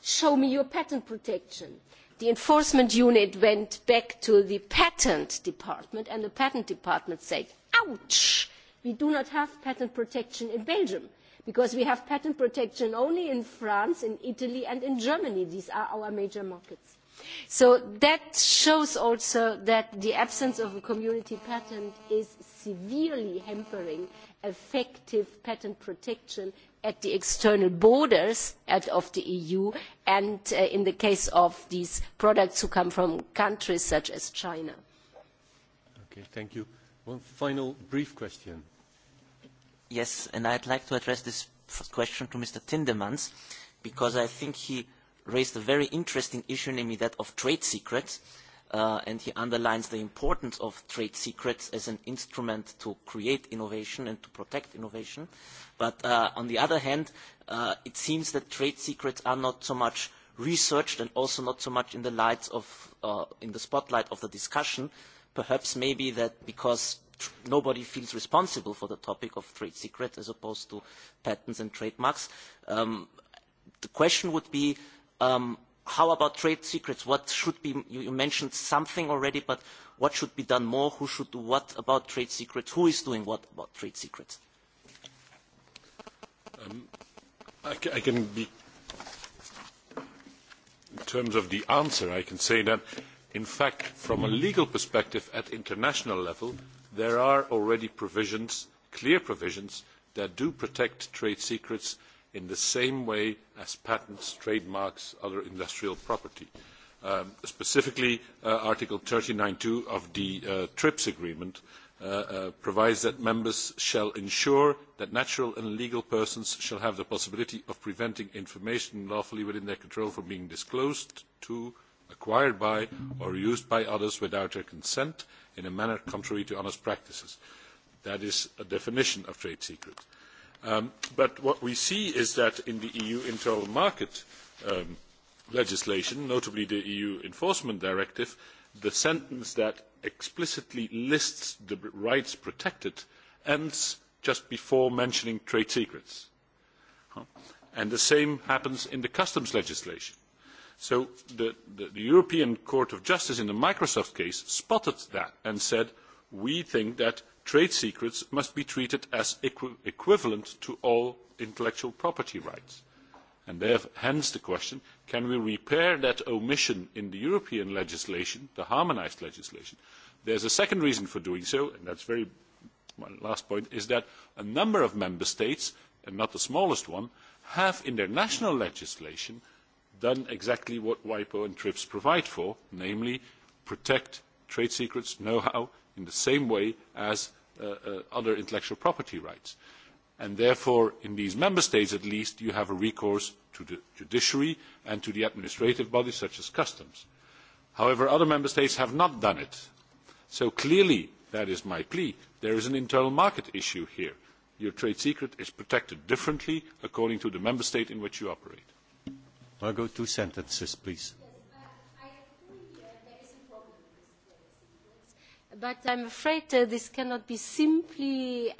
show me your patent protection the enforcement unit went back to the patent department and the patent department said ouch we do not have patent protection in belgium because we have patent protection only in france in italy and in germany these are our major markets So that shows also that the absence of a community patent is severely hampering effective patent protection at the external borders of the EU and in the case of these products who come from countries such as China. Okay, thank you. One final brief question. Yes, and I'd like to address this question to Mr. Tindemans because I think he raised a very interesting issue, namely that of trade secrets, and he underlines the importance of trade secrets as an instrument to create innovation and to protect innovation. But on the other hand, it seems that trade secrets are not so much researched and also not so much in the light of, in the spotlight of the discussion. Perhaps maybe that because nobody feels responsible for the topic of trade secrets as opposed to patents and trademarks. The question would be How about trade secrets? What should be, you mentioned something already, but what should be done more? Who should do what about trade secrets? Who is doing what about trade secrets? in terms of the answer, I can say that, in fact, from a legal perspective at international level, there are already provisions, clear provisions, that do protect trade secrets in the same way as patents, trademarks, other industrial property. Specifically, Article 39.2 of the TRIPS Agreement provides that members shall ensure that natural and legal persons shall have the possibility of preventing information lawfully within their control from being disclosed to, acquired by, or used by others without their consent in a manner contrary to honest practices. That is a definition of trade secrets. But what we see is that in the EU internal market legislation, notably the EU Enforcement Directive, the sentence that explicitly lists the rights protected ends just before mentioning trade secrets. And the same happens in the customs legislation. So the European Court of Justice in the Microsoft case spotted that and said, we think that trade secrets must be treated as equivalent to all intellectual property rights. And hence the question, can we repair that omission in the European legislation, the harmonised legislation? There is a second reason for doing so, and that's very my last point, is that a number of member states, and not the smallest one, have in their national legislation done exactly what WIPO and TRIPS provide for, namely protect trade secrets, know-how, in the same way as other intellectual property rights. And therefore, in these member states at least, you have a recourse to the judiciary and to the administrative bodies such as customs. However, other member states have not done it. So clearly, that is my plea, there is an internal market issue here. Your trade secret is protected differently according to the member state in which you operate. I'll go two sentences, please. But I'm afraid this cannot be simply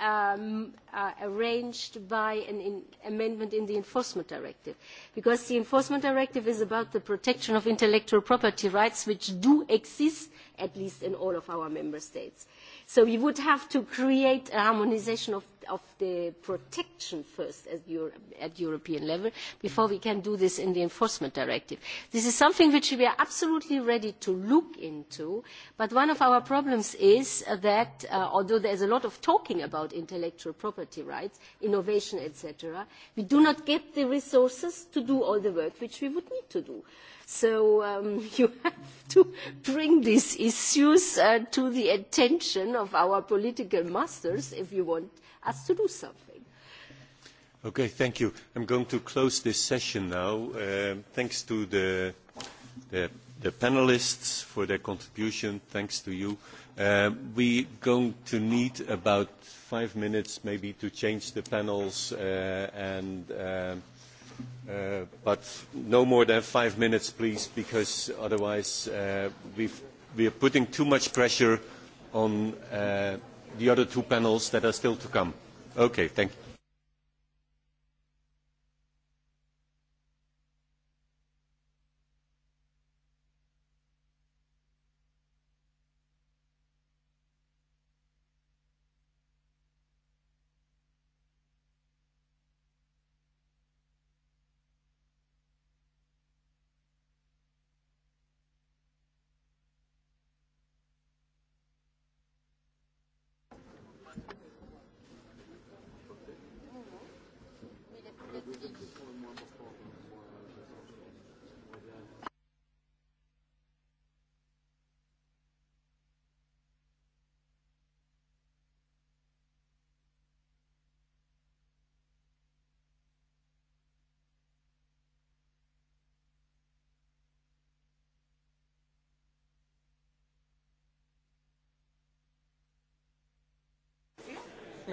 arranged by an amendment in the Enforcement Directive, because the Enforcement Directive is about the protection of intellectual property rights, which do exist, at least in all of our member states. So we would have to create a harmonisation of of the protection first at European level before we can do this in the enforcement directive. This is something which we are absolutely ready to look into, but one of our problems is that although there is a lot of talking about intellectual property rights, innovation, etc., we do not get the resources to do all the work which we would need to do. So you have to bring these issues to the attention of our political masters if you want us to do something. Okay, thank you. I'm going to close this session now. Thanks to the panelists for their contribution. Thanks to you. We're going to need about five minutes maybe to change the panels, and but no more than five minutes, please, because otherwise we are putting too much pressure on the other two panels that are still to come. Okay, thank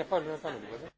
Ναι, πάλι να κάνω κάνουμε.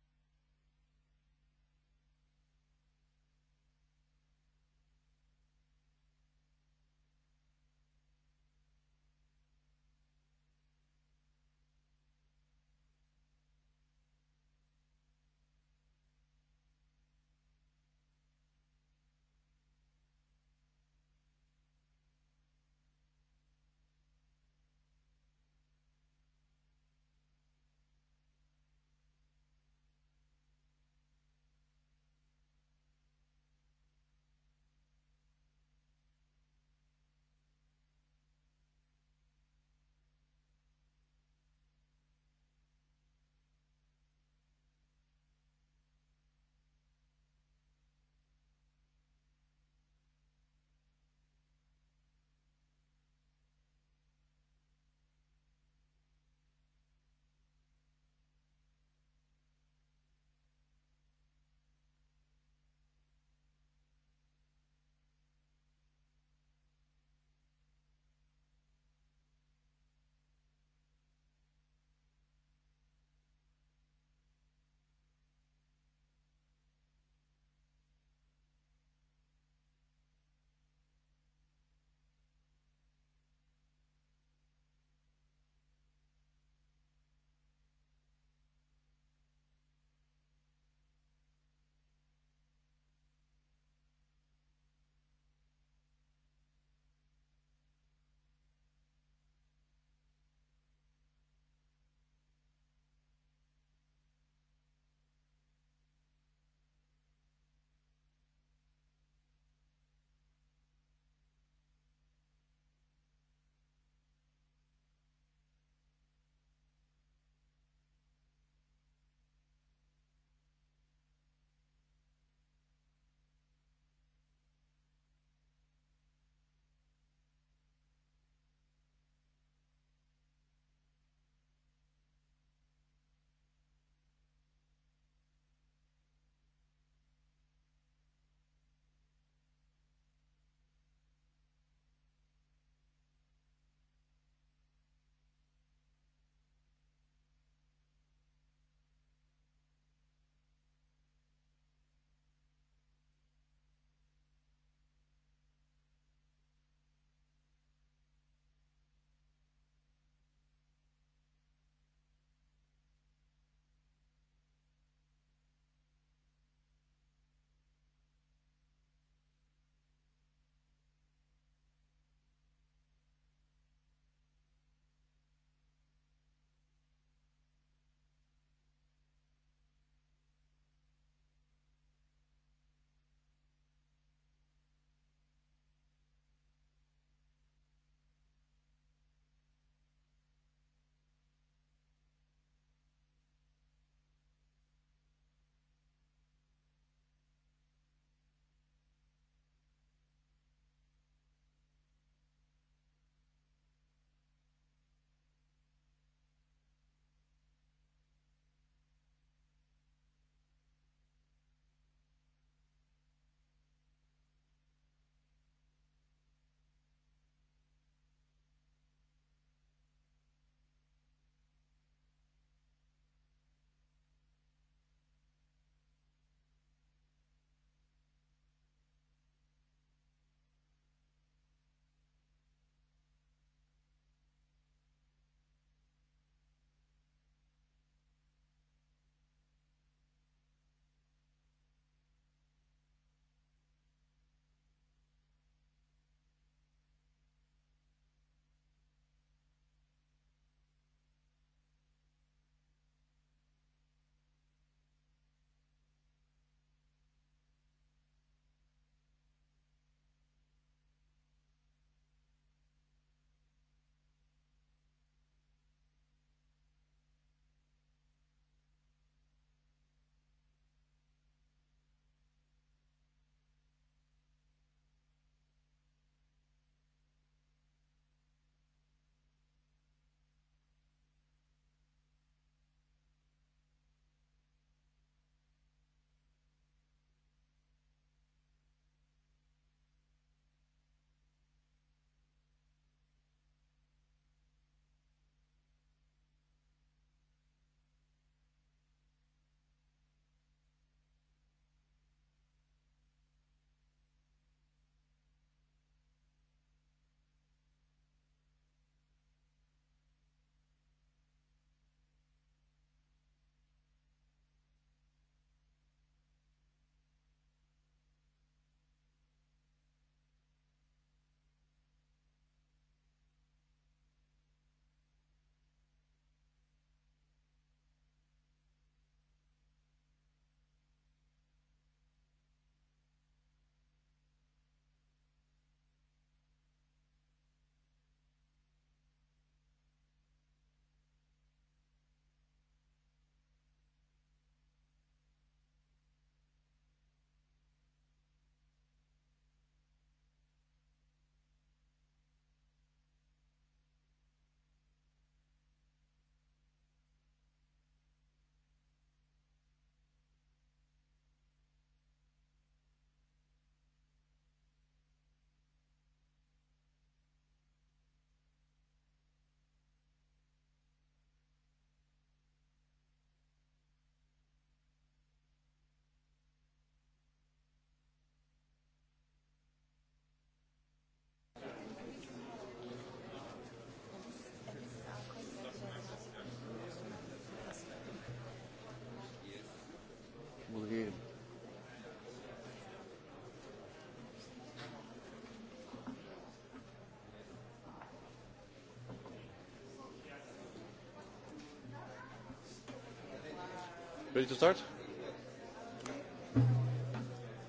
Ready to start?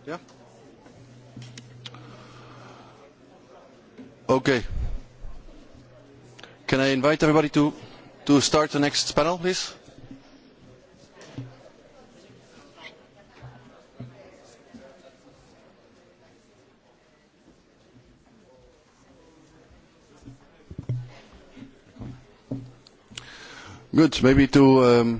Yeah? Okay. Can I invite everybody to, to start the next panel, please? Good. Maybe to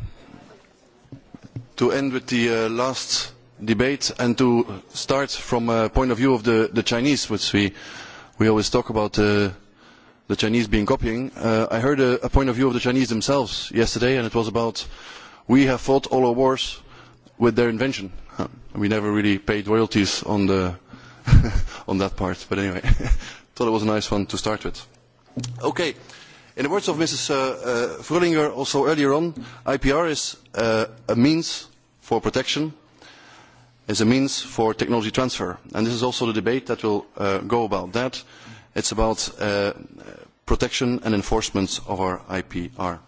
to end with the last debate and to start from a point of view of the Chinese, which we we always talk about the Chinese being copying. I heard a point of view of the Chinese themselves yesterday, and it was about we have fought all our wars with their invention. We never really paid royalties on the on that part, but anyway, thought it was a nice one to start with. Okay. In the words of Mrs. Frullinger also earlier on, IPR is a means for protection, is a means for technology transfer. And this is also the debate that will go about that. It's about protection and enforcement of our IPR,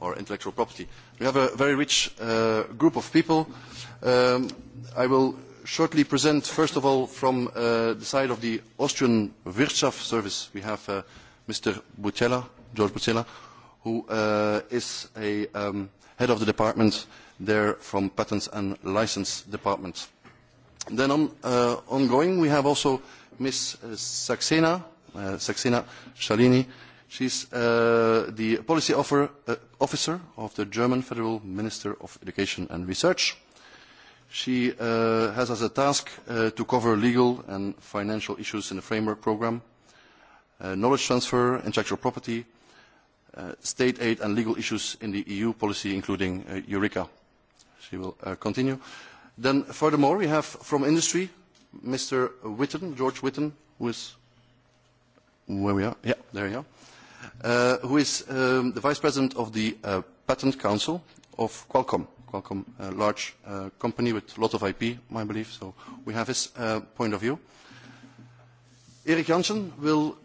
or intellectual property. We have a very rich group of people. I will shortly present, first of all, from the side of the Austrian Wirtschaft Service. We have Mr. Butella, George Butella, who is a head of the department there from Patents and License Department. Then on ongoing, we have also Ms. Saxena Shalini. She's the policy officer of the German Federal Minister of Education and Research. She has as a task to cover legal and financial issues in the framework program knowledge transfer, intellectual property, state aid and legal issues in the EU policy, including Eureka. She will continue. Then, furthermore, we have from industry, Mr. Witten, George Witten, who is where we are, yeah, there you are, who is the Vice President of the Patent Council of Qualcomm. Qualcomm, a large company with a lot of IP, I believe, so we have his point of view. Erik Janssen will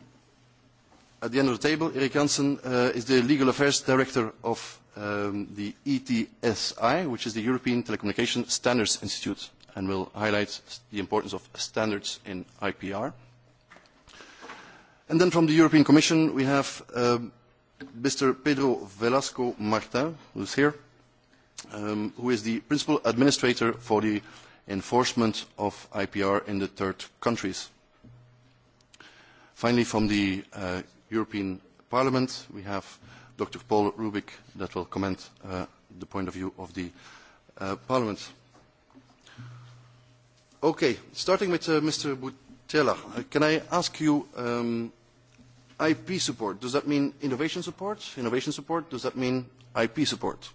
at the end of the table. Erik Janssen is the Legal Affairs Director of the ETSI, which is the European Telecommunication Standards Institute, and will highlight the importance of standards in IPR. And then from the European Commission, we have Mr. Pedro Velasco Martin, who is here, who is the Principal Administrator for the enforcement of IPR in the third countries. Finally, from the European Parliament. We have Dr. Paul Rubik that will comment the point of view of the Parliament. Okay, starting with Mr. Butella, can I ask you IP support, does that mean innovation support? Innovation support, does that mean IP support?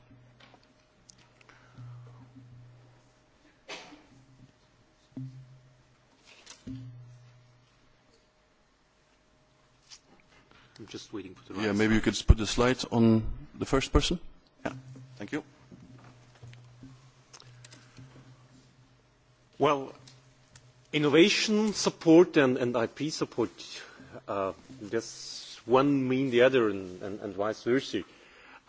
I'm just waiting for the right. Yeah, maybe you could put the slide on the first person. Yeah, thank you. Well, innovation support and IP support, does one mean the other and vice versa.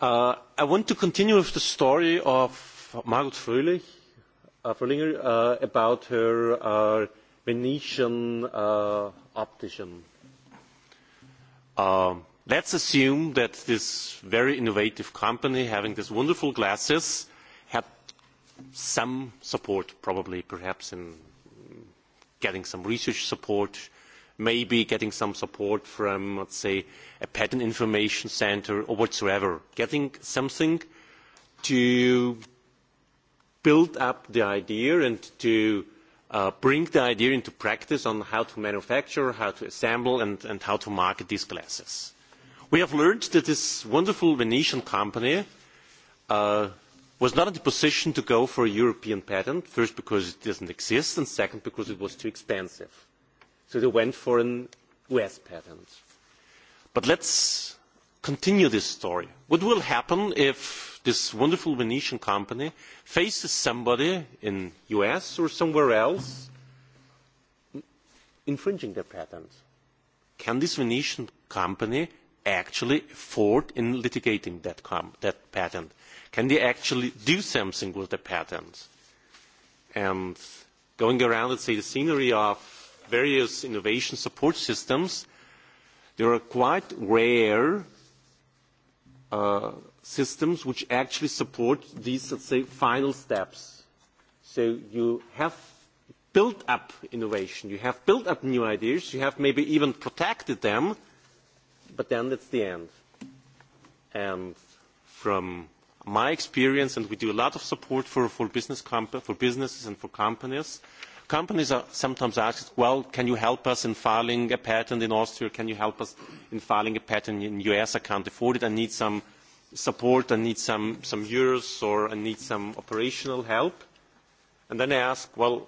I want to continue with the story of Margot Fröhlinger about her Venetian optician Let's assume that this very innovative company having these wonderful glasses had some support, probably perhaps in getting some research support, maybe getting some support from, let's say, a patent information center or whatsoever, getting something to build up the idea and to bring the idea into practice on how to manufacture, how to assemble and how to market these glasses. We have learned that this wonderful Venetian company was not in the position to go for a European patent, first because it doesn't exist and second because it was too expensive. So they went for an US patent. But let's continue this story. What will happen if this wonderful Venetian company faces somebody in the US or somewhere else infringing their patent. Can this Venetian company actually afford in litigating that patent? Can they actually do something with the patent? And going around, let's say, the scenery of various innovation support systems, there are quite rare systems which actually support these, let's say, final steps. So you have built up innovation, you have built up new ideas, you have maybe even protected them, but then it's the end. And from my experience, and we do a lot of support for for businesses and for companies, companies are sometimes asked well can you help us in filing a patent in austria can you help us in filing a patent in the us i can't afford it i need some support i need some euros or i need some operational help and then they ask well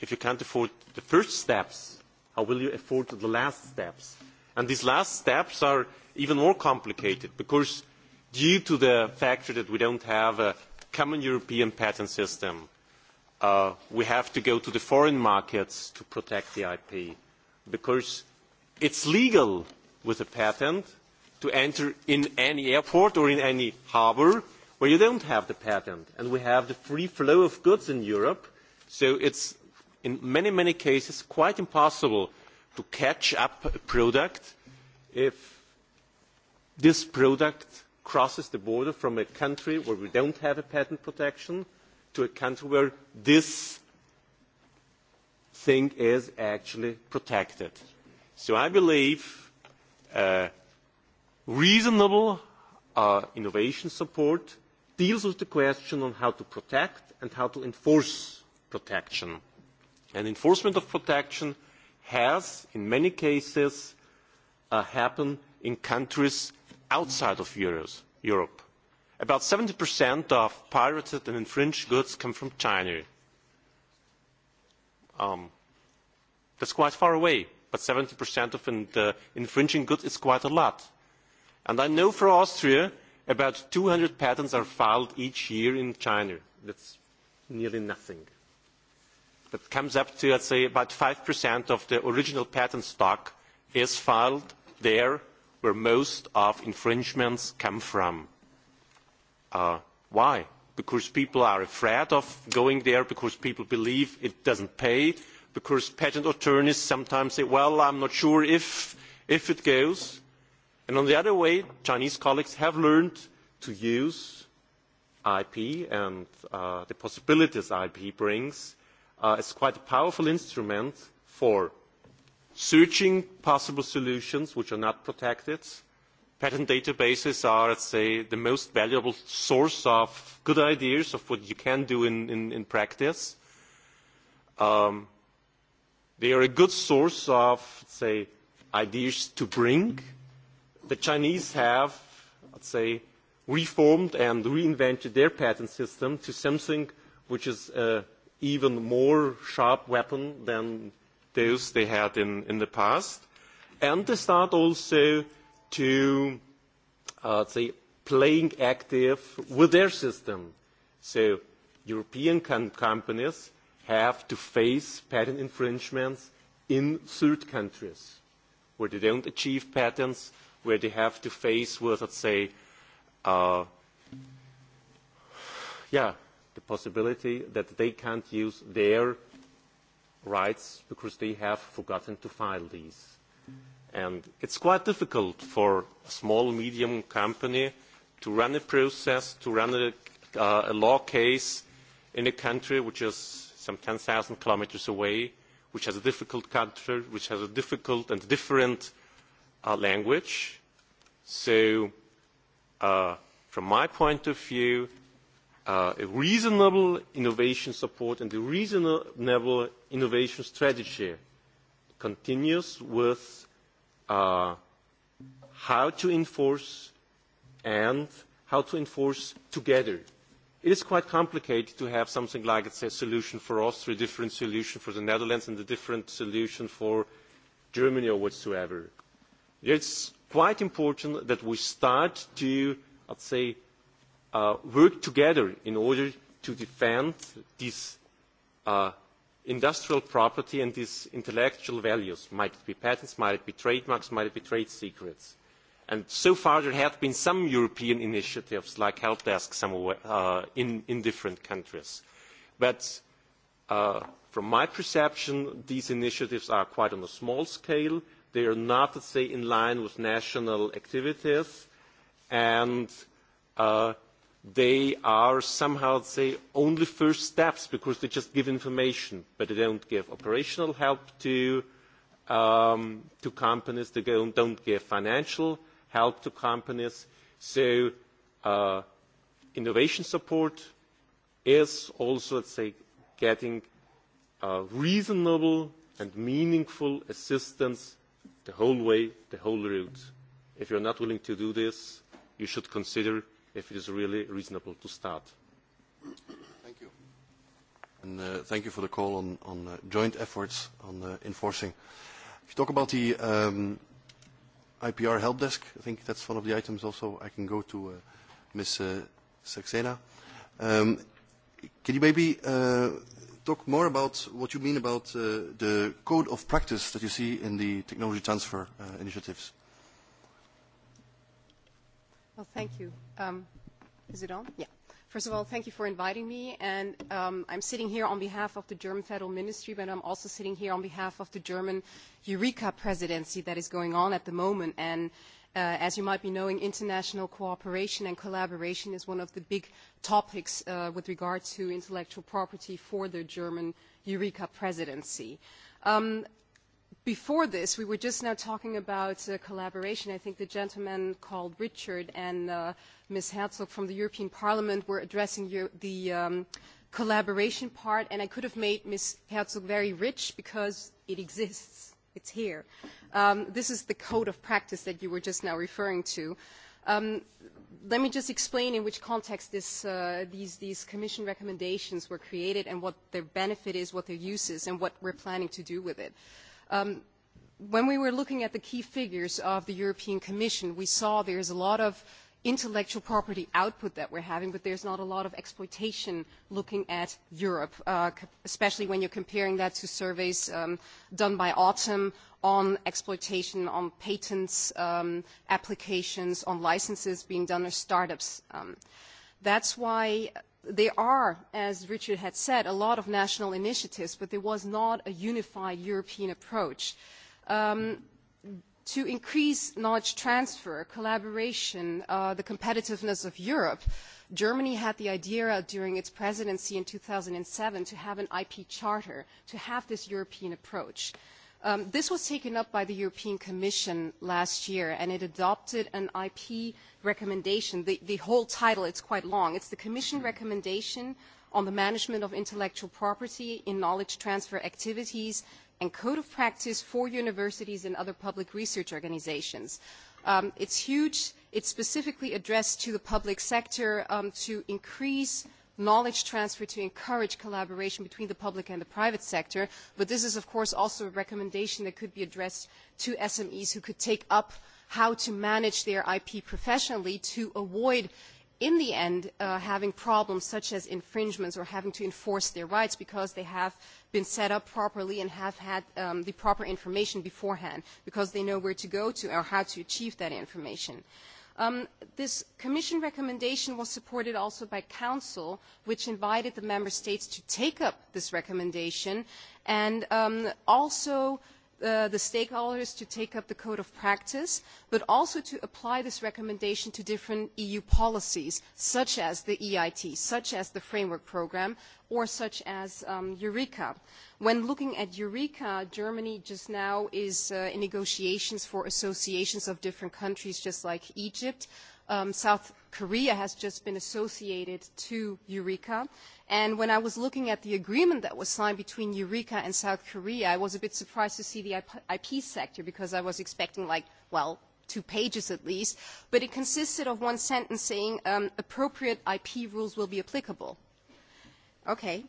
if you can't afford the first steps how will you afford the last steps and these last steps are even more complicated because due to the fact that we don't have a common european patent system we have to go to the foreign markets to protect the IP because it's legal with a patent to enter in any airport or in any harbour where you don't have the patent. And we have the free flow of goods in Europe, so it's in many, many cases quite impossible to catch up a product if this product crosses the border from a country where we don't have a patent protection to a country where this thing is actually protected. So I believe reasonable innovation support deals with the question on how to protect and how to enforce protection. And enforcement of protection has, in many cases, happened in countries outside of Europe. About 70% of pirated and infringed goods come from China. That's quite far away, but 70% of infringing goods is quite a lot. And I know for Austria, about 200 patents are filed each year in China. That's nearly nothing. That comes up to, let's say, about 5% of the original patent stock is filed there where most of infringements come from. Why? Because people are afraid of going there, because people believe it doesn't pay, because patent attorneys sometimes say, well, I'm not sure if it goes. And on the other way, Chinese colleagues have learned to use IP and the possibilities IP brings as quite a powerful instrument for searching possible solutions which are not protected patent databases are say the most valuable source of good ideas of what you can do in practice. They are a good source of say ideas to bring. The Chinese have say reformed and reinvented their patent system to something which is an even more sharp weapon than those they had in the past. And they start also to say playing active with their system. So European companies have to face patent infringements in third countries where they don't achieve patents, where they have to face with, let's say, yeah, the possibility that they can't use their rights because they have forgotten to file these. And it's quite difficult for a small, medium company to run a process, to run a law case in a country which is some 10,000 kilometers away, which has a difficult culture, which has a difficult and different language. So, from my point of view, a reasonable innovation support and a reasonable innovation strategy continues with how to enforce and how to enforce together. It is quite complicated to have something like a solution for Austria, a different solution for the Netherlands, and a different solution for Germany or whatsoever. It's quite important that we start to, let's say, work together in order to defend these industrial property and these intellectual values might it be patents might it be trademarks might it be trade secrets and so far there have been some european initiatives like help desk in different countries but from my perception these initiatives are quite on a small scale they are not let's say in line with national activities and they are somehow say only first steps because they just give information but they don't give operational help to companies they don't give financial help to companies so innovation support is also let's say getting reasonable and meaningful assistance the whole way the whole route. if you are not willing to do this you should consider if it is really reasonable to start. Thank you. And thank you for the call on, on joint efforts on enforcing. If you talk about the um, IPR help desk, I think that's one of the items also I can go to Ms. Saxena. Um, can you maybe uh, talk more about what you mean about uh, the code of practice that you see in the technology transfer uh, initiatives? Well, thank you. Is it on? Yeah. First of all, thank you for inviting me. And I'm sitting here on behalf of the German Federal Ministry, but I'm also sitting here on behalf of the German Eureka presidency that is going on at the moment. And as you might be knowing, international cooperation and collaboration is one of the big topics with regard to intellectual property for the German Eureka presidency. Before this, we were just now talking about collaboration. I think the gentleman called Richard and Ms. Herzog from the European Parliament were addressing the collaboration part, and I could have made Ms. Herzog very rich because it exists. It's here. This is the code of practice that you were just now referring to. Let me just explain in which context these Commission recommendations were created and what their benefit is, what their use is, and what we're planning to do with it. When we were looking at the key figures of the European Commission, we saw there is a lot of intellectual property output that we're having, but there's not a lot of exploitation looking at Europe, especially when you're comparing that to surveys done by Autumn on exploitation, on patents applications, on licenses being done or startups. That's why There are, as Richard had said, a lot of national initiatives, but there was not a unified European approach. To increase knowledge transfer, collaboration, the competitiveness of Europe, Germany had the idea during its presidency in 2007 to have an IP charter, to have this European approach. This was taken up by the European Commission last year, and it adopted an IP recommendation. The whole title, is quite long. It's the Commission recommendation on the management of intellectual property in knowledge transfer activities and code of practice for universities and other public research Organisations. It's huge. It's specifically addressed to the public sector to increase knowledge transfer to encourage collaboration between the public and the private sector. But this is, of course, also a recommendation that could be addressed to SMEs who could take up how to manage their IP professionally to avoid, in the end, having problems such as infringements or having to enforce their rights because they have been set up properly and have had the proper information beforehand because they know where to go to or how to achieve that information. This Commission recommendation was supported also by Council, which invited the Member States to take up this recommendation and also the stakeholders to take up the code of practice, but also to apply this recommendation to different EU policies, such as the EIT, such as the Framework Programme, or such as Eureka. When looking at Eureka, Germany just now is in negotiations for associations of different countries, just like Egypt. South Korea has just been associated to Eureka. And when I was looking at the agreement that was signed between Eureka and South Korea, I was a bit surprised to see the IP sector because I was expecting, like, well, two pages at least. But it consisted of one sentence saying appropriate IP rules will be applicable. Okay.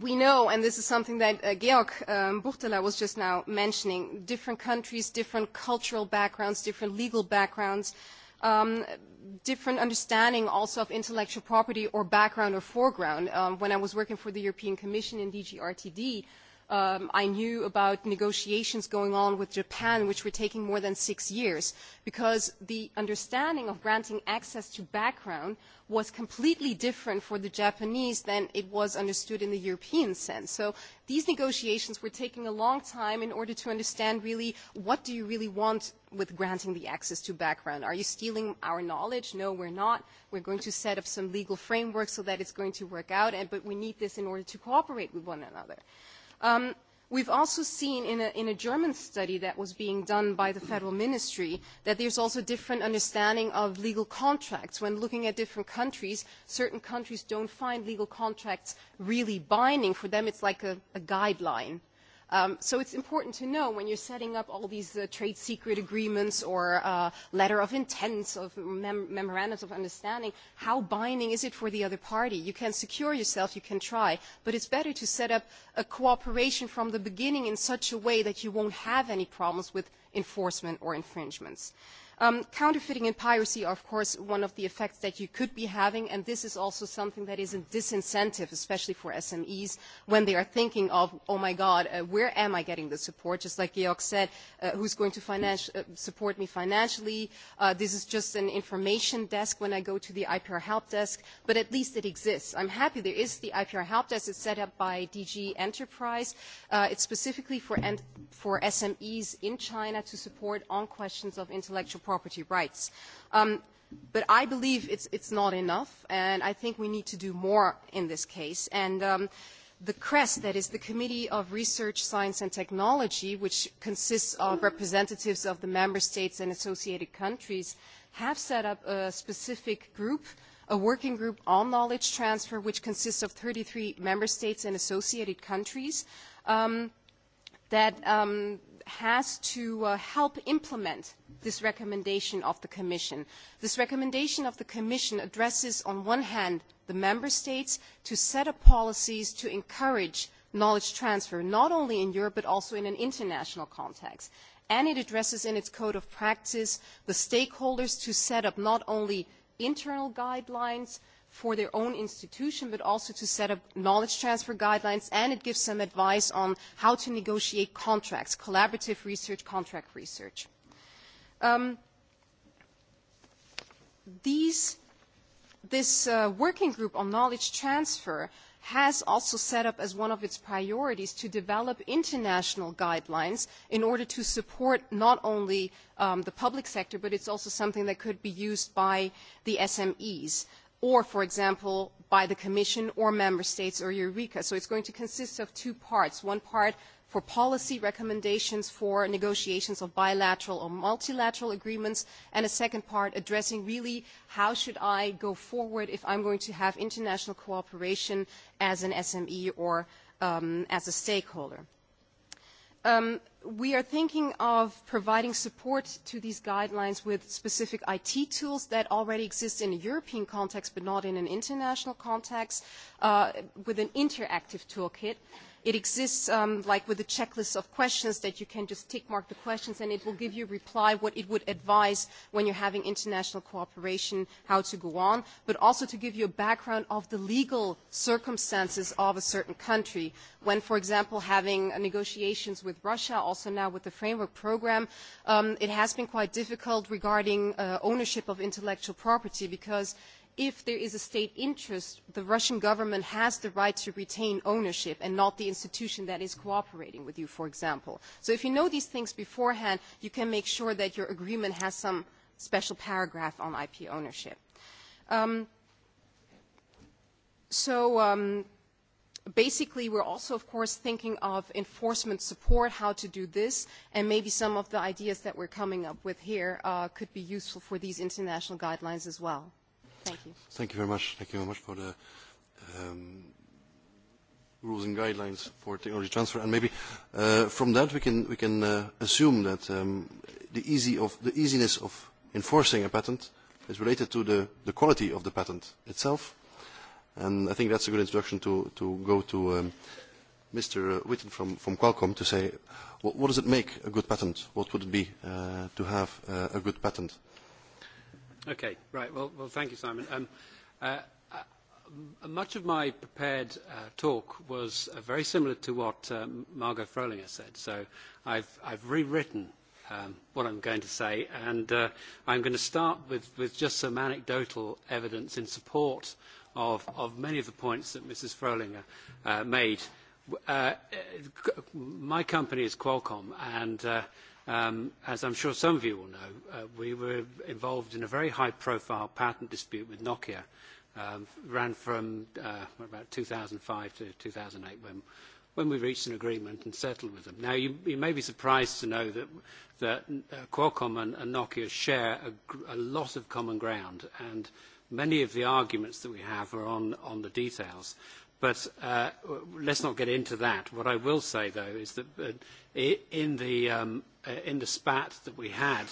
We know, and this is something that Georg Buchtela was just now mentioning, different countries, different cultural backgrounds, different legal backgrounds different understanding also of intellectual property or background or foreground. When I was working for the European Commission in DG RTD, I knew about negotiations going on with Japan, which were taking more than six years, because the understanding of granting access to background was completely different for the Japanese than it was understood in the European sense. So these negotiations were taking a long time in order to understand really what do you really want with granting the access to background. Are you stealing our knowledge? No, we're not. We're going to set up some legal framework so that it's going to work out, but we need this in order to cooperate with one another. We've also seen in a German study that was being done by the Federal Ministry that there's also different understanding of legal contracts. When looking at different countries, certain countries don't find legal contracts really binding. For them, it's like a guideline So it's important to know when you're setting up all these trade secret agreements or letter of intents, of memorandums of understanding, how binding is it for the other party? You can secure yourself, you can try, but it's better to set up a cooperation from the beginning in such a way that you won't have any problems with enforcement or infringements. Counterfeiting and piracy are, of course, one of the effects that you could be having, and this is also something that is a disincentive, especially for SMEs, when they are thinking of, oh my God, where am I getting the support? Just like Georg said, who's going to support me financially? This is just an information desk when I go to the IPR help desk, but at least it exists. I'm happy there is the IPR help desk. It's set up by DG Enterprise. It's specifically for SMEs in China to support on questions of intellectual property rights. But I believe it's not enough, and I think we need to do more in this case. And the CREST, that is the Committee of Research, Science and Technology, which consists of representatives of the member states and associated countries, have set up a specific group, a working group on knowledge transfer, which consists of 33 member states and associated countries, that has to help implement this recommendation of the Commission. This recommendation of the Commission addresses, on one hand, the Member States to set up policies to encourage knowledge transfer, not only in Europe but also in an international context. And it addresses in its code of practice the stakeholders to set up not only internal guidelines for their own institution, but also to set up knowledge transfer guidelines, and it gives some advice on how to negotiate contracts, collaborative research, contract research. This working group on knowledge transfer has also set up as one of its priorities to develop international guidelines in order to support not only the public sector, but it's also something that could be used by the SMEs or, for example, by the Commission or Member States or Eureka. So it's going to consist of two parts. One part for policy recommendations for negotiations of bilateral or multilateral agreements, and a second part addressing really how should I go forward if I am going to have international cooperation as an SME or as a stakeholder. We are thinking of providing support to these guidelines with specific IT tools that already exist in a European context but not in an international context, with an interactive toolkit It exists like with a checklist of questions that you can just tick mark the questions and it will give you a reply what it would advise when you are having international cooperation, how to go on, but also to give you a background of the legal circumstances of a certain country. When, for example, having negotiations with Russia, also now with the framework Programme, it has been quite difficult regarding ownership of intellectual property because if there is a state interest, the Russian government has the right to retain ownership and not the institution that is cooperating with you, for example. So if you know these things beforehand, you can make sure that your agreement has some special paragraph on IP ownership. So basically we're also of course thinking of enforcement support how to do this and maybe some of the ideas that we're coming up with here could be useful for these international guidelines as well Thank you. Thank you very much. Thank you very much for the rules and guidelines for technology transfer. And maybe from that we can we can assume that the easy of the easiness of enforcing a patent is related to the the quality of the patent itself. And I think that's a good introduction to to go to Mr. Witten from from Qualcomm to say what does it make a good patent? What would it be to have a good patent? Okay. Right. Well, well thank you, Simon. Um Much of my prepared talk was very similar to what Margot Frolinger said. So I've I've rewritten what I'm going to say, and I'm going to start with with just some anecdotal evidence in support of of many of the points that Mrs. Frolinger made. My company is Qualcomm, and As I'm sure some of you will know, we were involved in a very high-profile patent dispute with Nokia. Ran from about 2005 to 2008 when we reached an agreement and settled with them. Now, you may be surprised to know that Qualcomm and Nokia share a lot of common ground, and many of the arguments that we have are on the details. But let's not get into that. What I will say, though, is that in the spat that we had,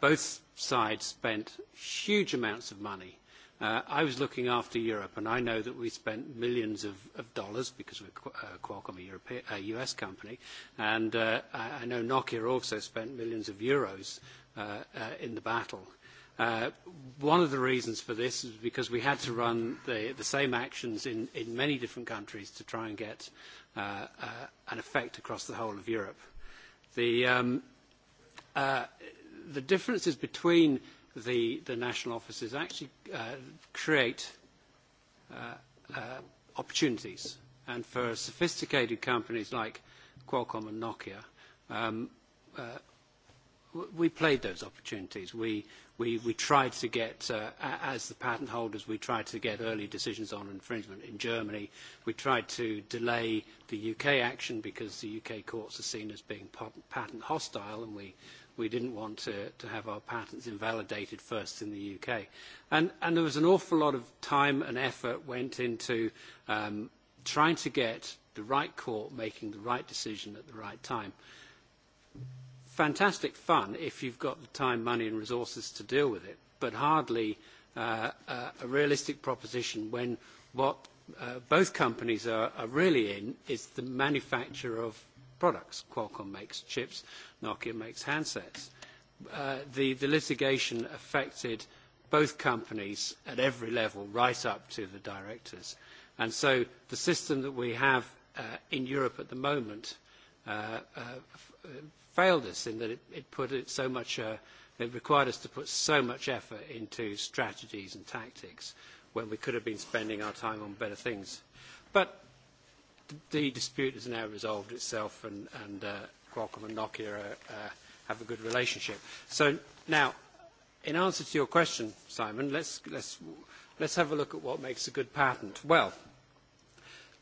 both sides spent huge amounts of money. I was looking after Europe, and I know that we spent millions of dollars because we're Qualcomm, a U.S. company, and I know Nokia also spent millions of euros in the battle One of the reasons for this is because we had to run the same actions in many different countries to try and get an effect across the whole of Europe. The differences between the national offices actually create opportunities. And for sophisticated companies like Qualcomm and Nokia, we played those opportunities. We we tried to get, as the patent holders, we tried to get early decisions on infringement in Germany. We tried to delay the UK action because the UK courts are seen as being patent hostile, and we we didn't want to have our patents invalidated first in the UK. And there was an awful lot of time and effort went into trying to get the right court making the right decision at the right time fantastic fun if you've got the time, money and resources to deal with it, but hardly a realistic proposition when what both companies are really in is the manufacture of products. Qualcomm makes chips, Nokia makes handsets. The litigation affected both companies at every level, right up to the directors. And so the system that we have in Europe at the moment failed us in that it put so much it required us to put so much effort into strategies and tactics when we could have been spending our time on better things. But the dispute has now resolved itself and Qualcomm and Nokia have a good relationship. So now, in answer to your question, Simon, let's let's let's have a look at what makes a good patent. Well,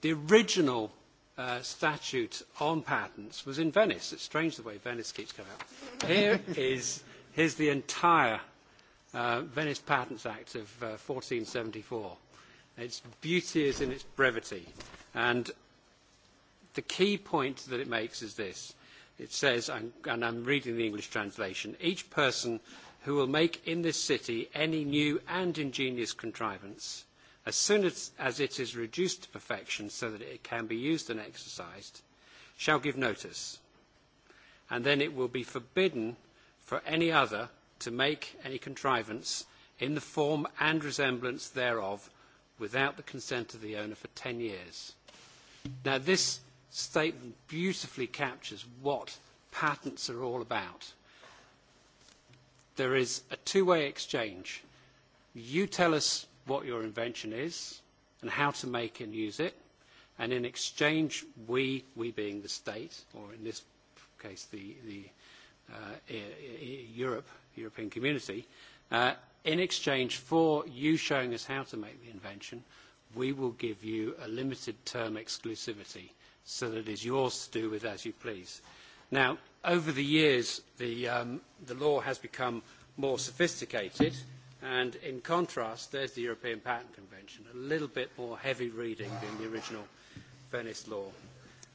the original statute on patents was in Venice. It's strange the way Venice keeps coming up. Here is here's the entire Venice Patents Act of 1474. Its beauty is in its brevity. And the key point that it makes is this. It says, and I'm reading the English translation, each person who will make in this city any new and ingenious contrivance As soon as it is reduced to perfection so that it can be used and exercised, shall give notice, and then it will be forbidden for any other to make any contrivance in the form and resemblance thereof without the consent of the owner for 10 years. Now, this statement beautifully captures what patents are all about. There is a two-way exchange. You tell us what your invention is and how to make and use it. And in exchange, we, we being the state, or in this case the, the Europe, European community, in exchange for you showing us how to make the invention, we will give you a limited term exclusivity so that it is yours to do with as you please. Now, over the years, the law has become more sophisticated And in contrast, there's the European Patent Convention, a little bit more heavy reading than the original Venice law.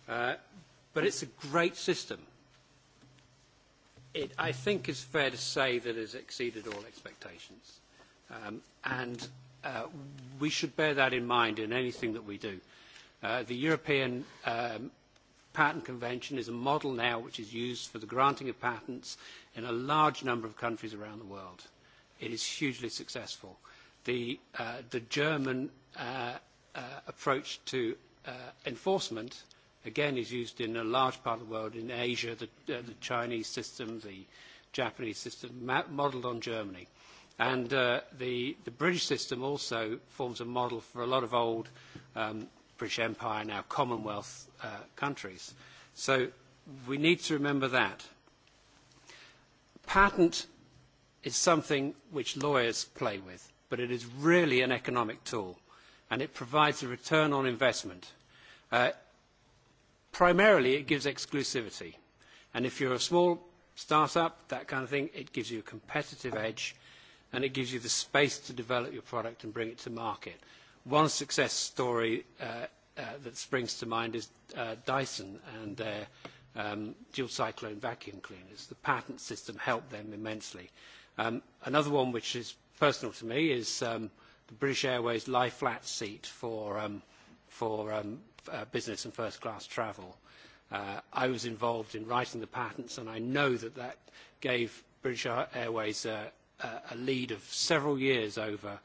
But it's a great system. It, I think, is fair to say that it has exceeded all expectations. And we should bear that in mind in anything that we do. The European Patent Convention is a model now which is used for the granting of patents in a large number of countries around the world it is hugely successful. The German approach to enforcement, again, is used in a large part of the world, in Asia, the Chinese system, the Japanese system, modeled on Germany. And the British system also forms a model for a lot of old British Empire, now Commonwealth countries. So we need to remember that. Patent is something which lawyers play with, but it is really an economic tool, and it provides a return on investment. Primarily, it gives exclusivity, and if you're a small start-up, that kind of thing, it gives you a competitive edge, and it gives you the space to develop your product and bring it to market. One success story that springs to mind is Dyson and their dual cyclone vacuum cleaners. The patent system helped them immensely. Another one which is personal to me is the British Airways lie flat seat for business and first class travel. I was involved in writing the patents and I know that that gave British Airways a lead of several years over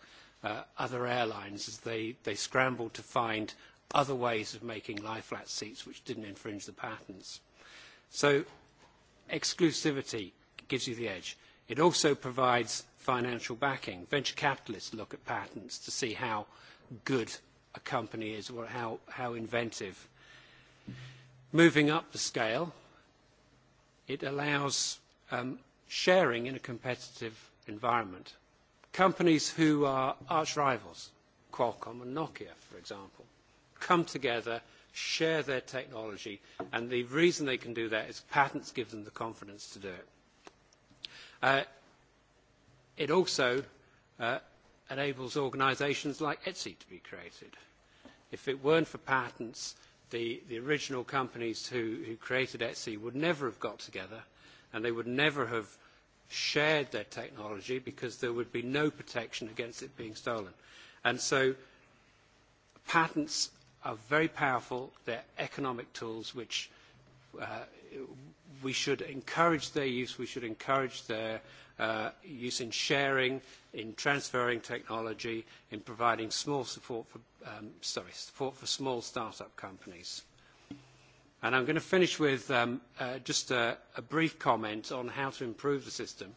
other airlines as they scrambled to find other ways of making lie flat seats which didn't infringe the patents. So exclusivity gives you the edge. It also provides financial backing. Venture capitalists look at patents to see how good a company is or how inventive. Moving up the scale, it allows sharing in a competitive environment. Companies who are arch rivals, Qualcomm and Nokia, for example, come together, share their technology, and the reason they can do that is patents give them the confidence to do it. It also enables organisations like Etsy to be created. If it weren't for patents, the original companies who created Etsy would never have got together and they would never have shared their technology because there would be no protection against it being stolen. And so patents are very powerful. They're economic tools which we should encourage their use, we should encourage their use in sharing, in transferring technology, in providing small support for, sorry, support for small startup companies. And I'm going to finish with just a brief comment on how to improve the system.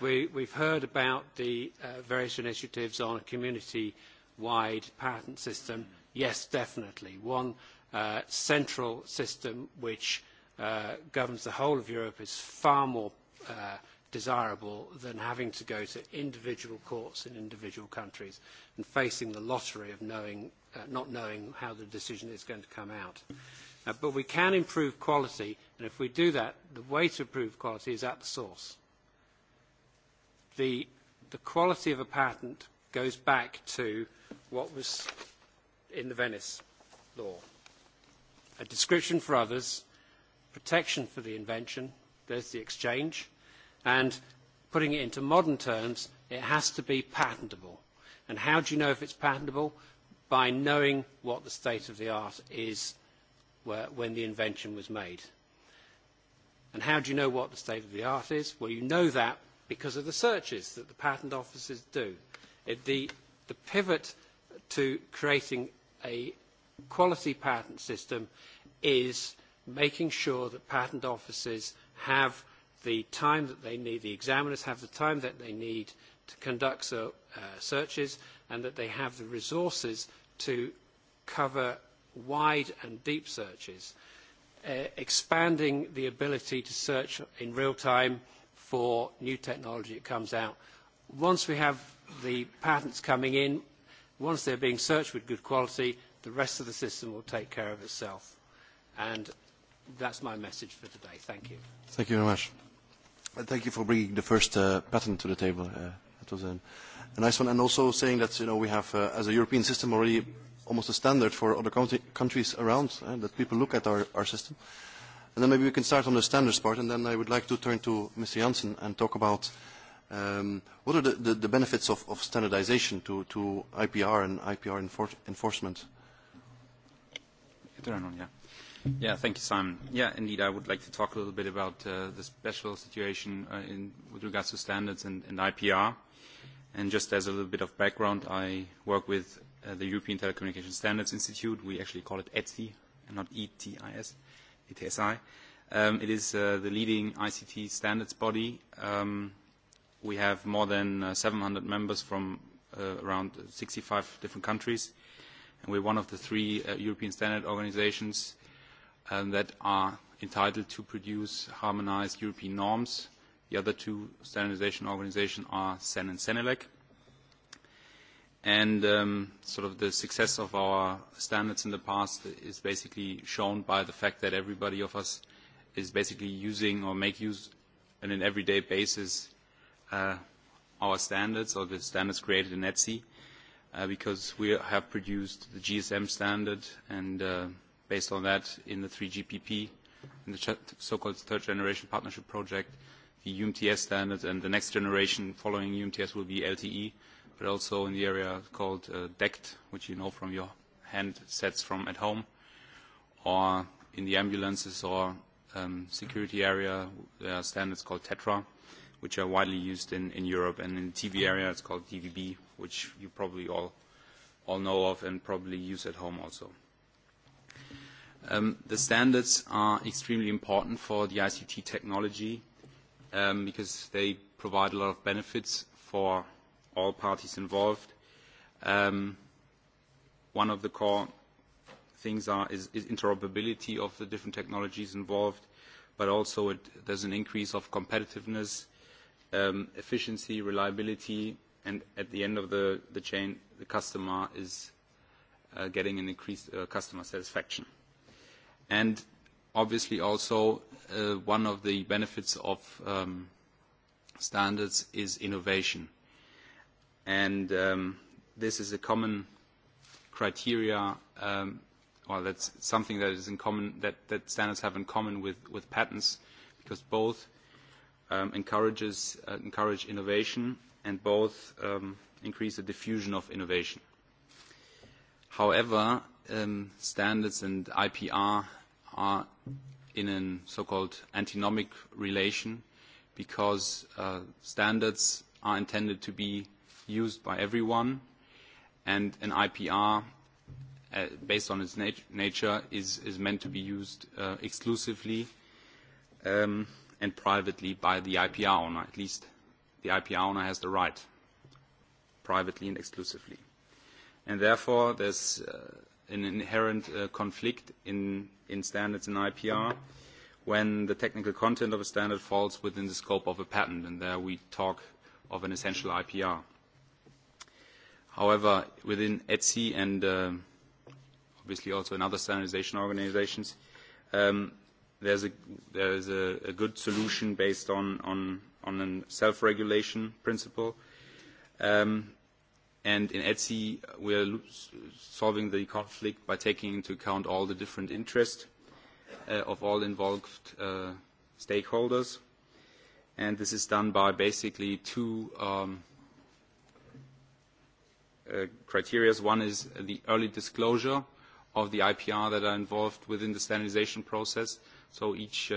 We We've heard about the various initiatives on a community-wide patent system. Yes, definitely. One central system which governs the whole of Europe is far more desirable than having to go to individual courts in individual countries and facing the lottery of not knowing how the decision is going to come out. But we can improve quality, and if we do that, the way to improve quality is at the source. The quality of a patent goes back to what was in the Venice law. A description for others protection for the invention, there's the exchange, and putting it into modern terms, it has to be patentable. And how do you know if it's patentable? By knowing what the state of the art is when the invention was made. And how do you know what the state of the art is? Well, you know that because of the searches that the patent offices do. The pivot to creating a quality patent system is making sure that patent offices have the time that they need, the examiners have the time that they need to conduct searches and that they have the resources to cover wide and deep searches, expanding the ability to search in real time for new technology that comes out. Once we have the patents coming in, once they're being searched with good quality, the rest of the system will take care of itself. And That's my message for today. Thank you. Thank you very much. Thank you for bringing the first patent to the table. That was a nice one. And also saying that you know, we have, as a European system, already almost a standard for other countries around, that people look at our system. And then maybe we can start on the standards part, and then I would like to turn to Mr. Janssen and talk about what are the benefits of standardization to IPR and IPR enforcement. Yeah, thank you, Simon. Yeah, indeed, I would like to talk a little bit about the special situation with regards to standards and IPR. And just as a little bit of background, I work with the European Telecommunication Standards Institute. We actually call it ETSI, not ETIS, ETSI. It is the leading ICT standards body. We have more than 700 members from around 65 different countries, and we're one of the three European standard organizations that are entitled to produce harmonized European norms. The other two standardization organizations are CEN and CENELEC. And sort of the success of our standards in the past is basically shown by the fact that everybody of us is basically using or make use on an everyday basis our standards or the standards created in ETSI because we have produced the GSM standard and based on that in the 3GPP, in the so-called third generation partnership project, the UMTS standard and the next generation following UMTS will be LTE, but also in the area called DECT, which you know from your handsets from at home, or in the ambulances or security area, there are standards called TETRA, which are widely used in Europe, and in the TV area it's called DVB, which you probably all know of and probably use at home also. The standards are extremely important for the ICT technology because they provide a lot of benefits for all parties involved. One of the core things is interoperability of the different technologies involved, but also there's an increase of competitiveness, efficiency, reliability, and at the end of the chain, the customer is getting an increased customer satisfaction and obviously also one of the benefits of standards is innovation and this is a common criteria or that's something that is in common that standards have in common with patents because both encourages encourage innovation and both increase the diffusion of innovation however standards and IPR are in a so-called antinomic relation because standards are intended to be used by everyone and an IPR based on its nature is meant to be used exclusively and privately by the IPR owner. At least the IPR owner has the right privately and exclusively. And therefore there's an inherent conflict in standards and IPR when the technical content of a standard falls within the scope of a patent, and there we talk of an essential IPR. However, within ETSI and obviously also in other standardization organizations, is a good solution based on a self-regulation principle And in ETSI, we are solving the conflict by taking into account all the different interests of all involved stakeholders. And this is done by basically two criteria. One is the early disclosure of the IPR that are involved within the standardization process. So each,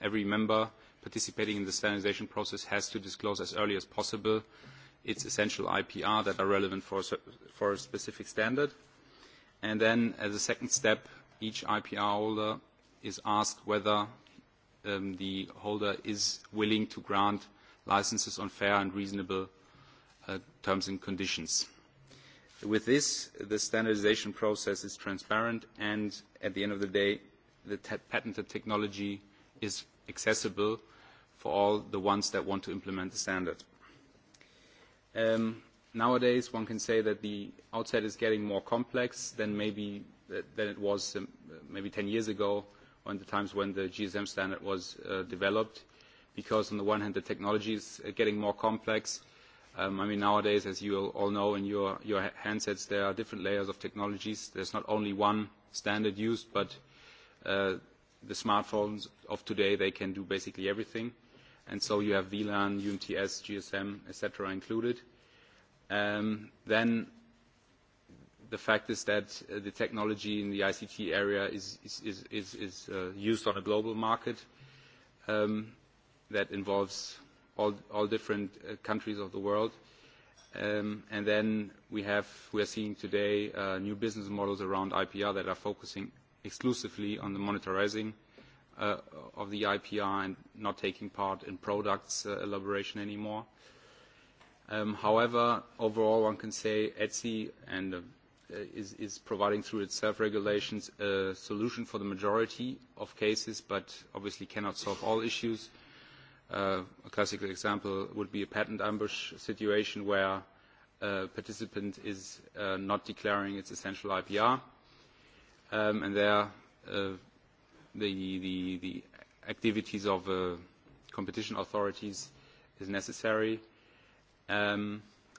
every member participating in the standardization process has to disclose as early as possible its essential IPR that are relevant for a specific standard. And then, as a second step, each IPR holder is asked whether the holder is willing to grant licenses on fair and reasonable terms and conditions. With this, the standardization process is transparent, and at the end of the day, the patented technology is accessible for all the ones that want to implement the standard. Nowadays, one can say that the outset is getting more complex than maybe than it was maybe 10 years ago, or in the times when the GSM standard was developed, because on the one hand the technology is getting more complex. I mean nowadays, as you all know, in your your handsets there are different layers of technologies. There's not only one standard used, but the smartphones of today they can do basically everything and so you have VLAN, UMTS, GSM, etc. included. Then the fact is that the technology in the ICT area is used on a global market that involves all different countries of the world. And then we have we are seeing today new business models around IPR that are focusing exclusively on the monetizing of the IPR and not taking part in products elaboration anymore. However, overall, one can say Etsy is providing through its self-regulations a solution for the majority of cases, but obviously cannot solve all issues. A classical example would be a patent ambush situation where a participant is not declaring its essential IPR, and there the the activities of competition authorities is necessary.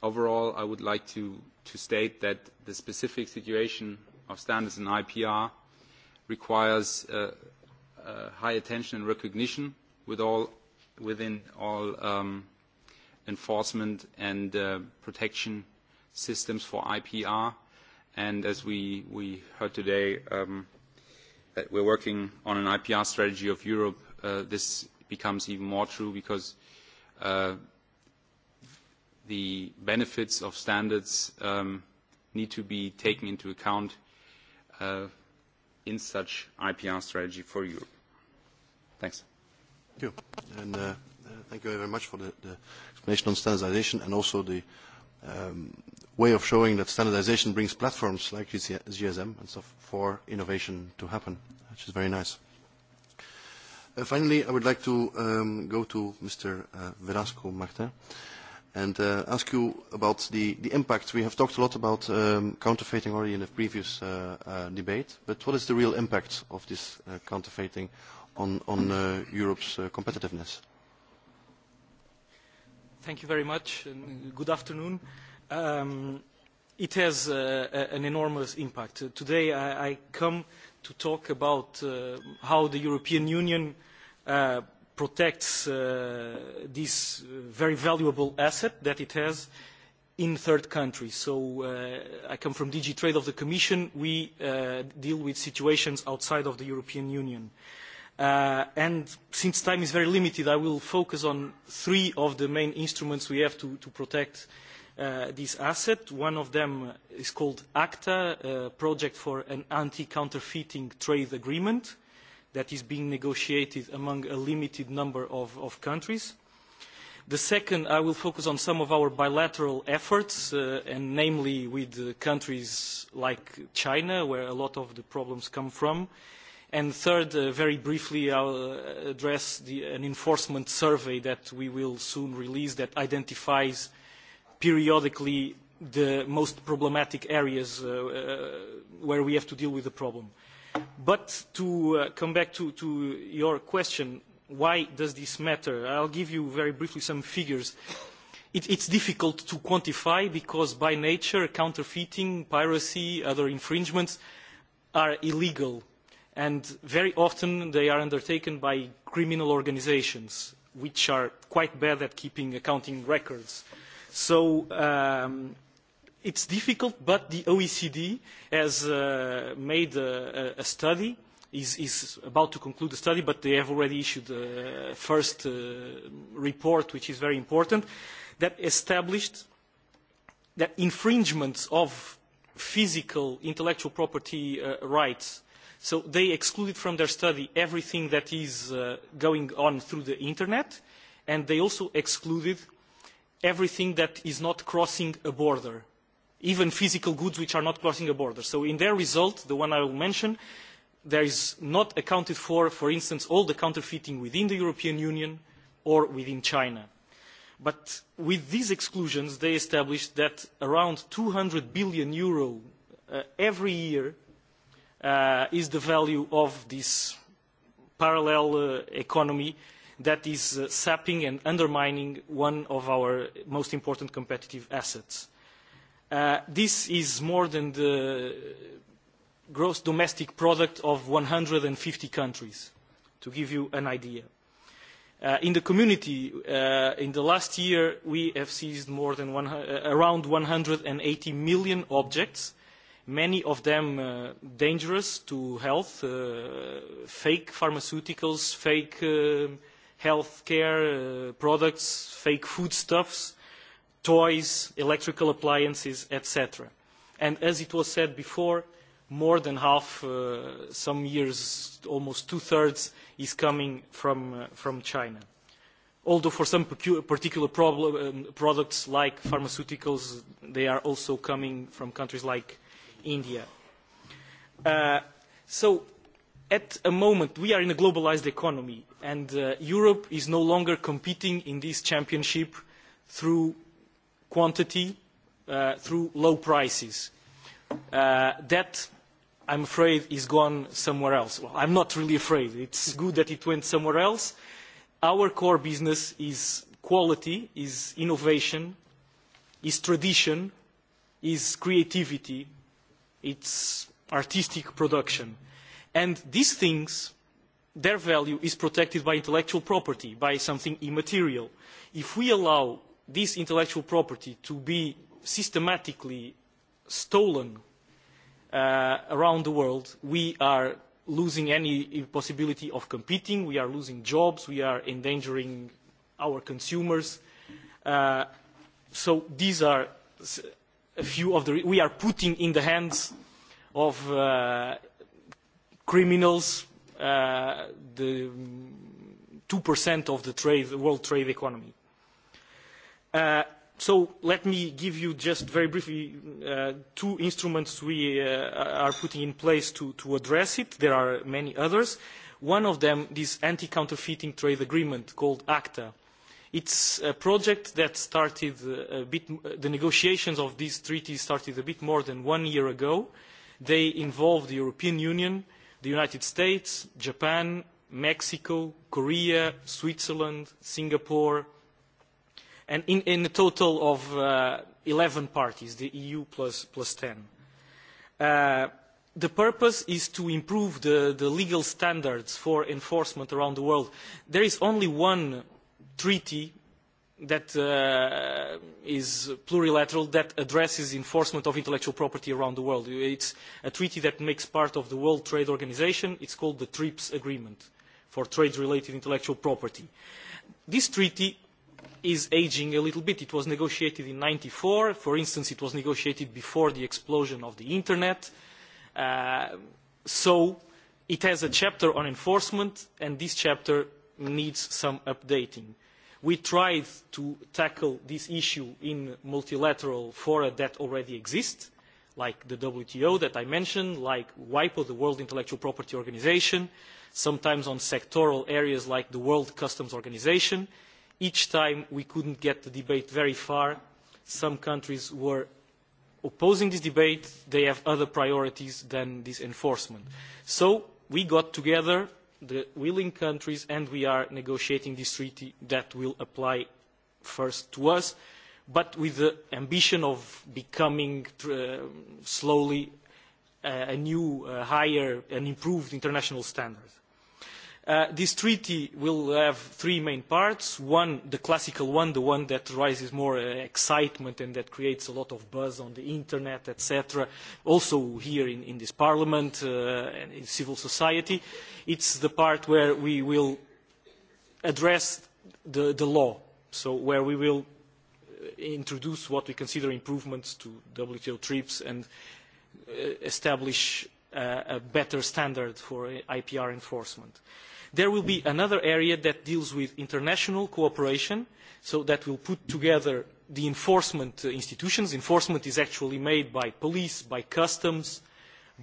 Overall, I would like to state that the specific situation of standards in IPR requires high attention and recognition within all enforcement and protection systems for IPR. And as we heard today, that we're working on an IPR strategy of Europe, this becomes even more true because the benefits of standards need to be taken into account in such IPR strategy for Europe. Thanks. Thank you. And thank you very much for the explanation on standardization and also the way of showing that standardization brings platforms like GSM and for innovation to happen, which is very nice. Finally, I would like to go to Mr. Velasco Martin and ask you about the impact. We have talked a lot about counterfeiting already in the previous debate, but what is the real impact of this counterfeiting on Europe's competitiveness? Thank you very much and good afternoon. It has an enormous impact. Today I come to talk about how the European Union protects this very valuable asset that it has in third countries. So I come from DG Trade of the Commission. We deal with situations outside of the European Union. And since time is very limited, I will focus on three of the main instruments we have to protect this asset. One of them is called ACTA, a project for an anti-counterfeiting trade agreement that is being negotiated among a limited number of countries. The second, I will focus on some of our bilateral efforts, and namely with countries like China, where a lot of the problems come from And third, very briefly, I'll address an enforcement survey that we will soon release that identifies periodically the most problematic areas where we have to deal with the problem. But to come back to your question, why does this matter? I'll give you very briefly some figures. It's difficult to quantify because by nature counterfeiting, piracy, other infringements are illegal and very often they are undertaken by criminal organisations which are quite bad at keeping accounting records. So it's difficult, but the OECD has made a study, is about to conclude the study, but they have already issued a first report, which is very important, that established that infringements of physical intellectual property rights So they excluded from their study everything that is going on through the Internet, and they also excluded everything that is not crossing a border, even physical goods which are not crossing a border. So in their result, the one I will mention, there is not accounted for, for instance, all the counterfeiting within the European Union or within China. But with these exclusions, they established that around 200 billion euro every year is the value of this parallel economy that is sapping and undermining one of our most important competitive assets. This is more than the gross domestic product of 150 countries, to give you an idea. In the community, in the last year, we have seized more than around 180 million objects many of them dangerous to health, fake pharmaceuticals, fake healthcare products, fake foodstuffs, toys, electrical appliances, etc. And as it was said before, more than half, some years, almost two-thirds, is coming from China. Although for some particular products like pharmaceuticals, they are also coming from countries like India. So at a moment we are in a globalised economy and Europe is no longer competing in this championship through quantity, through low prices. That I'm afraid is gone somewhere else. Well, I'm not really afraid. It's good that it went somewhere else. Our core business is quality, is innovation, is tradition, is creativity its artistic production. And these things, their value is protected by intellectual property, by something immaterial. If we allow this intellectual property to be systematically stolen around the world, we are losing any possibility of competing, we are losing jobs, we are endangering our consumers. So these are a few of the we are putting in the hands of criminals the 2% of the trade world trade economy so let me give you just very briefly two instruments we are putting in place to to address it there are many others one of them this anti counterfeiting trade agreement called acta It's a project that started the negotiations of this treaty started a bit more than one year ago. They involved the European Union, the United States, Japan, Mexico, Korea, Switzerland, Singapore, and in a total of 11 parties, the EU plus 10. The purpose is to improve the legal standards for enforcement around the world. There is only one treaty that is plurilateral that addresses enforcement of intellectual property around the world. It's a treaty that makes part of the World Trade Organization. It's called the TRIPS Agreement for trade-related intellectual property. This treaty is aging a little bit. It was negotiated in four, For instance, it was negotiated before the explosion of the Internet. So it has a chapter on enforcement, and this chapter needs some updating. We tried to tackle this issue in multilateral fora that already exist, like the WTO that I mentioned, like WIPO, the World Intellectual Property Organization, sometimes on sectoral areas like the World Customs Organization. Each time we couldn't get the debate very far. Some countries were opposing this debate. They have other priorities than this enforcement. So we got together the willing countries, and we are negotiating this treaty that will apply first to us, but with the ambition of becoming slowly a new, higher, and improved international standard. This treaty will have three main parts. One, the classical one, the one that raises more excitement and that creates a lot of buzz on the internet, etc., also here in this parliament and in civil society. It's the part where we will address the law, so where we will introduce what we consider improvements to WTO TRIPS and establish a better standard for IPR enforcement. There will be another area that deals with international cooperation, so that will put together the enforcement institutions. Enforcement is actually made by police, by customs,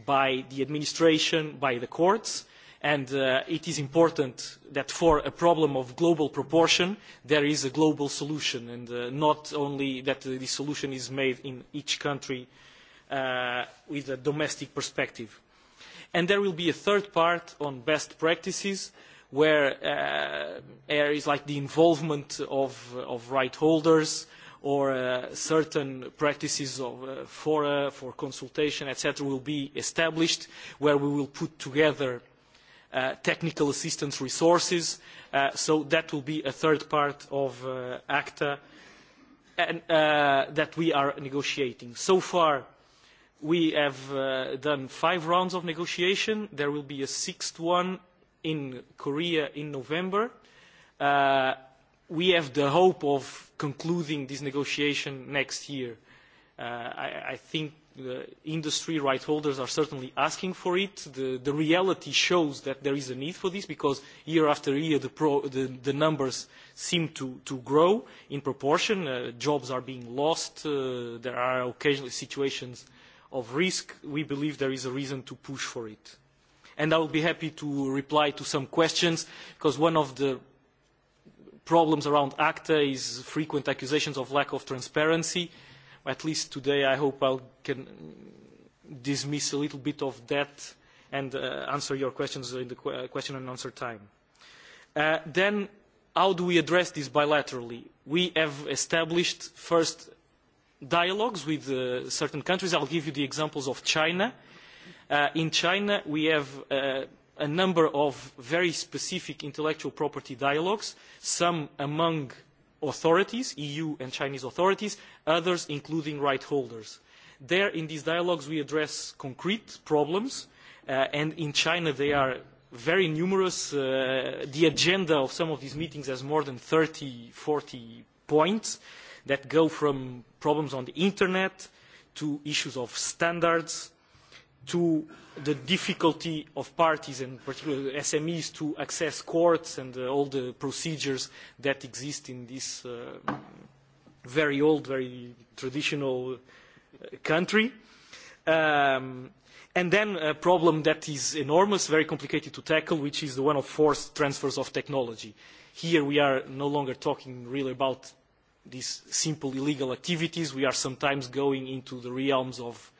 by the administration, by the courts, and it is important that for a problem of global proportion there is a global solution, and not only that the solution is made in each country with a domestic perspective and there will be a third part on best practices where areas like the involvement of right holders or certain practices of for consultation, etc., will be established, where we will put together technical assistance resources. So that will be a third part of ACTA that we are negotiating. So far We have done five rounds of negotiation. There will be a sixth one in Korea in November. We have the hope of concluding this negotiation next year. I think the industry right holders are certainly asking for it. The reality shows that there is a need for this because year after year the numbers seem to grow in proportion. Jobs are being lost. There are occasionally situations of risk, we believe there is a reason to push for it. And I will be happy to reply to some questions, because one of the problems around ACTA is frequent accusations of lack of transparency. At least today, I hope I can dismiss a little bit of that and answer your questions in the question and answer time. Then, how do we address this bilaterally? We have established, first, dialogues with certain countries. I'll give you the examples of China. In China, we have a number of very specific intellectual property dialogues, some among authorities, EU and Chinese authorities, others including right holders. There, in these dialogues, we address concrete problems, and in China they are very numerous. The agenda of some of these meetings has more than 30, 40 points that go from problems on the Internet to issues of standards to the difficulty of parties and particularly SMEs to access courts and all the procedures that exist in this very old, very traditional country. And then a problem that is enormous, very complicated to tackle, which is the one of forced transfers of technology. Here we are no longer talking really about these simple illegal activities. We are sometimes going into the realms of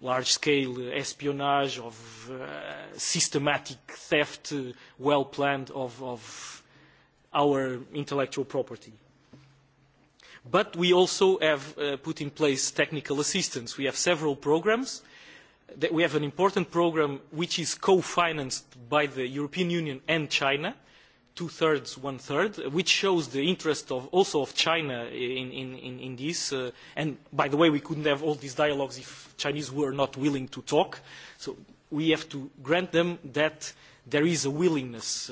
large-scale espionage, of systematic theft, well-planned of our intellectual property. But we also have put in place technical assistance. We have several programs. We have an important program which is co-financed by the European Union and China two-thirds, one-third, which shows the interest of also of China in this. And by the way, we couldn't have all these dialogues if Chinese were not willing to talk. So we have to grant them that there is a willingness.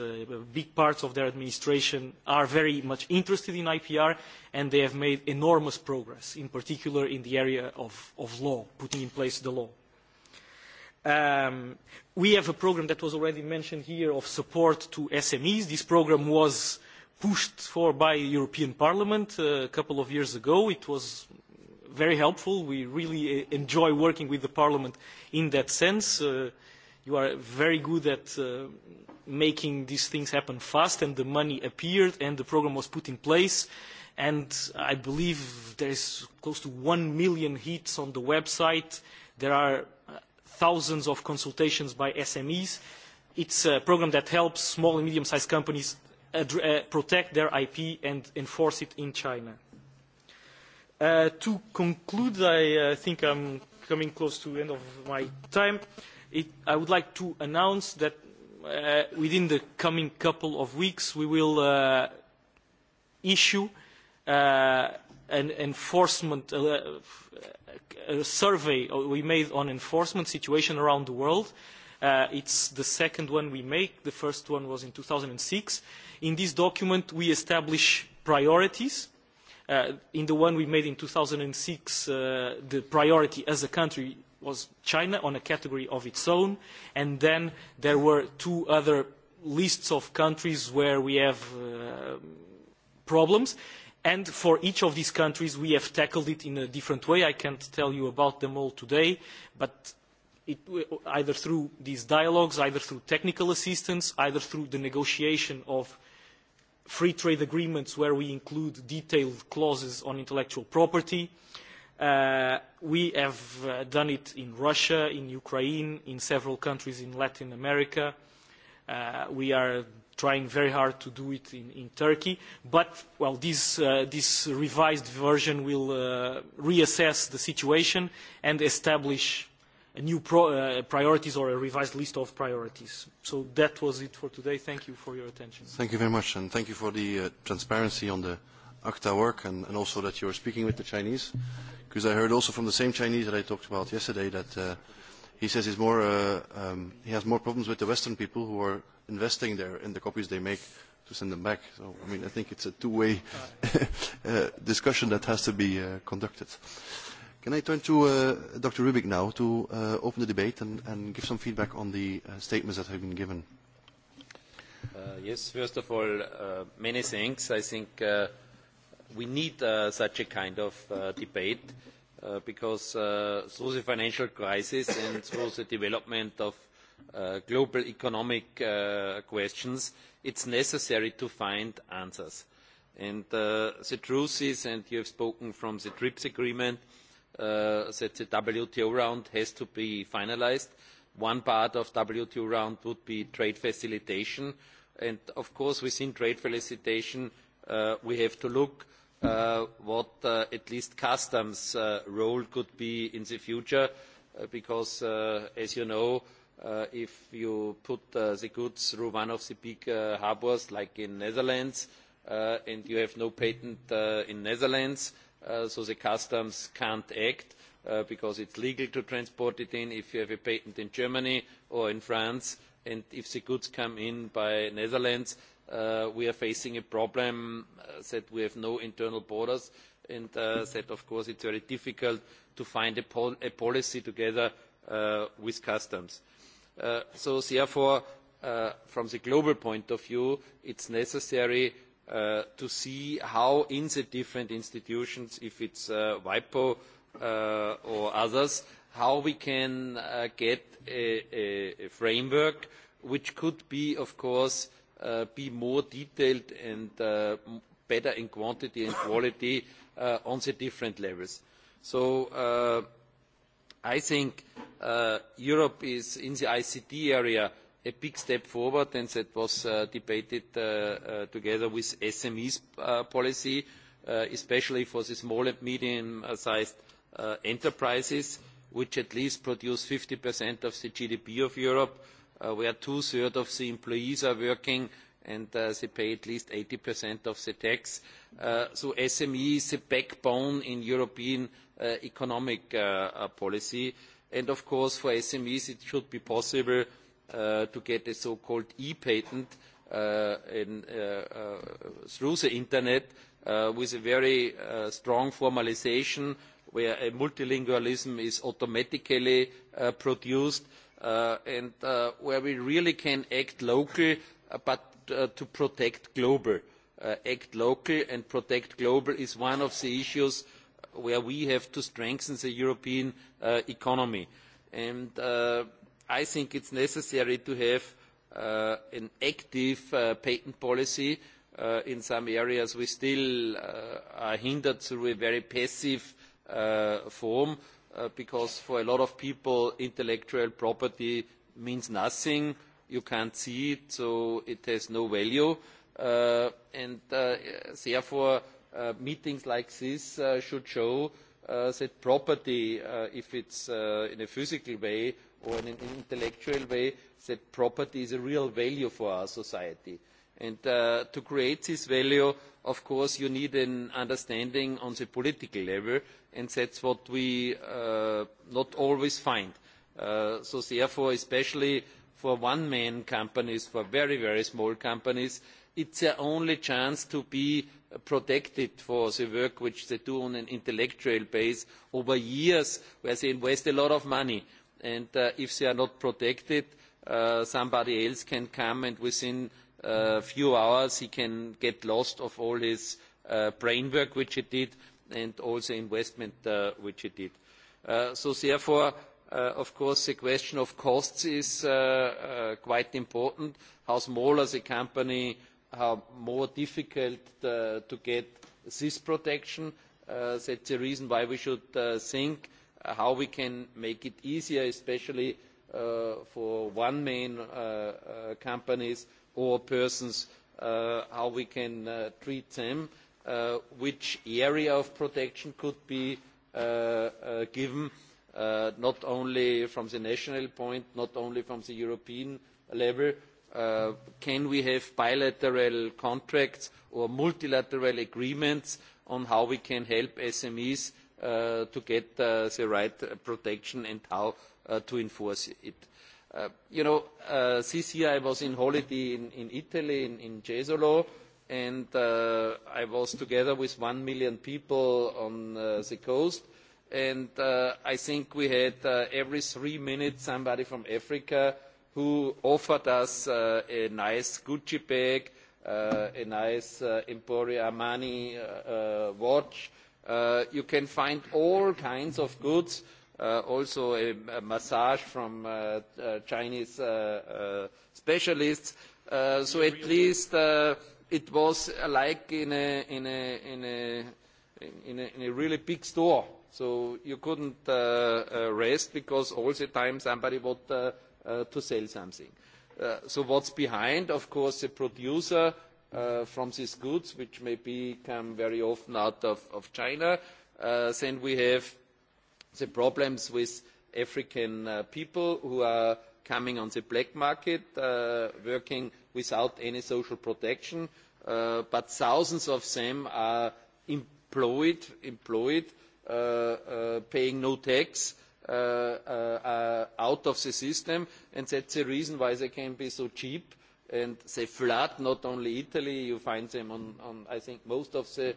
Big parts of their administration are very much interested in IPR, and they have made enormous progress, in particular in the area of law, putting in place the law. We have a programme that was already mentioned here of support to SMEs. This programme was pushed for by the European Parliament a couple of years ago. It was very helpful. We really enjoy working with the Parliament in that sense. You are very good at making these things happen fast, and the money appeared, and the programme was put in place. And I believe there is close to one million hits on the website. There are thousands of consultations by SMEs. It's a program that helps small and medium-sized companies protect their IP and enforce it in China. To conclude, I think I'm coming close to the end of my time. I would like to announce that within the coming couple of weeks we will issue an enforcement a survey we made on enforcement situation around the world. It's the second one we make. The first one was in 2006. In this document, we establish priorities. In the one we made in 2006, the priority as a country was China on a category of its own. And then there were two other lists of countries where we have problems and for each of these countries we have tackled it in a different way. I can't tell you about them all today, but either through these dialogues, either through technical assistance, either through the negotiation of free trade agreements where we include detailed clauses on intellectual property. We have done it in Russia, in Ukraine, in several countries in Latin America. We are trying very hard to do it in Turkey. But, well, this revised version will reassess the situation and establish new priorities or a revised list of priorities. So that was it for today. Thank you for your attention. Thank you very much, and thank you for the transparency on the ACTA work and also that you are speaking with the Chinese, because I heard also from the same Chinese that I talked about yesterday that he says he has more problems with the Western people who are investing there in the copies they make to send them back. So, I mean, I think it's a two-way discussion that has to be conducted. Can I turn to Dr. Rubik now to open the debate and give some feedback on the statements that have been given? Yes, first of all, many thanks. I think we need such a kind of debate because through the financial crisis and through the development of global economic questions, it's necessary to find answers. And the truth is, and you have spoken from the TRIPS agreement, that the WTO round has to be finalised. One part of WTO round would be trade facilitation. And, of course, within trade facilitation, we have to look what at least customs' role could be in the future, because, as you know, if you put the goods through one of the big harbours like in Netherlands and you have no patent in Netherlands so the customs can't act because it's legal to transport it in if you have a patent in Germany or in France and if the goods come in by Netherlands we are facing a problem that we have no internal borders and that of course it's very difficult to find a policy together with customs. So therefore, from the global point of view, it's necessary to see how in the different institutions, if it's WIPO or others, how we can get a framework which could be, of course, be more detailed and better in quantity and quality on the different levels. So I think Europe is in the ICT area a big step forward and that was debated together with SMEs policy, especially for the small and medium-sized enterprises, which at least produce 50% of the GDP of Europe, where two-thirds of the employees are working and they pay at least 80% of the tax. So SME is the backbone in European economic policy. And of course, for SMEs, it should be possible to get a so-called e-patent through the Internet with a very strong formalization where a multilingualism is automatically produced and where we really can act locally but to protect global. Act local and protect global is one of the issues where we have to strengthen the European economy. And I think it's necessary to have an active patent policy. In some areas we still are hindered through a very passive form because for a lot of people intellectual property means nothing you can't see it, so it has no value. And therefore, meetings like this should show that property, if it's in a physical way or in an intellectual way, that property is a real value for our society. And to create this value, of course, you need an understanding on the political level, and that's what we not always find. So therefore, especially for one man companies for very very small companies it's their only chance to be protected for the work which they do on an intellectual base over years where they invest a lot of money and if they are not protected somebody else can come and within a few hours he can get lost of all his brain work which he did and all the investment which he did. so therefore Of course, the question of costs is quite important. How small is a company, how more difficult to get this protection. That's the reason why we should think how we can make it easier, especially for one main companies or persons, how we can treat them, which area of protection could be given not only from the national point, not only from the European level. Can we have bilateral contracts or multilateral agreements on how we can help SMEs to get the right protection and how to enforce it? You know, this year I was in holiday in Italy, in Jesolo, and I was together with one million people on the coast and I think we had every three minutes somebody from Africa who offered us a nice Gucci bag, a nice Emporio Armani watch. You can find all kinds of goods, also a massage from Chinese specialists. So at least it was like in a really big store So you couldn't rest because all the time somebody wanted to sell something. So what's behind? Of course, the producer from these goods, which may come very often out of China. Then we have the problems with African people who are coming on the black market, working without any social protection, but thousands of them are employed paying no tax out of the system, and that's the reason why they can be so cheap. And they flood not only Italy, you find them on, I think, most of the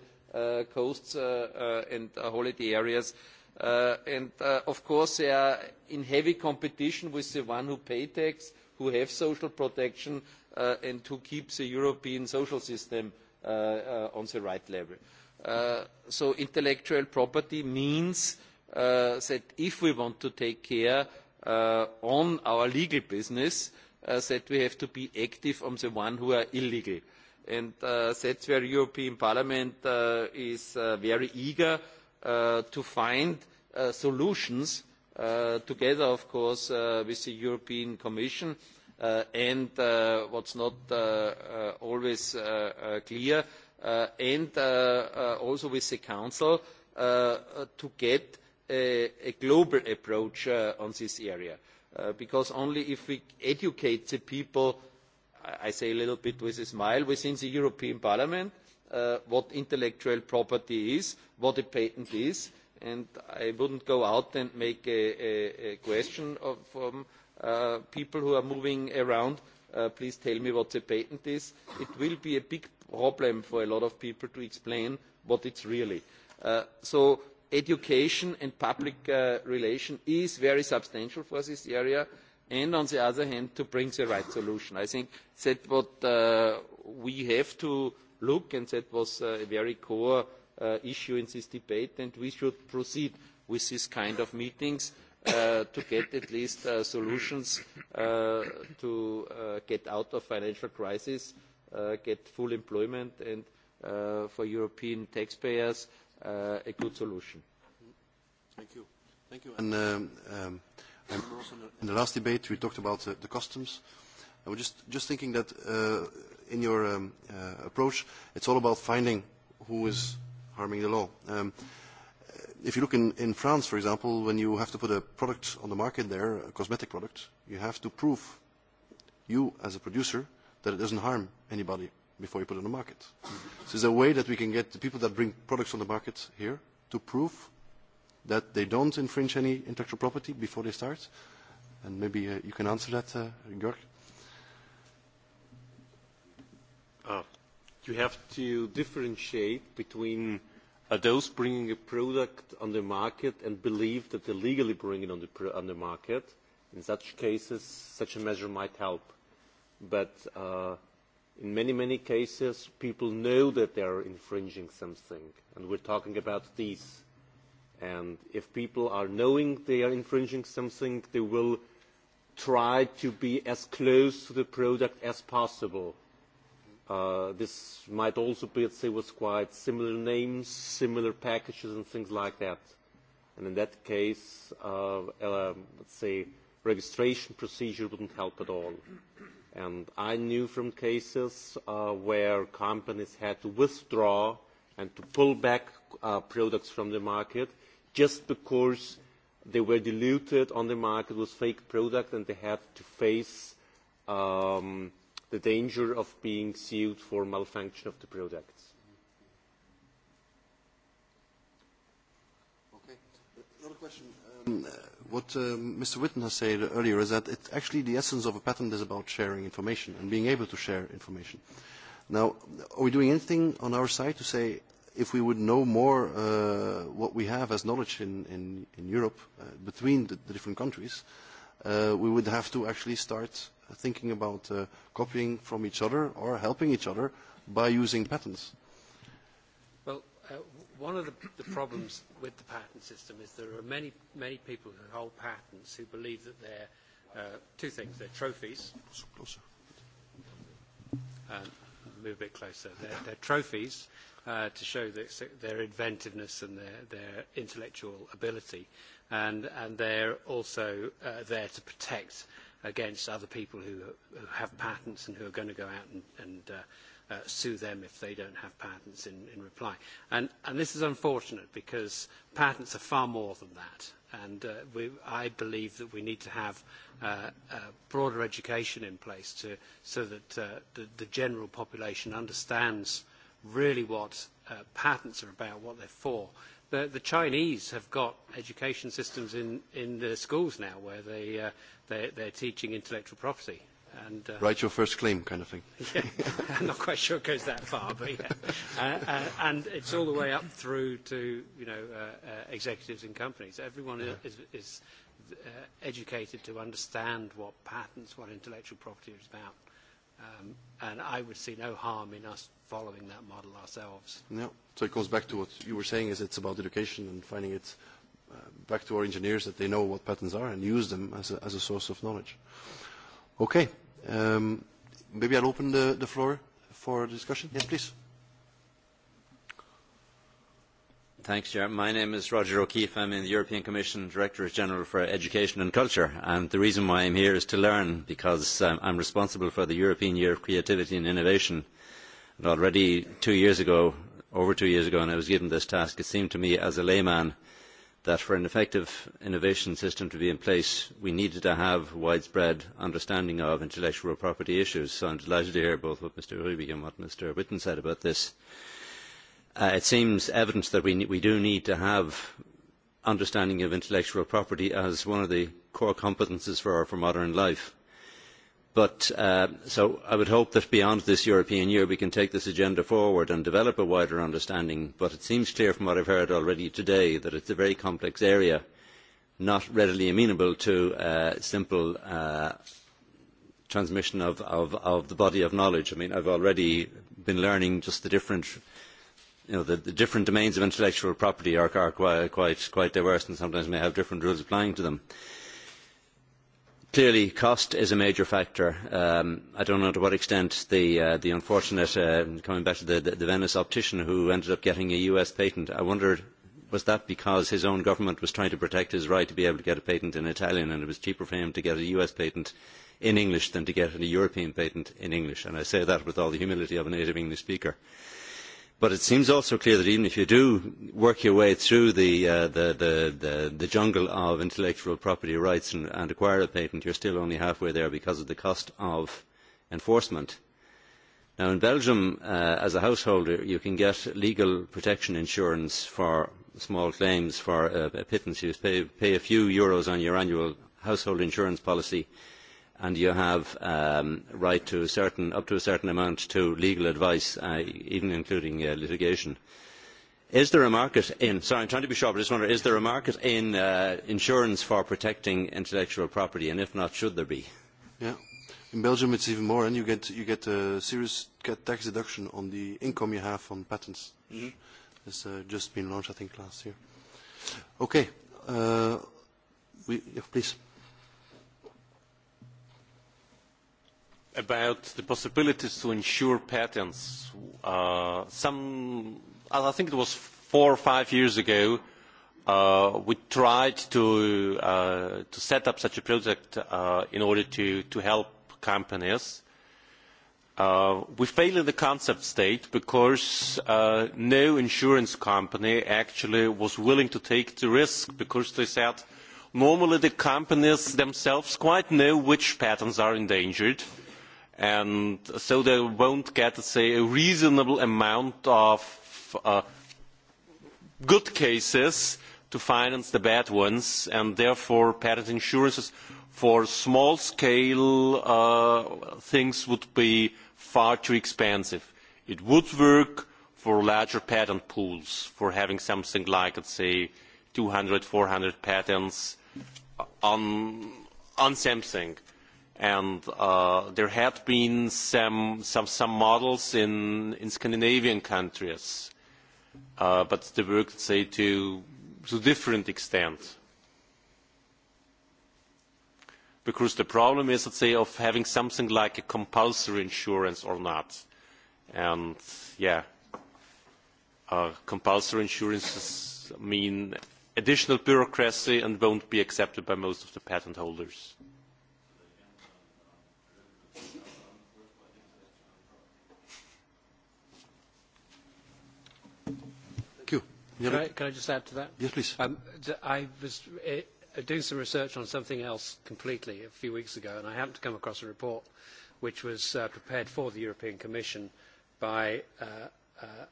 coasts and holiday areas. And, of course, they are in heavy competition with the one who pay tax, who have social protection, and who keep the European social system on the right level. So intellectual property means that if we want to take care on our legal business, that we have to be active on the ones who are illegal. And that's where the European Parliament is very eager to find solutions, together, of course, with the European Commission. And what's not always clear and also with the Council to get a global approach on this area. Because only if we educate the people, I say a little bit with a smile, within the European Parliament, what intellectual property is, what a patent is, and I wouldn't go out and make a question from people who are moving around, please tell me what a patent is. It will be a big problem for a lot of people to explain what it's really. So education and public relations is very substantial for this area and on the other hand to bring the right solution. I think that what we have to look at and that was a very core issue in this debate and we should proceed with this kind of meetings to get at least solutions to get out of financial crisis get full employment and for European taxpayers a good solution. Thank you. Thank you. in the last debate we talked about the customs. I was just just thinking that in your approach it's all about finding who is harming the law. If you look in France, for example, when you have to put a product on the market there, a cosmetic product, you have to prove you as a producer that it doesn't harm anybody before you put it on the market. This is a way that we can get the people that bring products on the market here to prove that they don't infringe any intellectual property before they start. And maybe you can answer that, Georg. You have to differentiate between those bringing a product on the market and believe that they legally bring it on the market. In such cases, such a measure might help but in many, many cases, people know that they are infringing something, and we're talking about these. And if people are knowing they are infringing something, they will try to be as close to the product as possible. This might also be, let's say, with quite similar names, similar packages, and things like that. And in that case, let's say, registration procedure wouldn't help at all and I knew from cases where companies had to withdraw and to pull back products from the market just because they were diluted on the market with fake products and they had to face the danger of being sued for malfunction of the products. Another question what Mr. Witten has said earlier is that actually the essence of a patent is about sharing information and being able to share information. Now, are we doing anything on our side to say if we would know more what we have as knowledge in Europe between the different countries, we would have to actually start thinking about copying from each other or helping each other by using patents? one of the problems with the patent system is there are many, many people who hold patents who believe that they're two things. They're trophies. Move a bit closer. They're trophies to show their inventiveness and their intellectual ability. And they're also there to protect against other people who have patents and who are going to go out and sue them if they don't have patents in reply. And this is unfortunate because patents are far more than that. And I believe that we need to have broader education in place so that the general population understands really what patents are about, what they're for. The Chinese have got education systems in their schools now where they they're teaching intellectual property Write your first claim kind of thing. Yeah, I'm not quite sure it goes that far, but yeah. And it's all the way up through to, you know, executives in companies. Everyone is educated to understand what patents, what intellectual property is about. And I would see no harm in us following that model ourselves. No. So it goes back to what you were saying, is it's about education and finding it back to our engineers that they know what patents are and use them as a source of knowledge. Okay. Maybe I'll open the floor for discussion. Yes, please. Thanks, Chair. My name is Roger O'Keefe. I'm in the European Commission Director General for Education and Culture. And the reason why I'm here is to learn, because I'm responsible for the European Year of Creativity and Innovation. And already two years ago, over two years ago, when I was given this task, it seemed to me as a layman that for an effective innovation system to be in place, we needed to have widespread understanding of intellectual property issues. So I'm delighted to hear both what Mr. Rubig and what Mr. Whitten said about this. It seems evident that we do need to have understanding of intellectual property as one of the core competences for modern life. But so I would hope that beyond this European year we can take this agenda forward and develop a wider understanding. But it seems clear from what I've heard already today that it's a very complex area, not readily amenable to simple transmission of the body of knowledge. I mean, I've already been learning just the different, you know, the different domains of intellectual property are quite diverse and sometimes may have different rules applying to them. Clearly, cost is a major factor. I don't know to what extent the unfortunate, coming back to the Venice optician who ended up getting a U.S. patent, I wondered, was that because his own government was trying to protect his right to be able to get a patent in Italian and it was cheaper for him to get a U.S. patent in English than to get a European patent in English? And I say that with all the humility of a native English speaker. But it seems also clear that even if you do work your way through the jungle of intellectual property rights and acquire a patent, you're still only halfway there because of the cost of enforcement. Now, in Belgium, as a householder, you can get legal protection insurance for small claims for a You pay a few euros on your annual household insurance policy and you have right to certain up to a certain amount to legal advice even including litigation is there a market in sorry i'm trying to be short but just wonder is there a market in insurance for protecting intellectual property and if not should there be yeah in belgium it's even more and you get you get a serious tax deduction on the income you have on patents it's just been launched i think last year okay please about the possibilities to ensure patents. Some, I think it was four or five years ago, we tried to set up such a project in order to help companies. We failed in the concept state because no insurance company actually was willing to take the risk because they said normally the companies themselves quite know which patents are endangered and so they won't get say a reasonable amount of good cases to finance the bad ones and therefore patent insurances for small scale things would be far too expensive. It would work for larger patent pools for having something like let's say 200 400 patents on something and there had been some models in Scandinavian countries, but they worked, say, to a different extent. Because the problem is, let's say, of having something like a compulsory insurance or not. And, yeah, compulsory insurances mean additional bureaucracy and won't be accepted by most of the patent holders. Can I just add to that? Yes, please. I was doing some research on something else completely a few weeks ago, and I happened to come across a report which was prepared for the European Commission by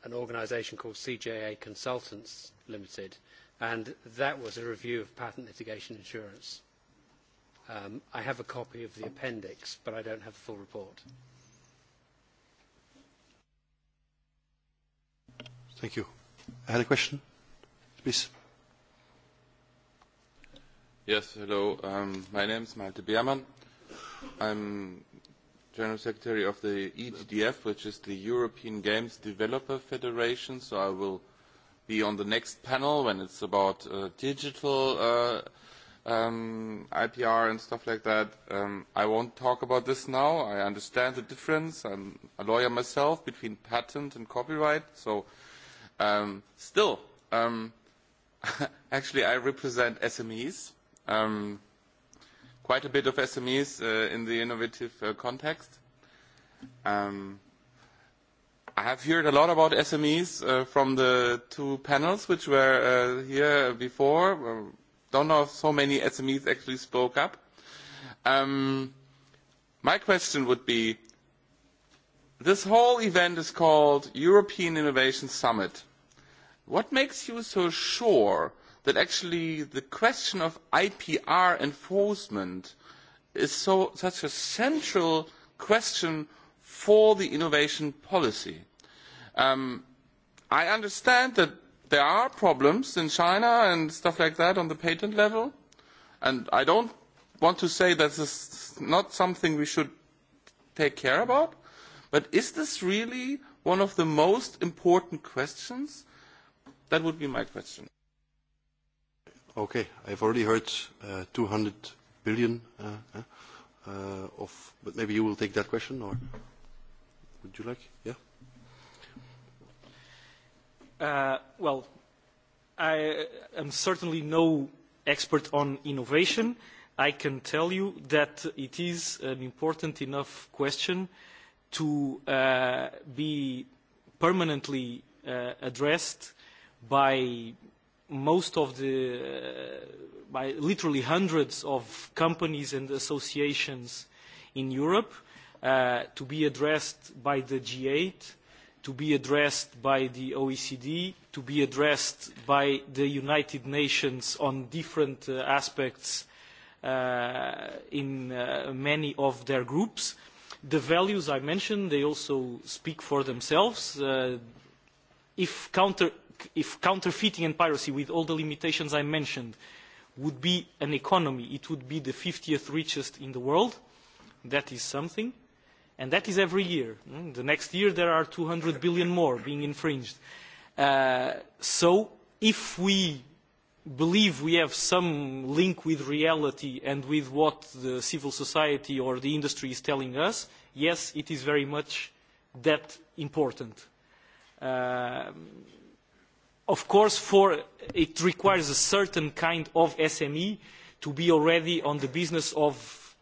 an organisation called CJA Consultants Limited, and that was a review of patent litigation insurance. I have a copy of the appendix, but I don't have the full report. Thank you had a question, please. Yes, hello. My name is Malte Beermann. I'm General Secretary of the EGDF, which is the European Games Developer Federation. So I will be on the next panel when it's about digital IPR and stuff like that. I won't talk about this now. I understand the difference. I'm a lawyer myself between patent and copyright. So Still, actually I represent SMEs, quite a bit of SMEs in the innovative context. I have heard a lot about SMEs from the two panels which were here before. Don't know if so many SMEs actually spoke up. My question would be, this whole event is called European Innovation Summit. What makes you so sure that actually the question of IPR enforcement is such a central question for the innovation policy? I understand that there are problems in China and stuff like that on the patent level, and I don't want to say that this is not something we should take care about, but is this really one of the most important questions? That would be my question. Okay. I've already heard 200 billion but maybe you will take that question, or would you like? Yeah. Well, I am certainly no expert on innovation. I can tell you that it is an important enough question to be permanently addressed by most of the by literally hundreds of companies and associations in Europe to be addressed by the G8 to be addressed by the OECD to be addressed by the United Nations on different aspects in many of their groups the values I mentioned they also speak for themselves if counter if counterfeiting and piracy, with all the limitations I mentioned, would be an economy, it would be the 50th richest in the world. That is something. And that is every year. The next year there are 200 billion more being infringed. So if we believe we have some link with reality and with what the civil society or the industry is telling us, yes, it is very much that important. Of course, it requires a certain kind of SME to be already on the business of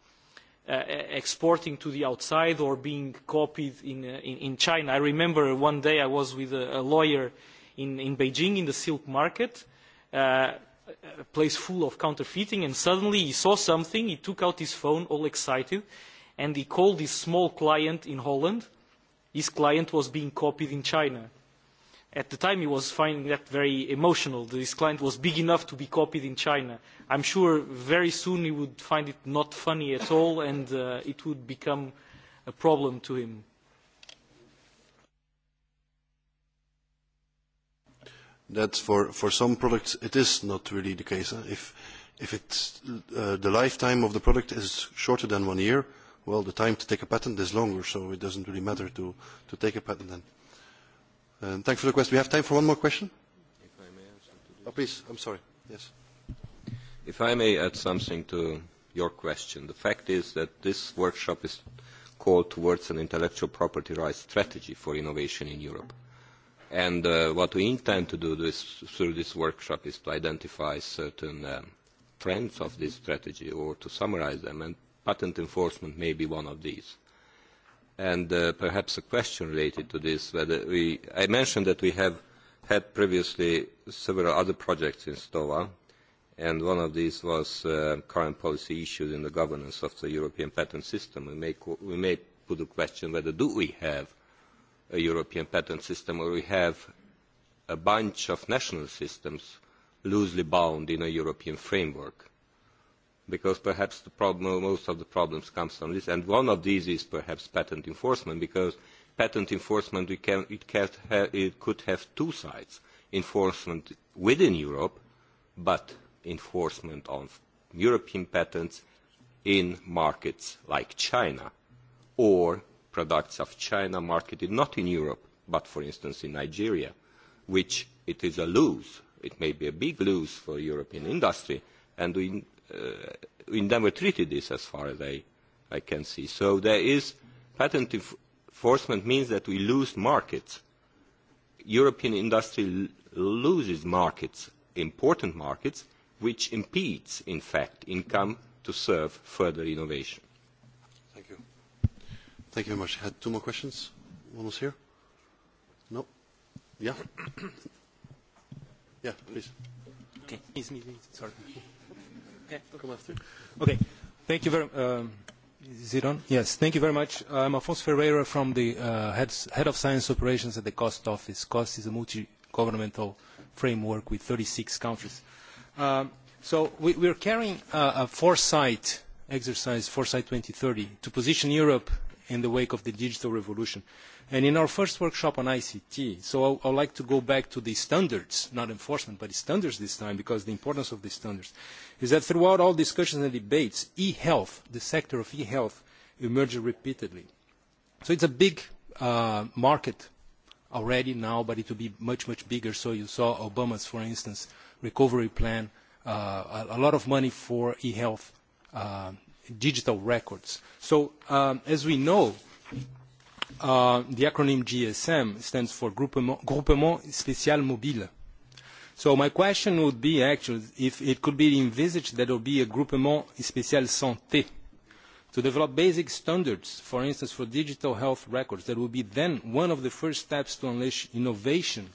exporting to the outside or being copied in China. I remember one day I was with a lawyer in Beijing in the silk market, a place full of counterfeiting, and suddenly he saw something, he took out his phone, all excited, and he called his small client in Holland. His client was being copied in China At the time, he was finding that very emotional. This client was big enough to be copied in China. I'm sure very soon he would find it not funny at all, and it would become a problem to him. That for some products it is not really the case. If if the lifetime of the product is shorter than one year, well, the time to take a patent is longer, so it doesn't really matter to to take a patent then. Thanks for the question. We have time for one more question. If I may add something. Oh, please. I'm sorry. Yes. If I may add something to your question. The fact is that this workshop is called towards an intellectual property rights strategy for innovation in Europe. And what we intend to do through this workshop is to identify certain trends of this strategy or to summarize them. And patent enforcement may be one of these and perhaps a question related to this whether we i mentioned that we have had previously several other projects in stoa and one of these was current policy issues in the governance of the european patent system we may put the question whether do we have a european patent system or we have a bunch of national systems loosely bound in a european framework because perhaps the problem most of the problems comes from this and one of these is perhaps patent enforcement because patent enforcement it could have two sides enforcement within europe but enforcement on european patents in markets like china or products of china marketed not in europe but for instance in nigeria which it is a lose it may be a big lose for european industry and we we never treated this as far as I can see. So there is patent enforcement means that we lose markets. European industry loses markets, important markets, which impedes, in fact, income to serve further innovation. Thank you. Thank you very much. I had two more questions. One was here. No? Yeah? Yeah, please. Okay. Sorry. Okay. Thank you very Is it Yes. Thank you very much. I'm Afonso Ferreira from the Head of Science Operations at the COST Office. COST is a multi-governmental framework with 36 countries. So we are carrying a foresight exercise, Foresight 2030, to position Europe in the wake of the digital revolution. And in our first workshop on ICT, so I would like to go back to the standards, not enforcement, but standards this time, because the importance of the standards, is that throughout all discussions and debates, e-health, the sector of e-health, emerges repeatedly. So it's a big market already now, but it will be much, much bigger. So you saw Obama's, for instance, recovery plan, a lot of money for e-health digital records. So, as we know, the acronym GSM stands for Groupement Spécial Mobile. So my question would be actually if it could be envisaged that there would be a Groupement Spécial Santé to develop basic standards, for instance, for digital health records. That would be then one of the first steps to unleash innovation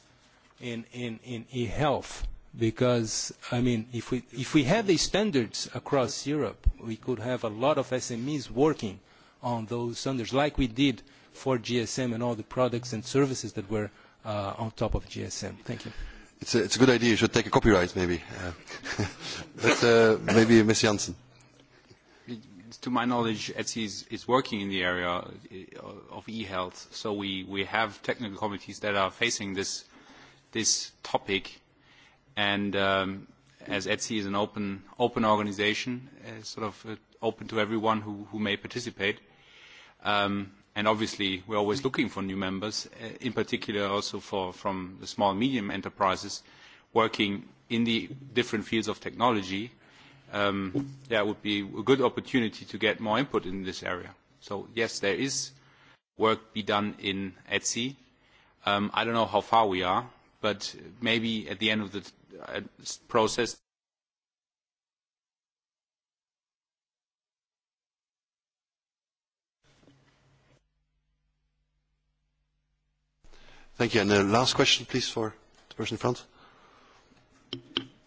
in e-health because i mean if we if we have these standards across europe we could have a lot of smes working on those standards like we did for gsm and all the products and services that were on top of gsm thank you it's a, good idea you should take a copyright maybe but maybe ms Janssen. to my knowledge etsy is, is working in the area of e-health so we we have technical committees that are facing this this topic and as etsy is an open open organization sort of open to everyone who who may participate and obviously we're always looking for new members in particular also for from the small and medium enterprises working in the different fields of technology there would be a good opportunity to get more input in this area so yes there is work be done in etsy i don't know how far we are but maybe at the end of the process Thank you. And the last question, please, for the person in front.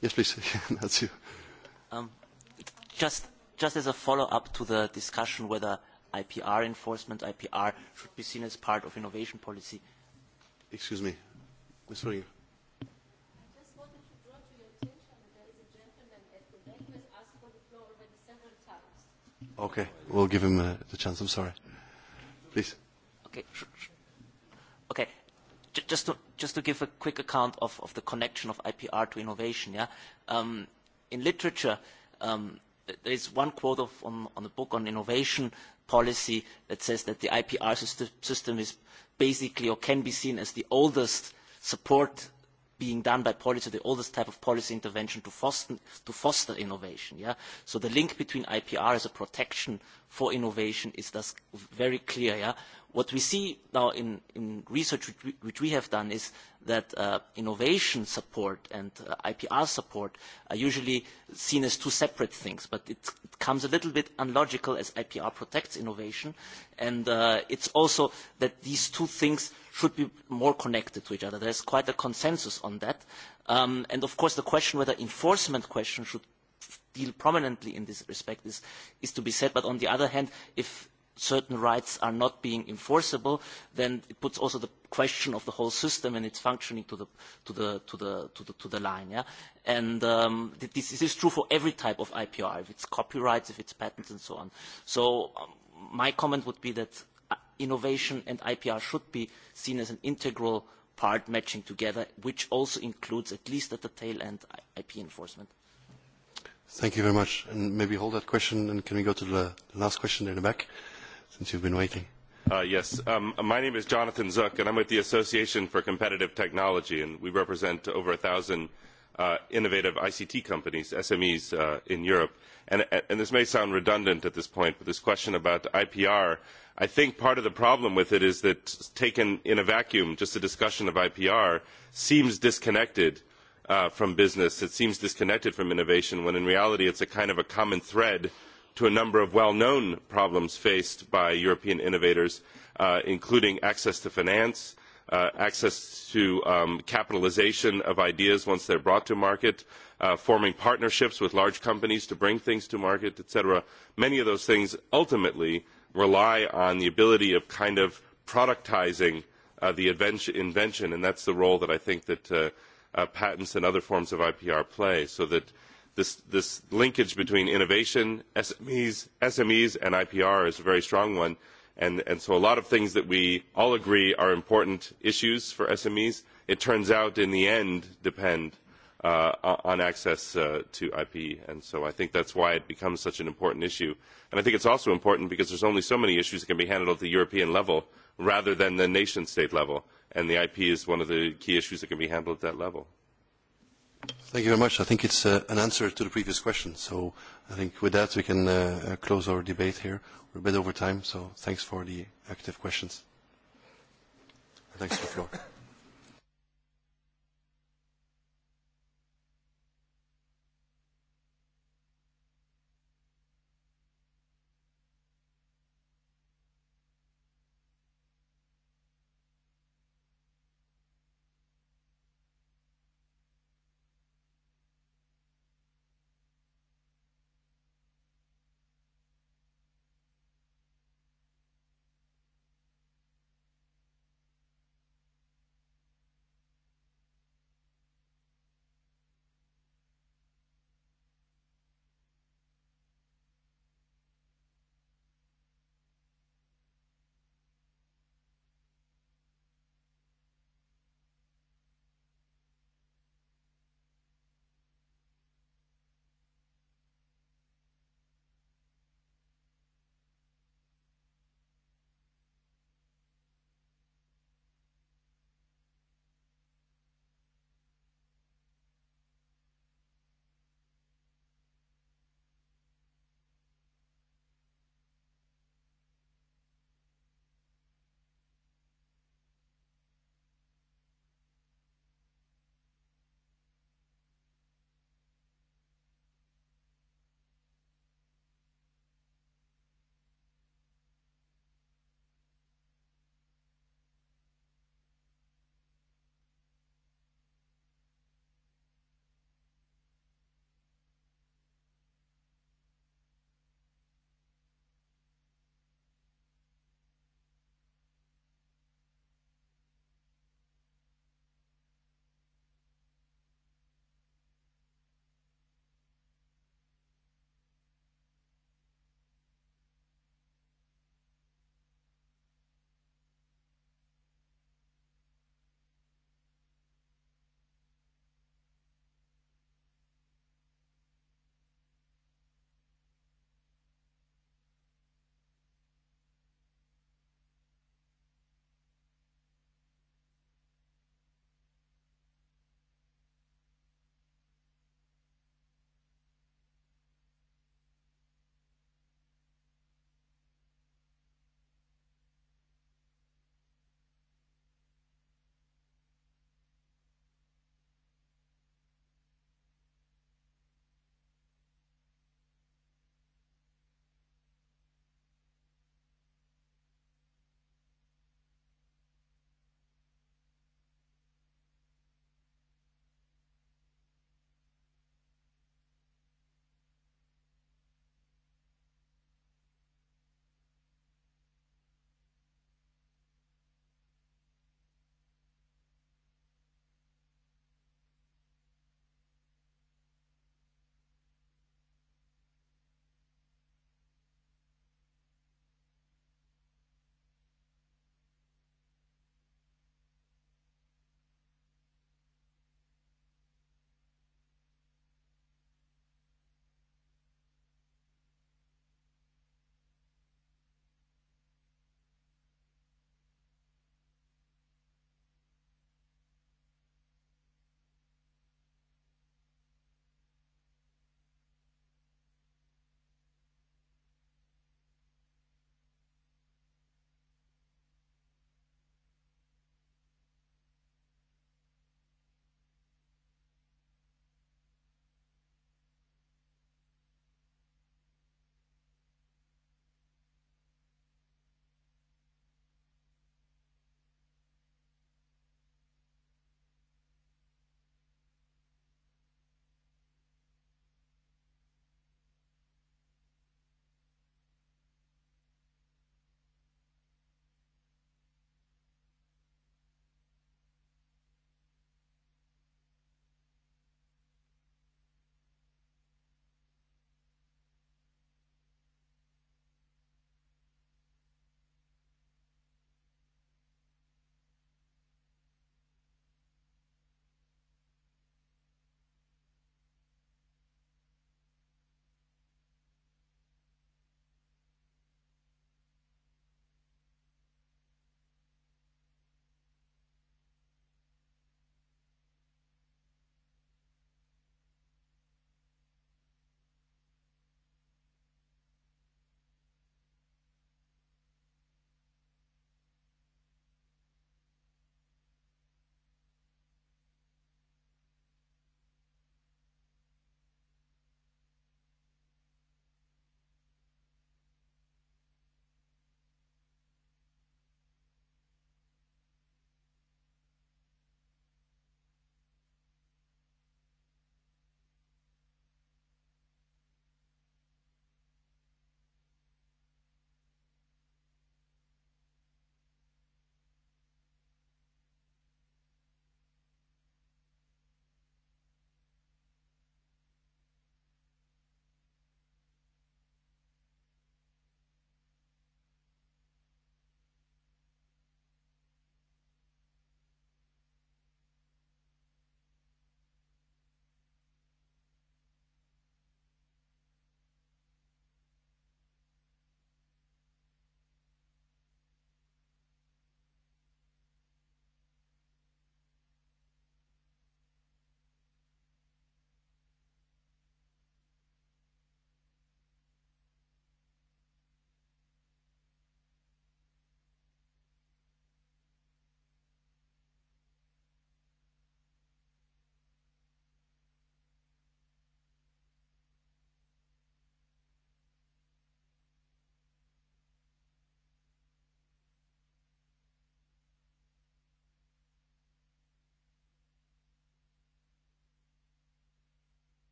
Yes, please. That's you. just, as a follow-up to the discussion whether IPR enforcement, IPR, should be seen as part of innovation policy. Excuse me. Sorry. Okay, we'll give him the chance. I'm sorry. Please. Okay. Okay. Just to just to give a quick account of of the connection of IPR to innovation. Yeah. Um, in literature, um, there is one quote of on on the book on innovation policy that says that the IPR system is basically or can be seen as the oldest support being done by policy, the oldest type of policy intervention to foster innovation. So the link between IPR as a protection for innovation is thus very clear. What we see now in research which we have done is that innovation support and IPR support are usually seen as two separate things, but it comes a little bit unlogical as IPR protects innovation, and it's also that these two things should be more connected to each other. There is quite a consensus on that, and of course the question whether enforcement question should deal prominently in this respect is to be said, but on the other hand, if certain rights are not being enforceable, then it puts also the question of the whole system and its functioning to the to the to the to the to the line. And this is true for every type of IPR, if it's copyrights, if it's patents and so on. So my comment would be that innovation and IPR should be seen as an integral part matching together, which also includes at least at the tail end IP enforcement. Thank you very much. And maybe hold that question and can we go to the last question in the back? since you've been waiting. Yes. My name is Jonathan Zuck and I'm with the Association for Competitive Technology, and we represent over a uh innovative ICT companies, SMEs, in Europe. And this may sound redundant at this point, but this question about IPR, I think part of the problem with it is that taken in a vacuum, just a discussion of IPR seems disconnected from business. It seems disconnected from innovation, when in reality it's a kind of a common thread to a number of well known problems faced by european innovators including access to finance access to capitalisation of ideas once they are brought to market forming partnerships with large companies to bring things to market etc. many of those things ultimately rely on the ability of kind of productising the invention and that's the role that i think that patents and other forms of ipr play so that This linkage between innovation, SMEs, and IPR is a very strong one, and so a lot of things that we all agree are important issues for SMEs, it turns out in the end depend on access to IP, and so I think that's why it becomes such an important issue. And I think it's also important because there's only so many issues that can be handled at the European level rather than the nation-state level, and the IP is one of the key issues that can be handled at that level. Thank you very much. I think it's an answer to the previous question. So I think with that we can close our debate here. We're a bit over time, so thanks for the active questions. Thanks for the floor.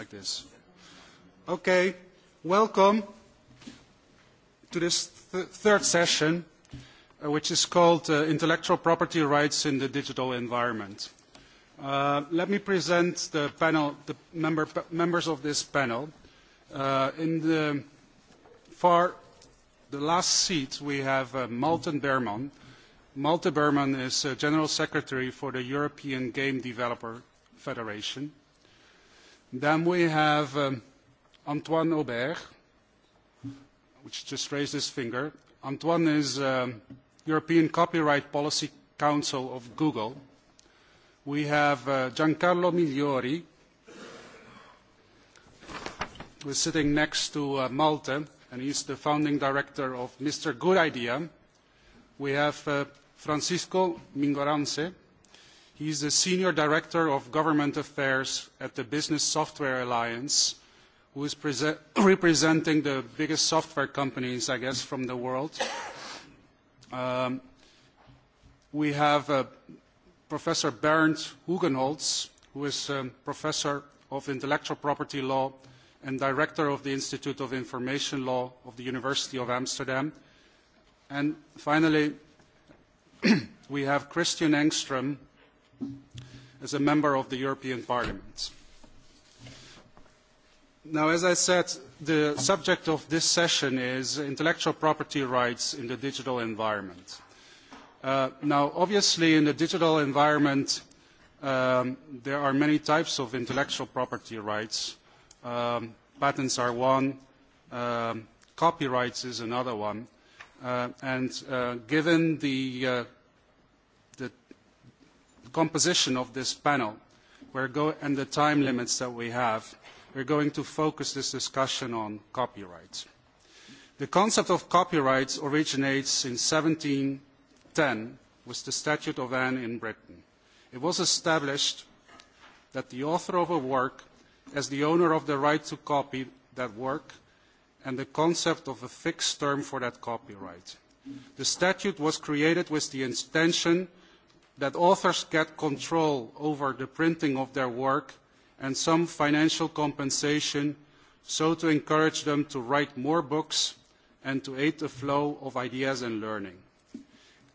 like this. Okay, welcome to this third session, which is called Intellectual Property Rights in the Digital Environment. Let me present the panel, the members of this panel. In the far, the last seat, we have Malten Berman. Malte Berman is General Secretary for the European Game Developer Federation. Then we have Antoine Aubert, which just raised his finger. Antoine is European Copyright Policy Council of Google. We have Giancarlo Migliori, who is sitting next to Malta, and he's the founding director of Mr. Good Idea. We have Francisco Mingorance, He is the Senior Director of Government Affairs at the Business Software Alliance, who is representing the biggest software companies, I guess, from the world. We have Professor Bernd Hugenholz, who is Professor of Intellectual Property Law and Director of the Institute of Information Law of the University of Amsterdam. And finally, we have Christian Engström, as a member of the European Parliament. Now, as I said, the subject of this session is intellectual property rights in the digital environment. Now, obviously, in the digital environment, there are many types of intellectual property rights. Patents are one, copyrights is another one. And given the composition of this panel and the time limits that we have, we're going to focus this discussion on copyright. The concept of copyright originates in 1710 with the Statute of Anne in Britain. It was established that the author of a work as the owner of the right to copy that work and the concept of a fixed term for that copyright. The statute was created with the intention that authors get control over the printing of their work and some financial compensation, so to encourage them to write more books and to aid the flow of ideas and learning.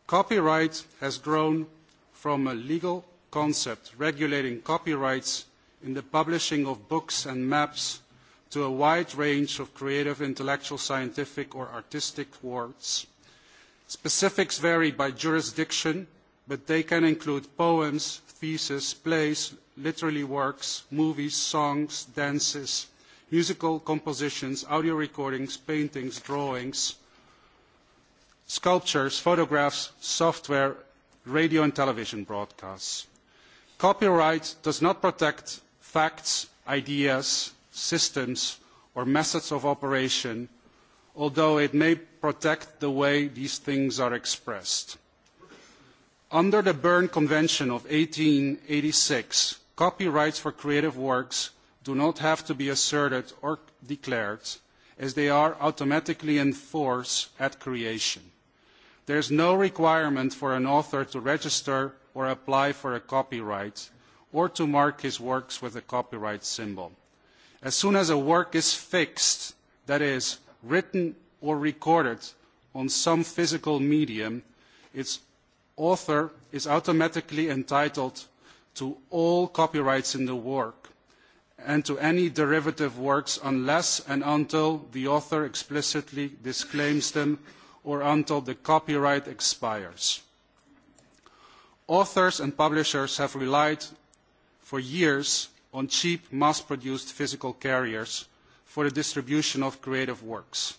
Copyright has grown from a legal concept regulating copyrights in the publishing of books and maps to a wide range of creative, intellectual, scientific or artistic works. Specifics vary by jurisdiction but they can include poems, theses, plays, literary works, movies, songs, dances, musical compositions, audio recordings, paintings, drawings, sculptures, photographs, software, radio and television broadcasts. Copyright does not protect facts, ideas, systems or methods of operation, although it may protect the way these things are expressed. Under the Berne Convention of 1886, copyrights for creative works do not have to be asserted or declared, as they are automatically in force at creation. There is no requirement for an author to register or apply for a copyright, or to mark his works with a copyright symbol. As soon as a work is fixed, that is, written or recorded on some physical medium, its author is automatically entitled to all copyrights in the work and to any derivative works unless and until the author explicitly disclaims them or until the copyright expires. Authors and publishers have relied for years on cheap, mass-produced physical carriers for the distribution of creative works,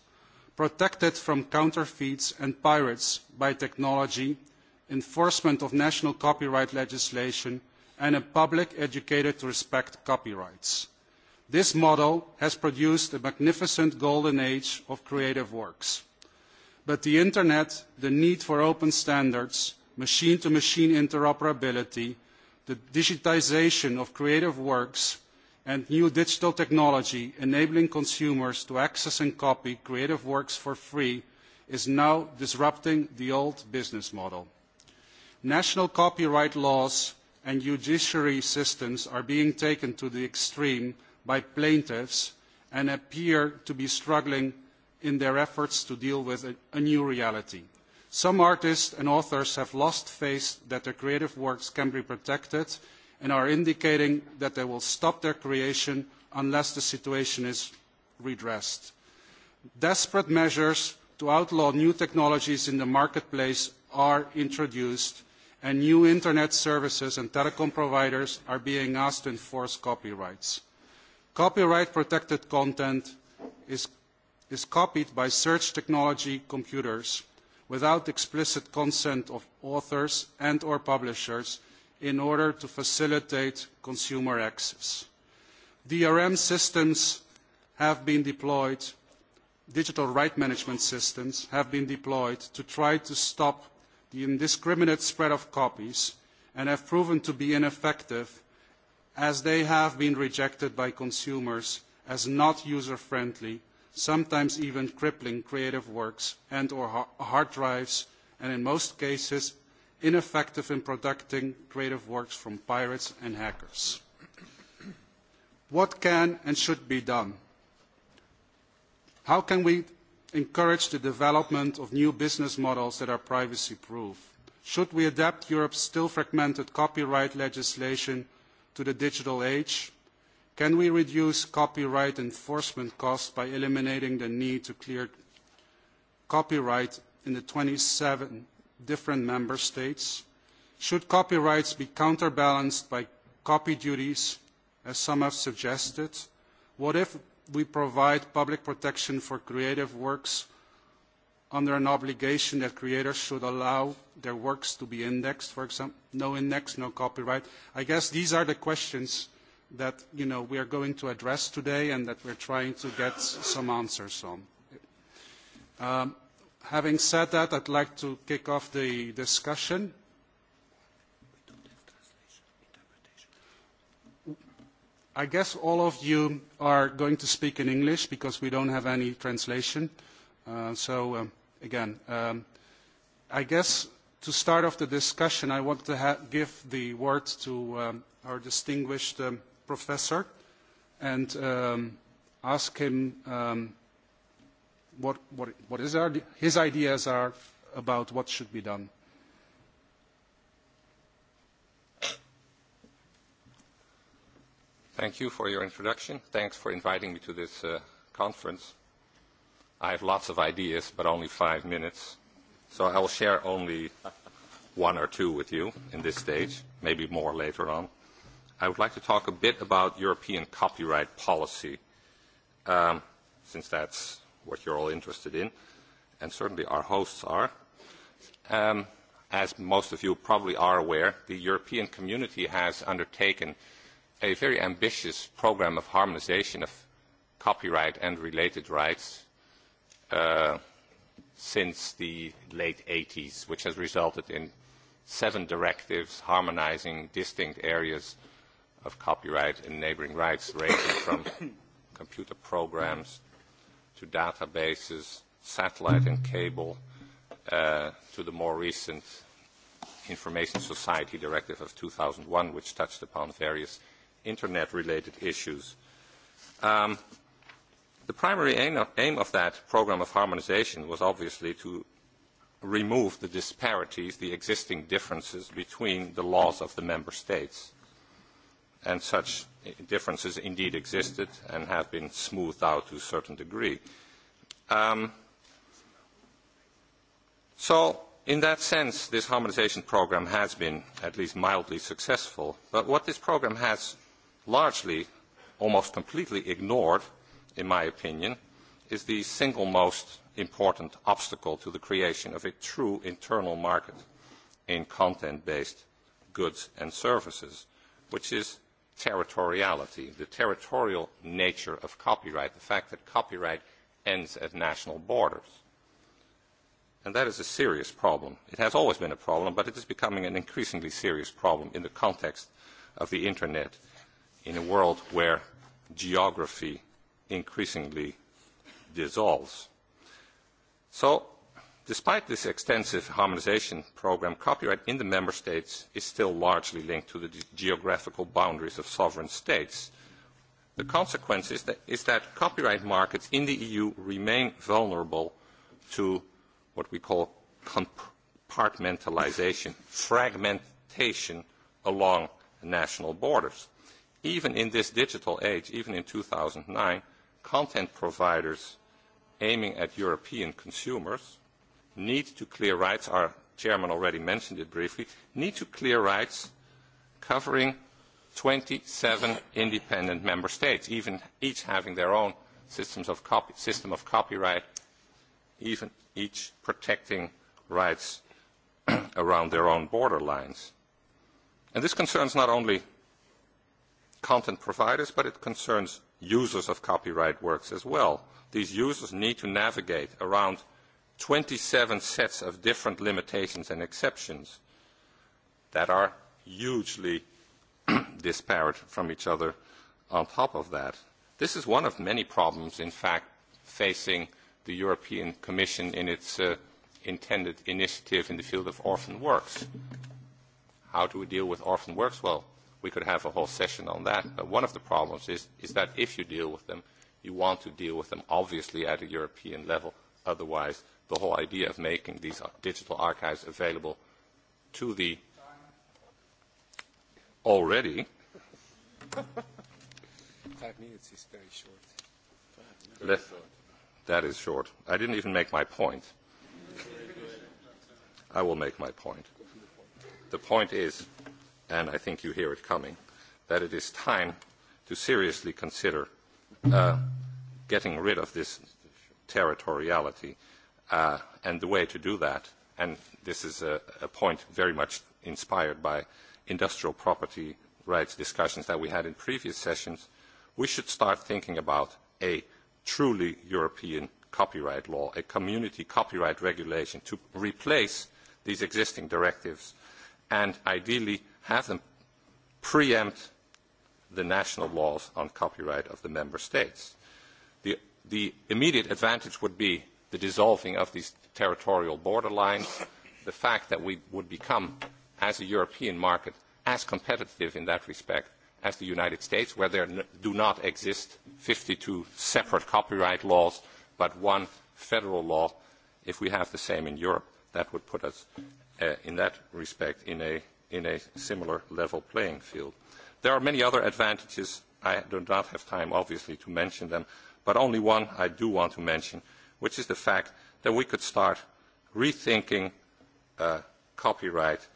protected from counterfeits and pirates by technology enforcement of national copyright legislation and a public educated to respect copyrights. This model has produced a magnificent golden age of creative works. But the Internet, the need for open standards, machine-to-machine interoperability, the digitisation of creative works and new digital technology enabling consumers to access and copy creative works for free is now disrupting the old business model. National copyright laws and judiciary systems are being taken to the extreme by plaintiffs and appear to be struggling in their efforts to deal with a new reality. Some artists and authors have lost faith that their creative works can be protected and are indicating that they will stop their creation unless the situation is redressed. Desperate measures to outlaw new technologies in the marketplace are introduced and new Internet services and telecom providers are being asked to enforce copyrights. Copyright-protected content is copied by search technology computers without explicit consent of authors and or publishers in order to facilitate consumer access. DRM systems have been deployed, digital right management systems have been deployed to try to stop the indiscriminate spread of copies and have proven to be ineffective as they have been rejected by consumers as not user friendly sometimes even crippling creative works and or hard drives and in most cases ineffective in protecting creative works from pirates and hackers. what can and should be done? how can we encourage the development of new business models that are privacy-proof? Should we adapt Europe's still fragmented copyright legislation to the digital age? Can we reduce copyright enforcement costs by eliminating the need to clear copyright in the 27 different member states? Should copyrights be counterbalanced by copy duties, as some have suggested? What if we provide public protection for creative works under an obligation that creators should allow their works to be indexed, for example. No index, no copyright. I guess these are the questions that we are going to address today and that we're trying to get some answers on. Having said that, I'd like to kick off the discussion. I guess all of you are going to speak in English because we don't have any translation. So, again, I guess to start off the discussion, I want to give the word to our distinguished professor and ask him what his ideas are about what should be done. Thank you for your introduction. Thanks for inviting me to this conference. I have lots of ideas, but only five minutes, so I will share only one or two with you in this stage, maybe more later on. I would like to talk a bit about European copyright policy, Um since that's what you're all interested in, and certainly our hosts are. Um As most of you probably are aware, the European community has undertaken a very ambitious programme of harmonisation of copyright and related rights since the late 80s, which has resulted in seven directives harmonising distinct areas of copyright and neighbouring rights, ranging from computer programmes to databases, satellite and cable, to the more recent Information Society Directive of 2001, which touched upon various Internet-related issues. The primary aim of that programme of harmonization was obviously to remove the disparities, the existing differences between the laws of the member states. And such differences indeed existed and have been smoothed out to a certain degree. So in that sense, this harmonization programme has been at least mildly successful. But what this program has largely, almost completely ignored, in my opinion, is the single most important obstacle to the creation of a true internal market in content-based goods and services, which is territoriality, the territorial nature of copyright, the fact that copyright ends at national borders. And that is a serious problem. It has always been a problem, but it is becoming an increasingly serious problem in the context of the Internet in a world where geography increasingly dissolves. So, despite this extensive harmonization program, copyright in the Member States is still largely linked to the geographical boundaries of sovereign states. The consequence is that copyright markets in the EU remain vulnerable to what we call compartmentalization, fragmentation along national borders even in this digital age, even in 2009, content providers aiming at European consumers need to clear rights, our chairman already mentioned it briefly, need to clear rights covering 27 independent member states, even each having their own systems of system of copyright, even each protecting rights around their own borderlines. And this concerns not only content providers, but it concerns users of copyright works as well. These users need to navigate around 27 sets of different limitations and exceptions that are hugely disparate from each other on top of that. This is one of many problems, in fact, facing the European Commission in its intended initiative in the field of orphan works. How do we deal with orphan works? Well, we could have a whole session on that. But one of the problems is, is that if you deal with them, you want to deal with them obviously at a European level. Otherwise, the whole idea of making these digital archives available to the already. Five minutes is very short. That is short. I didn't even make my point. I will make my point. The point is and I think you hear it coming, that it is time to seriously consider getting rid of this territoriality. And the way to do that, and this is a point very much inspired by industrial property rights discussions that we had in previous sessions, we should start thinking about a truly European copyright law, a community copyright regulation to replace these existing directives and ideally have them preempt the national laws on copyright of the member states. The immediate advantage would be the dissolving of these territorial border lines, the fact that we would become, as a European market, as competitive in that respect as the United States, where there do not exist 52 separate copyright laws, but one federal law. If we have the same in Europe, that would put us, in that respect, in a in a similar level playing field. There are many other advantages. I do not have time, obviously, to mention them, but only one I do want to mention, which is the fact that we could start rethinking copyright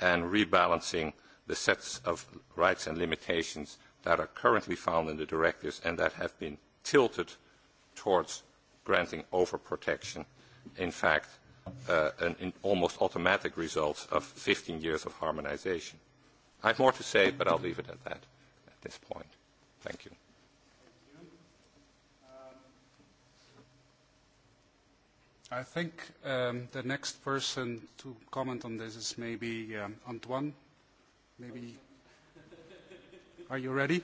and rebalancing the sets of rights and limitations that are currently found in the directives and that have been tilted towards granting overprotection, in fact, an almost automatic result of 15 years of harmonisation. I have more to say, but I'll leave it at that at this point. Thank you. I think the next person to comment on this is maybe Antoine. Maybe. Are you ready?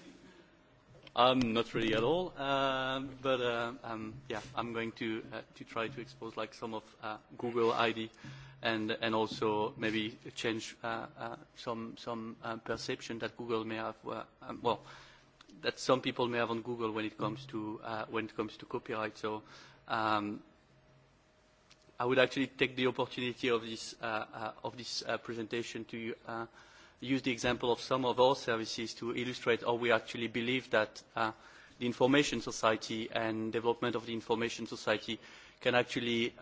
Not really at all, but yeah, I'm going to to try to expose like some of Google ID and and also maybe change some some perception that Google may have, well, that some people may have on Google when it comes to when it comes to copyright. So I would actually take the opportunity of this of this presentation to use the example of some of our services to illustrate how we actually believe that the information society and development of the information society can actually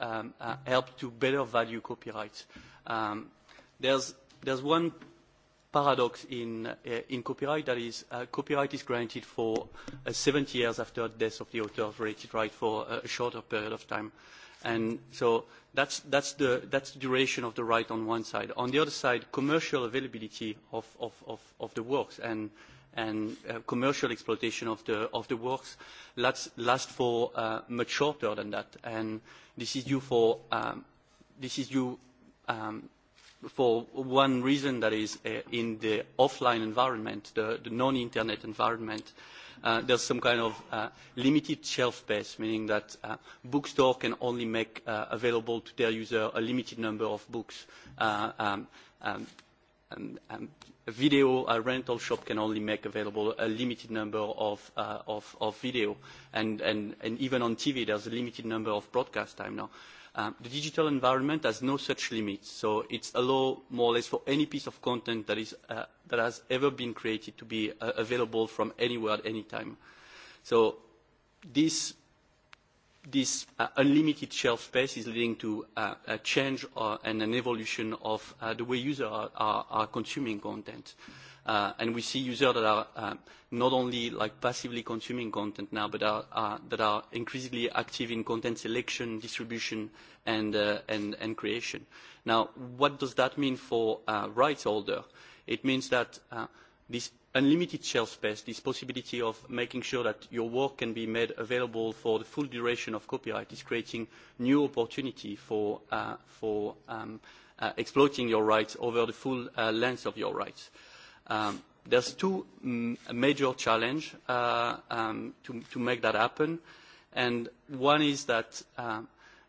help to better value copyright. There's one paradox in copyright, that is copyright is granted for 70 years after the death of the author of related right for a shorter period of time. And so that's the duration of the right on one side. On the other side, commercial availability of the works and commercial exploitation of the works lasts for much shorter than that. And this is due for one reason that is in the offline environment, the non-Internet environment there's some kind of limited shelf space, meaning that bookstore can only make available to their user a limited number of books. Video rental shop can only make available a limited number of video. And even on TV, there's a limited number of broadcast time now. The digital environment has no such limits, so it's a law more or less for any piece of content that has ever been created to be available from anywhere at any time. So this unlimited shelf space is leading to a change and an evolution of the way users are consuming content and we see users that are not only like passively consuming content now, but that are increasingly active in content selection, distribution, and creation. Now, what does that mean for rights holder? It means that this unlimited shelf space, this possibility of making sure that your work can be made available for the full duration of copyright, is creating new opportunity for exploiting your rights over the full length of your rights. There's two major challenges to make that happen, and one is that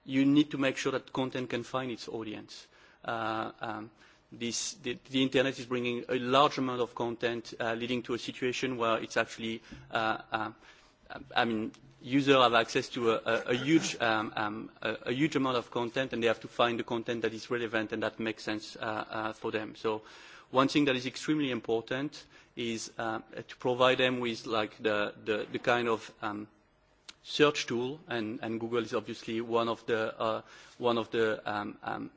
you need to make sure that content can find its audience. The internet is bringing a large amount of content, leading to a situation where it's actually, I mean, users have access to a huge amount of content, and they have to find the content that is relevant and that makes sense for them. So One thing that is extremely important is to provide them with like the the kind of search tool and Google is obviously one of the one of the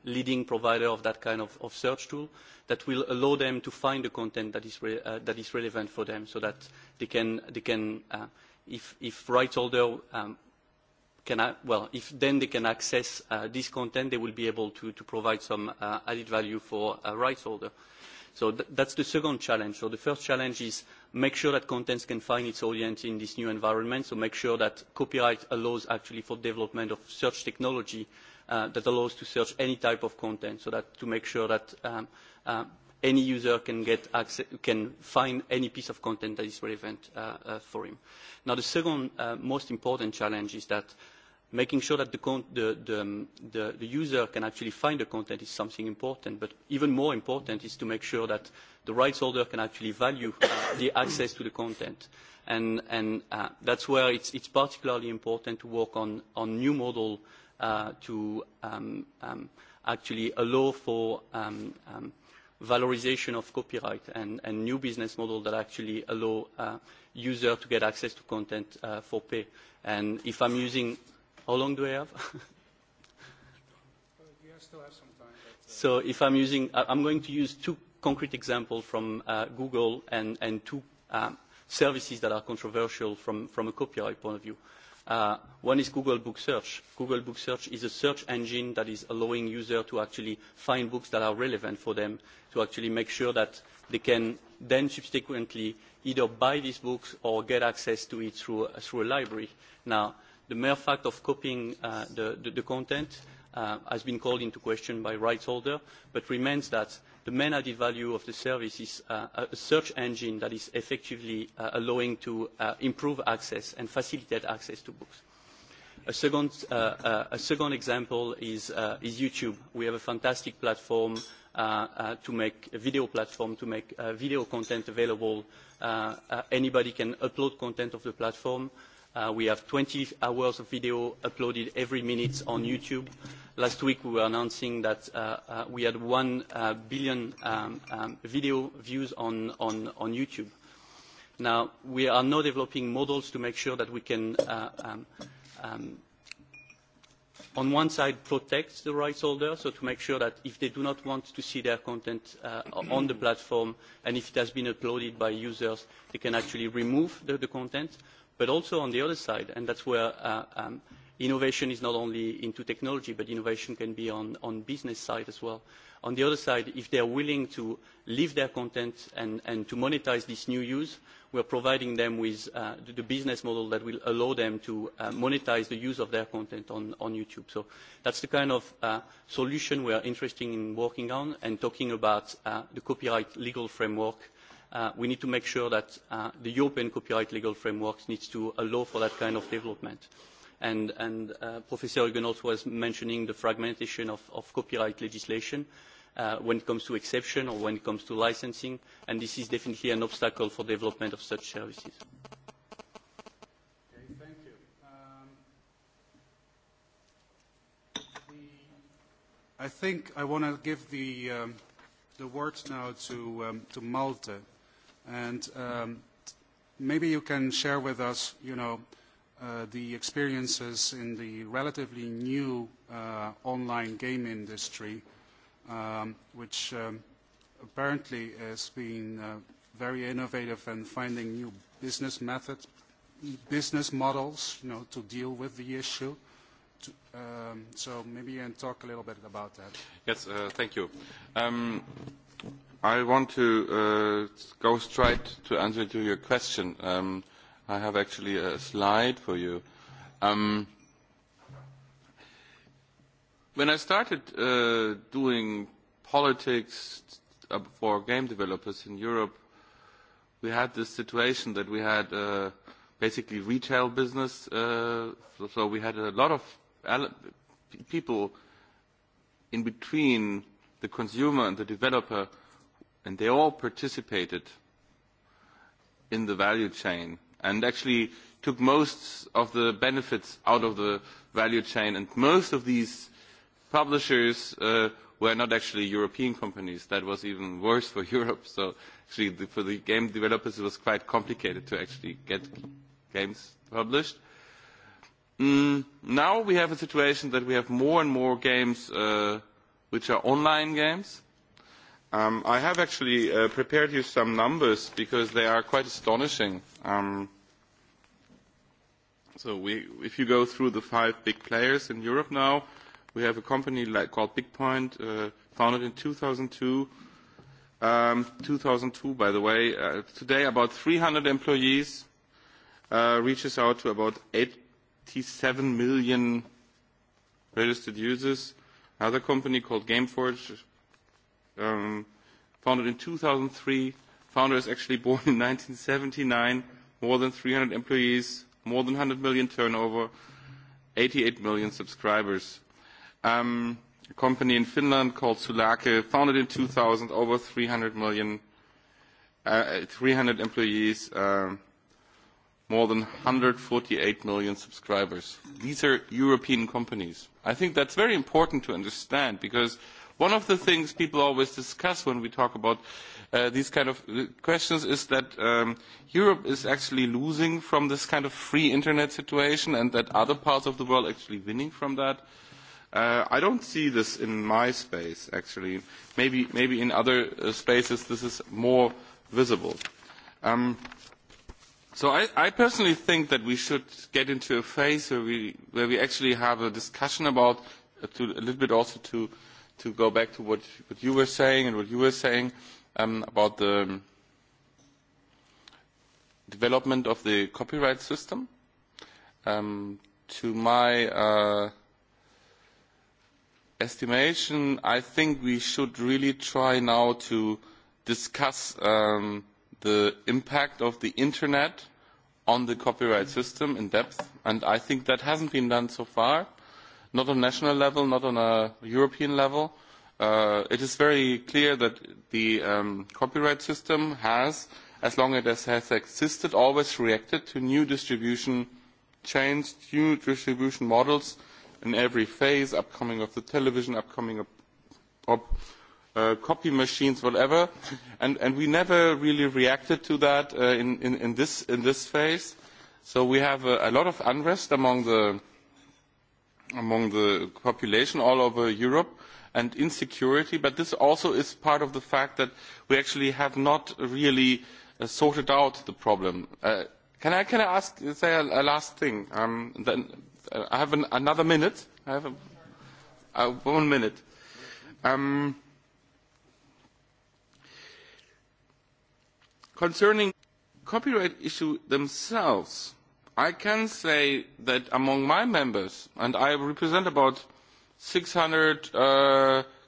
leading provider of that kind of search tool that will allow them to find the content that is that is relevant for them so that they can they can if if rights holder can well if then they can access this content they will be able to to provide some added value for a rights holder. So that's the second challenge. So the first challenge is make sure that contents can find its audience in this new environment, so make sure that copyright allows actually for development of search technology that allows to search any type of content, so that to make sure that any user can get can find any piece of content that is relevant for him. Now the second most important challenge is that making sure that the user can actually find the content is something important, but even more important is to make sure that the rights holder can actually value the access to the content. And that's where it's particularly important to work on new model to actually allow for valorization of copyright and new business model that actually allow user to get access to content for pay. And if I'm using How long do I have? So if I'm using, I'm going to use two concrete examples from Google and two services that are controversial from a copyright point of view. One is Google Book Search. Google Book Search is a search engine that is allowing users to actually find books that are relevant for them, to actually make sure that they can then subsequently either buy these books or get access to it through a library. Now, the mere fact of copying the content has been called into question by rights holder, but remains that the main added value of the service is a search engine that is effectively allowing to improve access and facilitate access to books. A second example is YouTube. We have a fantastic platform to make a video platform to make video content available. Anybody can upload content of the platform We have 20 hours of video uploaded every minute on YouTube. Last week we were announcing that we had 1 billion video views on YouTube. Now, we are now developing models to make sure that we can, on one side, protect the rights holder, so to make sure that if they do not want to see their content on the platform and if it has been uploaded by users, they can actually remove the content but also on the other side, and that's where innovation is not only into technology, but innovation can be on business side as well. On the other side, if they are willing to leave their content and to monetize this new use, we are providing them with the business model that will allow them to monetize the use of their content on YouTube. So that's the kind of solution we are interested in working on and talking about the copyright legal framework we need to make sure that the European copyright legal framework needs to allow for that kind of development. And Professor Huguenot was mentioning the fragmentation of copyright legislation when it comes to exception or when it comes to licensing, and this is definitely an obstacle for development of such services. I think I want to give the words now to Malte And maybe you can share with us, you know, the experiences in the relatively new online game industry, which apparently has been very innovative and finding new business methods, business models, you know, to deal with the issue. So maybe you can talk a little bit about that. Yes, thank you. I want to go straight to answer to your question. I have actually a slide for you. When I started doing politics for game developers in Europe, we had this situation that we had basically retail business, so we had a lot of people in between the consumer and the developer and they all participated in the value chain and actually took most of the benefits out of the value chain and most of these publishers were not actually European companies. That was even worse for Europe. So actually for the game developers it was quite complicated to actually get games published. Now we have a situation that we have more and more games which are online games I have actually prepared you some numbers because they are quite astonishing. So if you go through the five big players in Europe now, we have a company called BigPoint, founded in 2002. 2002, by the way. Today, about 300 employees, reaches out to about 87 million registered users. Another company called Gameforge founded in 2003, founder is actually born in 1979, more than 300 employees, more than 100 million turnover, 88 million subscribers. A company in Finland called Sulake, founded in 2000, over 300 million, 300 employees, more than 148 million subscribers. These are European companies. I think that's very important to understand because One of the things people always discuss when we talk about these kind of questions is that Europe is actually losing from this kind of free internet situation and that other parts of the world are actually winning from that. I don't see this in my space, actually. Maybe in other spaces this is more visible. So I personally think that we should get into a phase where we actually have a discussion about, a little bit also to to go back to what you were saying and what you were saying about the development of the copyright system. To my estimation, I think we should really try now to discuss the impact of the Internet on the copyright system in depth, and I think that hasn't been done so far not on national level, not on a European level. It is very clear that the copyright system has, as long as it has existed, always reacted to new distribution chains, new distribution models in every phase, upcoming of the television, upcoming of copy machines, whatever. And we never really reacted to that in this phase. So we have a lot of unrest among the among the population all over Europe and insecurity, but this also is part of the fact that we actually have not really sorted out the problem. Can I ask, say, a last thing? I have another minute. I have one minute. Concerning copyright issue themselves, I can say that among my members, and I represent about 600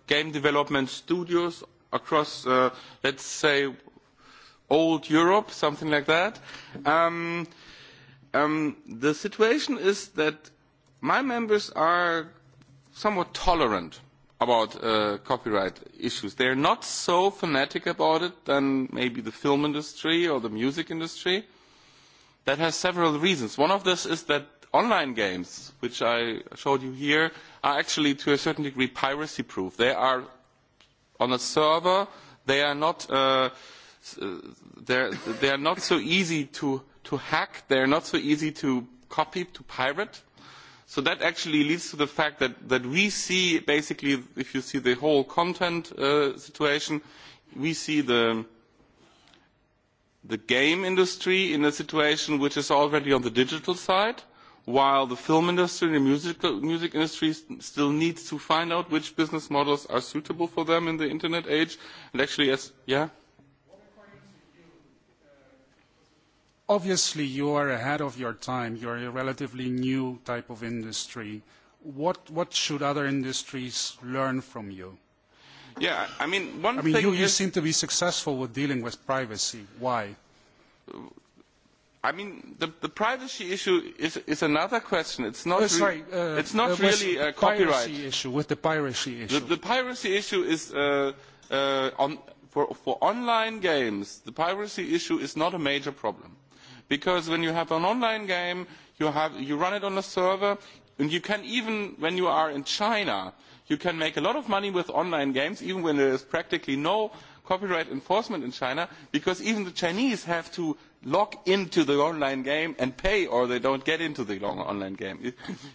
game development studios across, let's say, old Europe, something like that. The situation is that my members are somewhat tolerant about copyright issues. They are not so fanatic about it than maybe the film industry or the music industry. That has several reasons. One of this is that online games, which I showed you here, are actually to a certain degree piracy proof. They are on a server, they are not they are not so easy to to hack, they are not so easy to copy, to pirate. So that actually leads to the fact that we see basically if you see the whole content situation, we see the the game industry in a situation which is already on the digital side, while the film industry and the music industry still needs to find out which business models are suitable for them in the Internet age. And actually, yeah. Obviously, you are ahead of your time. You are a relatively new type of industry. What should other industries learn from you? Yeah, I mean, one thing. I mean, you seem to be successful with dealing with privacy. Why? I mean, the the privacy issue is is another question. It's not really a copyright issue. With the piracy issue. The piracy issue is on for online games. The piracy issue is not a major problem, because when you have an online game, you have you run it on a server, and you can even when you are in China You can make a lot of money with online games, even when there is practically no copyright enforcement in China, because even the Chinese have to log into the online game and pay, or they don't get into the online game.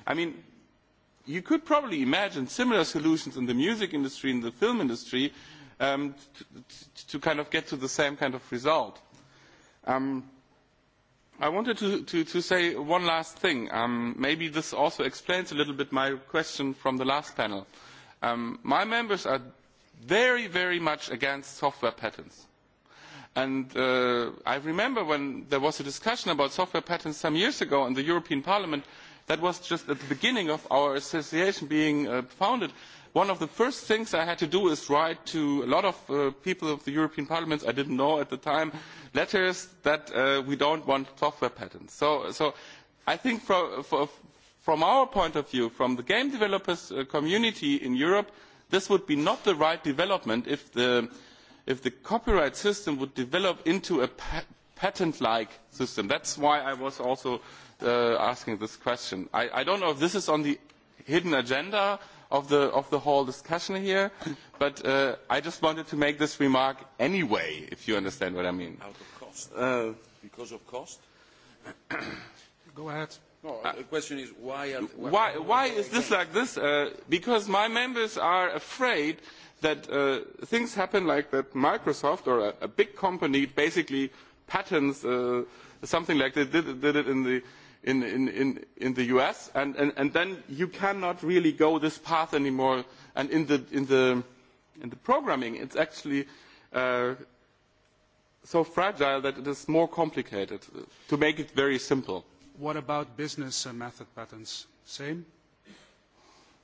I mean, you could probably imagine similar solutions in the music industry, in the film industry, to kind of get to the same kind of result. I wanted to say one last thing. Maybe this also explains a little bit my question from the last panel. My members are very, very much against software patents. And I remember when there was a discussion about software patents some years ago in the European Parliament, that was just at the beginning of our association being founded. One of the first things I had to do is write to a lot of people of the European Parliament, I didn't know at the time, letters that we don't want software patents. So I think from our point of view from the game developers community in europe this would be not the right development if the copyright system would develop into a patent like system. that is why i was also asking this question. i do know if this is on the hidden agenda of the whole discussion here but i just wanted to make this remark anyway if you understand what i mean. because of cost? go ahead. No, the question is why why is this like this? Because my members are afraid that things happen like that. Microsoft or a big company basically patents something like they did it in the in in in the US and and then you cannot really go this path anymore. And in the in the in the programming, it's actually so fragile that it is more complicated. To make it very simple. What about business method patterns? Same?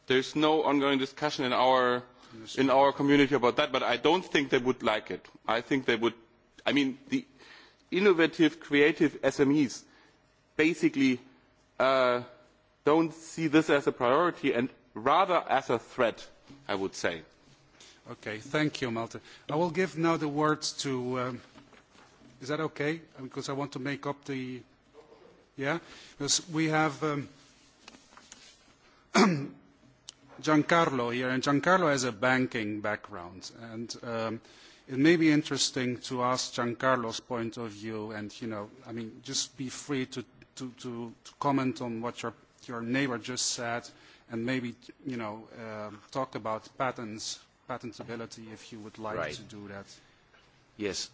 is no ongoing discussion in our in our community about that, but I don't think they would like it. I think they would. I mean, the innovative, creative SMEs basically don't see this as a priority and rather as a threat, I would say. Okay, thank you, Malte. I will give now the words to. Is that okay? Because I want to make up the Yeah, because we have Giancarlo here, and Giancarlo has a banking background, and it may be interesting to ask Giancarlo's point of view, and you know, I mean, just be free to to to comment on what your your neighbour just said, and maybe you know, talk about patents, patentability, if you would like to do that. Yes.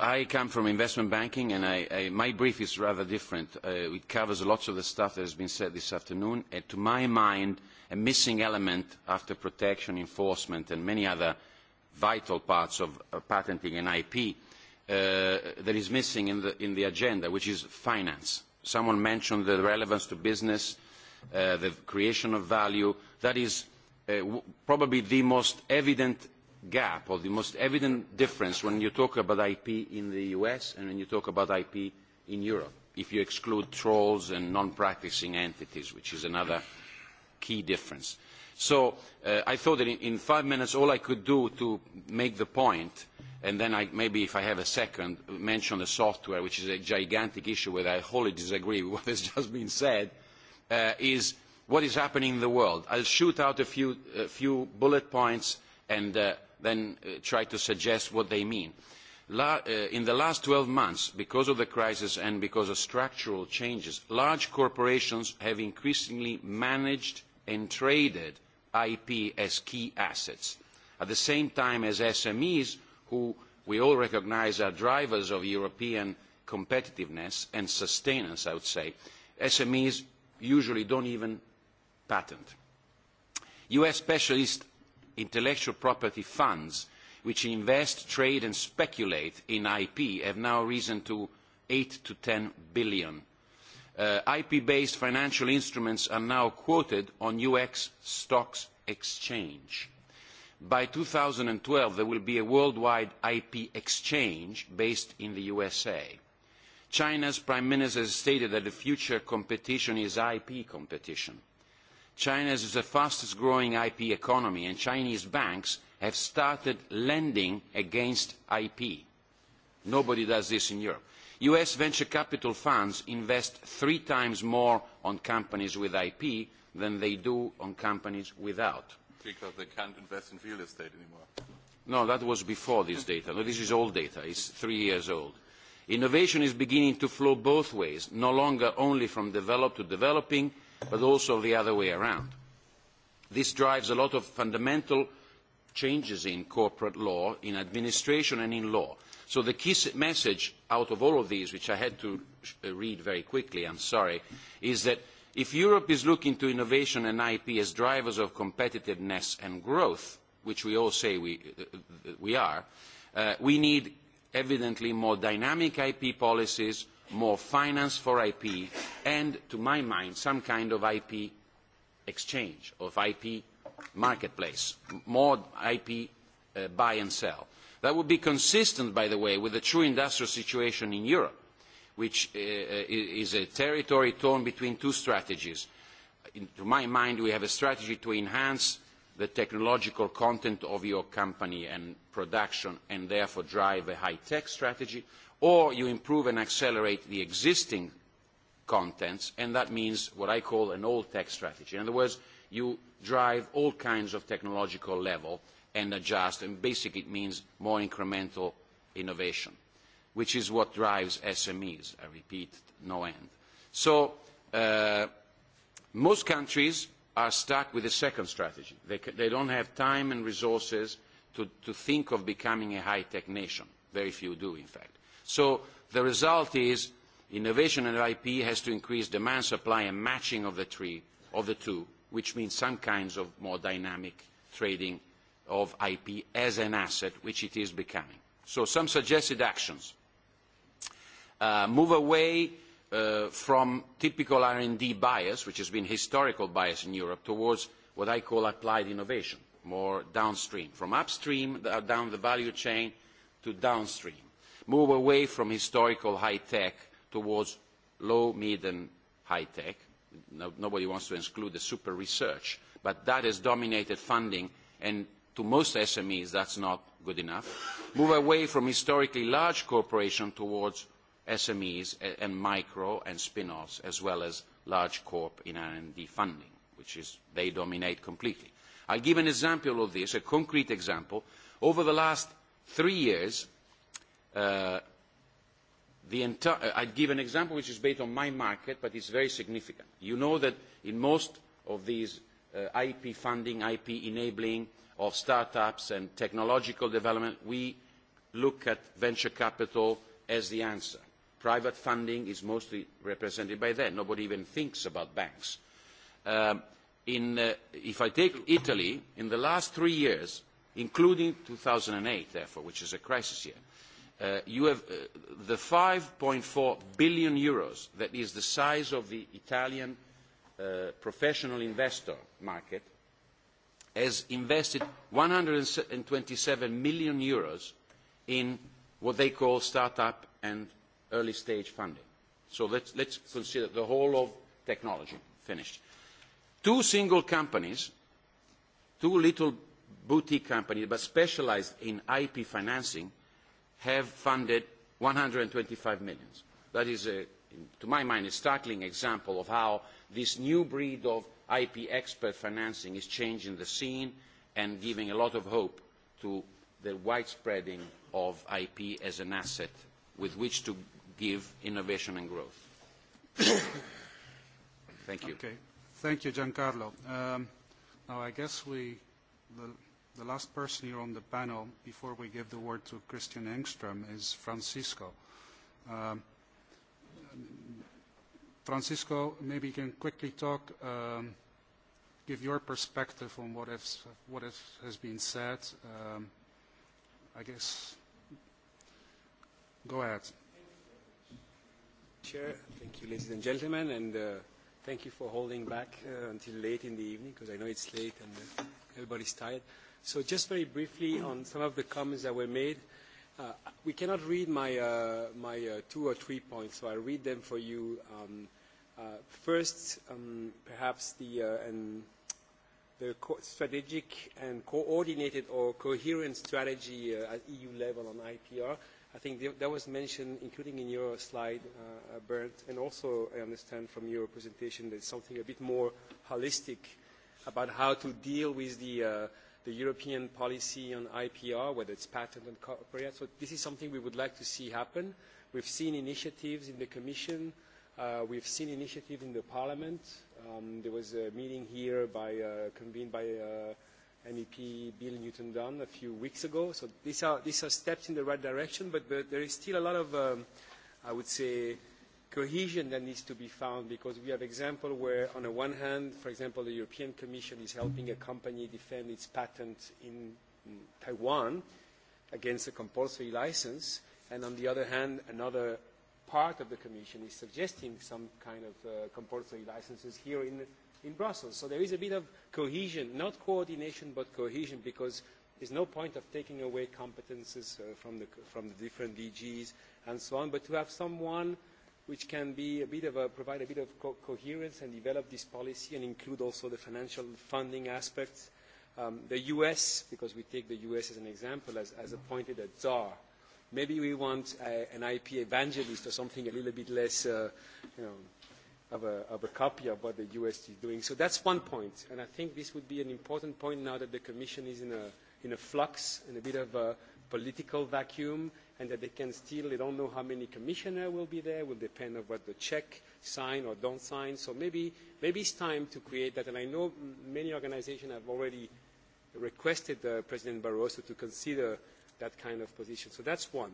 I come from investment banking, and my brief is rather different. It covers lots of the stuff that has been said this afternoon. to my mind, a missing element after protection, enforcement, and many other vital parts of patenting and IP that is missing in the agenda, which is finance. Someone mentioned the relevance to business, the creation of value. That is probably the most evident gap or the most evident difference when you talk about ip in the us and when you talk about ip in europe if you exclude trolls and non practicing entities which is another key difference. so i thought that in five minutes all i could do to make the point and then maybe if i have a second mention the software which is a gigantic issue where i wholly disagree with what has just been said is what is happening in the world. i'll shoot out a few bullet points and then try to suggest what they mean. In the last 12 months, because of the crisis and because of structural changes, large corporations have increasingly managed and traded IP as key assets. At the same time as SMEs, who we all recognize are drivers of European competitiveness and sustenance, I would say, SMEs usually don't even patent. U.S. specialists intellectual property funds which invest, trade and speculate in IP have now risen to 8 to 10 billion. IP-based financial instruments are now quoted on UX stocks exchange. By 2012 there will be a worldwide IP exchange based in the USA. China's Prime Minister has stated that the future competition is IP competition China is the fastest growing IP economy and Chinese banks have started lending against IP. Nobody does this in Europe. US venture capital funds invest three times more on companies with IP than they do on companies without. Because they can't invest in real estate anymore. No, that was before this data. No, this is old data. It's three years old. Innovation is beginning to flow both ways, no longer only from developed to developing, but also the other way around. This drives a lot of fundamental changes in corporate law, in administration and in law. So the key message out of all of these, which I had to read very quickly, I'm sorry, is that if Europe is looking to innovation and IP as drivers of competitiveness and growth, which we all say we are, we need evidently more dynamic IP policies more finance for IP and, to my mind, some kind of IP exchange, of IP marketplace, more IP buy and sell. That would be consistent, by the way, with the true industrial situation in Europe, which is a territory torn between two strategies. To my mind, we have a strategy to enhance the technological content of your company and production and therefore drive a high-tech strategy, or you improve and accelerate the existing contents, and that means what I call an old-tech strategy. In other words, you drive all kinds of technological level and adjust, and basically it means more incremental innovation, which is what drives SMEs, I repeat, no end. So most countries are stuck with a second strategy. They don't have time and resources to think of becoming a high-tech nation. Very few do, in fact. So the result is innovation and IP has to increase demand, supply and matching of the three of the two, which means some kinds of more dynamic trading of IP as an asset, which it is becoming. So some suggested actions. Move away from typical R&D bias, which has been historical bias in Europe, towards what I call applied innovation, more downstream, from upstream down the value chain to downstream move away from historical high tech towards low, mid and high tech. Nobody wants to exclude the super research, but that has dominated funding and to most SMEs that's not good enough. Move away from historically large corporations towards SMEs and micro and spin-offs as well as large corp in R&D funding, which is they dominate completely. I'll give an example of this, a concrete example. Over the last three years, I'd give an example which is based on my market, but it's very significant. You know that in most of these IP funding, IP enabling of startups and technological development, we look at venture capital as the answer. Private funding is mostly represented by that. Nobody even thinks about banks. If I take Italy, in the last three years, including 2008, therefore, which is a crisis year, you have the 5.4 billion euros that is the size of the Italian professional investor market has invested 127 million euros in what they call start-up and early-stage funding. So let's consider the whole of technology. Finished. Two single companies, two little boutique companies, but specialised in IP financing, have funded 125 million. That is, to my mind, a startling example of how this new breed of IP expert financing is changing the scene and giving a lot of hope to the widespreading of IP as an asset with which to give innovation and growth. Thank you. Thank you, Giancarlo. I guess The last person here on the panel, before we give the word to Christian Engström, is Francisco. Francisco, maybe you can quickly talk, give your perspective on what has been said. I guess, go ahead. Chair, thank you, ladies and gentlemen, and thank you for holding back until late in the evening, because I know it's late and everybody's tired. So just very briefly on some of the comments that were made. We cannot read my two or three points, so I'll read them for you. First, perhaps the the strategic and coordinated or coherent strategy at EU level on IPR. I think that was mentioned, including in your slide, Bernd, and also I understand from your presentation there's something a bit more holistic about how to deal with the the European policy on IPR, whether it's patent and copyright. So this is something we would like to see happen. We've seen initiatives in the Commission. We've seen initiatives in the Parliament. There was a meeting here convened by MEP Bill Newton Dunn a few weeks ago. So these are steps in the right direction, but there is still a lot of, I would say, cohesion that needs to be found because we have examples where on the one hand, for example, the European Commission is helping a company defend its patent in Taiwan against a compulsory license, and on the other hand, another part of the Commission is suggesting some kind of compulsory licenses here in in Brussels. So there is a bit of cohesion, not coordination, but cohesion, because there's no point of taking away competences from the different DGs and so on, but to have someone which can be a bit of a provide a bit of coherence and develop this policy and include also the financial funding aspects. The US because we take the US as an example has appointed a czar. Maybe we want an IP evangelist or something a little bit less you know of a a copy of what the US is doing. So that's one point. And I think this would be an important point now that the Commission is in a in a flux in a bit of a political vacuum and that they can still, they don't know how many commissioners will be there, will depend on what the check sign or don't sign. So maybe maybe it's time to create that. And I know many organizations have already requested President Barroso to consider that kind of position. So that's one.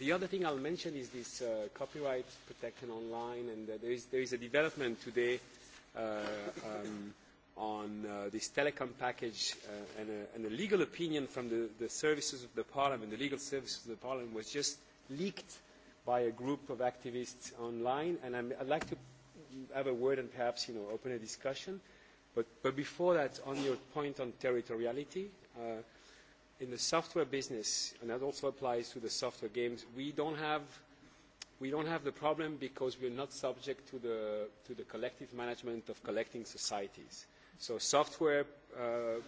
The other thing I'll mention is this copyright protection online. And there is a development today on this telecom package and a legal opinion from the services of the Parliament, the legal services of the Parliament, was just leaked by a group of activists online. And I'd like to have a word and perhaps you know open a discussion. But before that, on your point on territoriality, in the software business, and that also applies to the software games, we don't have we don't have the problem because we're not subject to the collective management of collecting societies. So software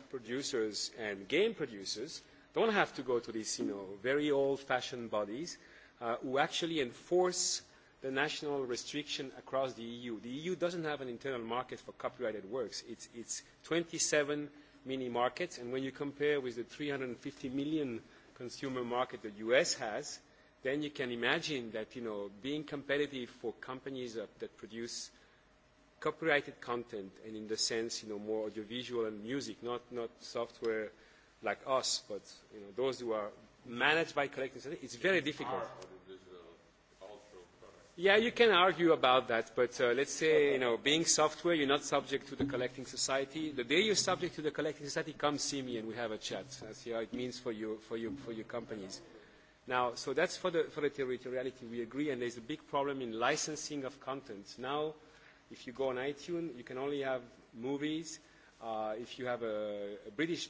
producers and game producers don't have to go to these you know, very old-fashioned bodies who actually enforce the national restriction across the EU. The EU doesn't have an internal market for copyrighted works. It's, it's 27 mini-markets, and when you compare with the 350 million consumer market the US has, then you can imagine that, you know, being competitive for companies that produce copyrighted content and in the sense, you know, more audiovisual and music, not not software like us, but you know, those who are managed by collecting society, it's very difficult. Yeah, you can argue about that, but let's say, you know, being software, you're not subject to the collecting society. The day you're subject to the collecting society, come see me and we have a chat. That's see how it means for you, for you, for your companies. Now, so that's for the for the territoriality. We agree, and there's a big problem in licensing of content now. If you go on iTunes, you can only have movies if you have a British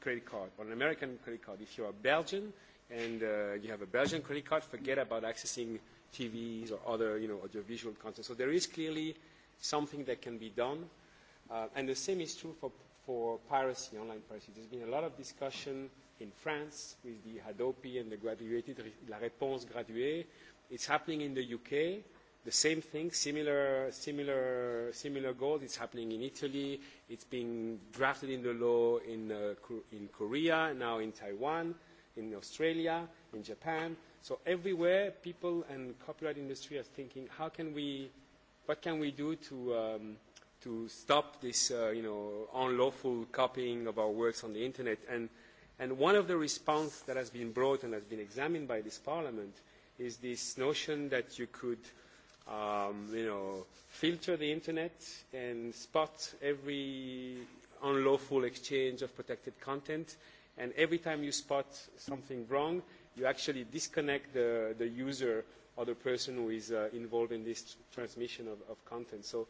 credit card or an American credit card. If you are Belgian and you have a Belgian credit card, forget about accessing TVs or other, you know, audiovisual content. So there is clearly something that can be done. And the same is true for for piracy, online piracy. There's been a lot of discussion in France with the Hadopi and the graduated, la réponse graduée. It's happening in the UK the same thing, similar, similar, similar goals. It's happening in Italy. It's being drafted in the law in, in Korea, now in Taiwan, in Australia, in Japan. So everywhere, people and copyright industry are thinking, how can we, what can we do to, um, to stop this, you know, unlawful copying of our works on the internet? And, and one of the responses that has been brought and has been examined by this parliament is this notion that you could you know, filter the internet and spot every unlawful exchange of protected content. And every time you spot something wrong, you actually disconnect the, the user or the person who is involved in this transmission of, of content. So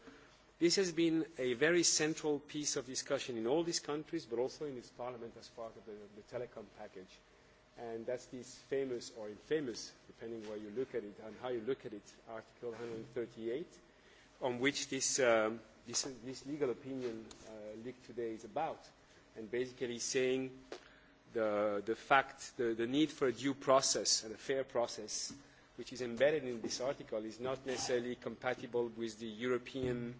this has been a very central piece of discussion in all these countries, but also in this parliament as part of the telecom package and that's this famous or infamous, depending where you look at it and how you look at it, Article 138, on which this this legal opinion leaked today is about, and basically saying the the fact, the need for a due process and a fair process, which is embedded in this article, is not necessarily compatible with the European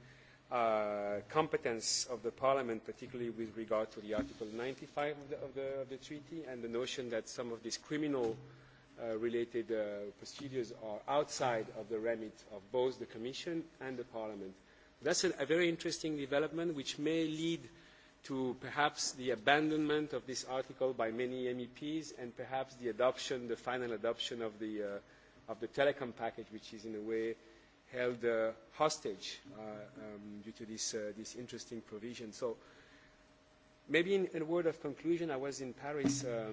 competence of the Parliament, particularly with regard to the Article 95 of the treaty and the notion that some of these criminal-related procedures are outside of the remit of both the Commission and the Parliament. That's a very interesting development which may lead to perhaps the abandonment of this article by many MEPs and perhaps the adoption, the final adoption of the telecom package, which is in a way held hostage due to this this interesting provision. So maybe in a word of conclusion, I was in Paris a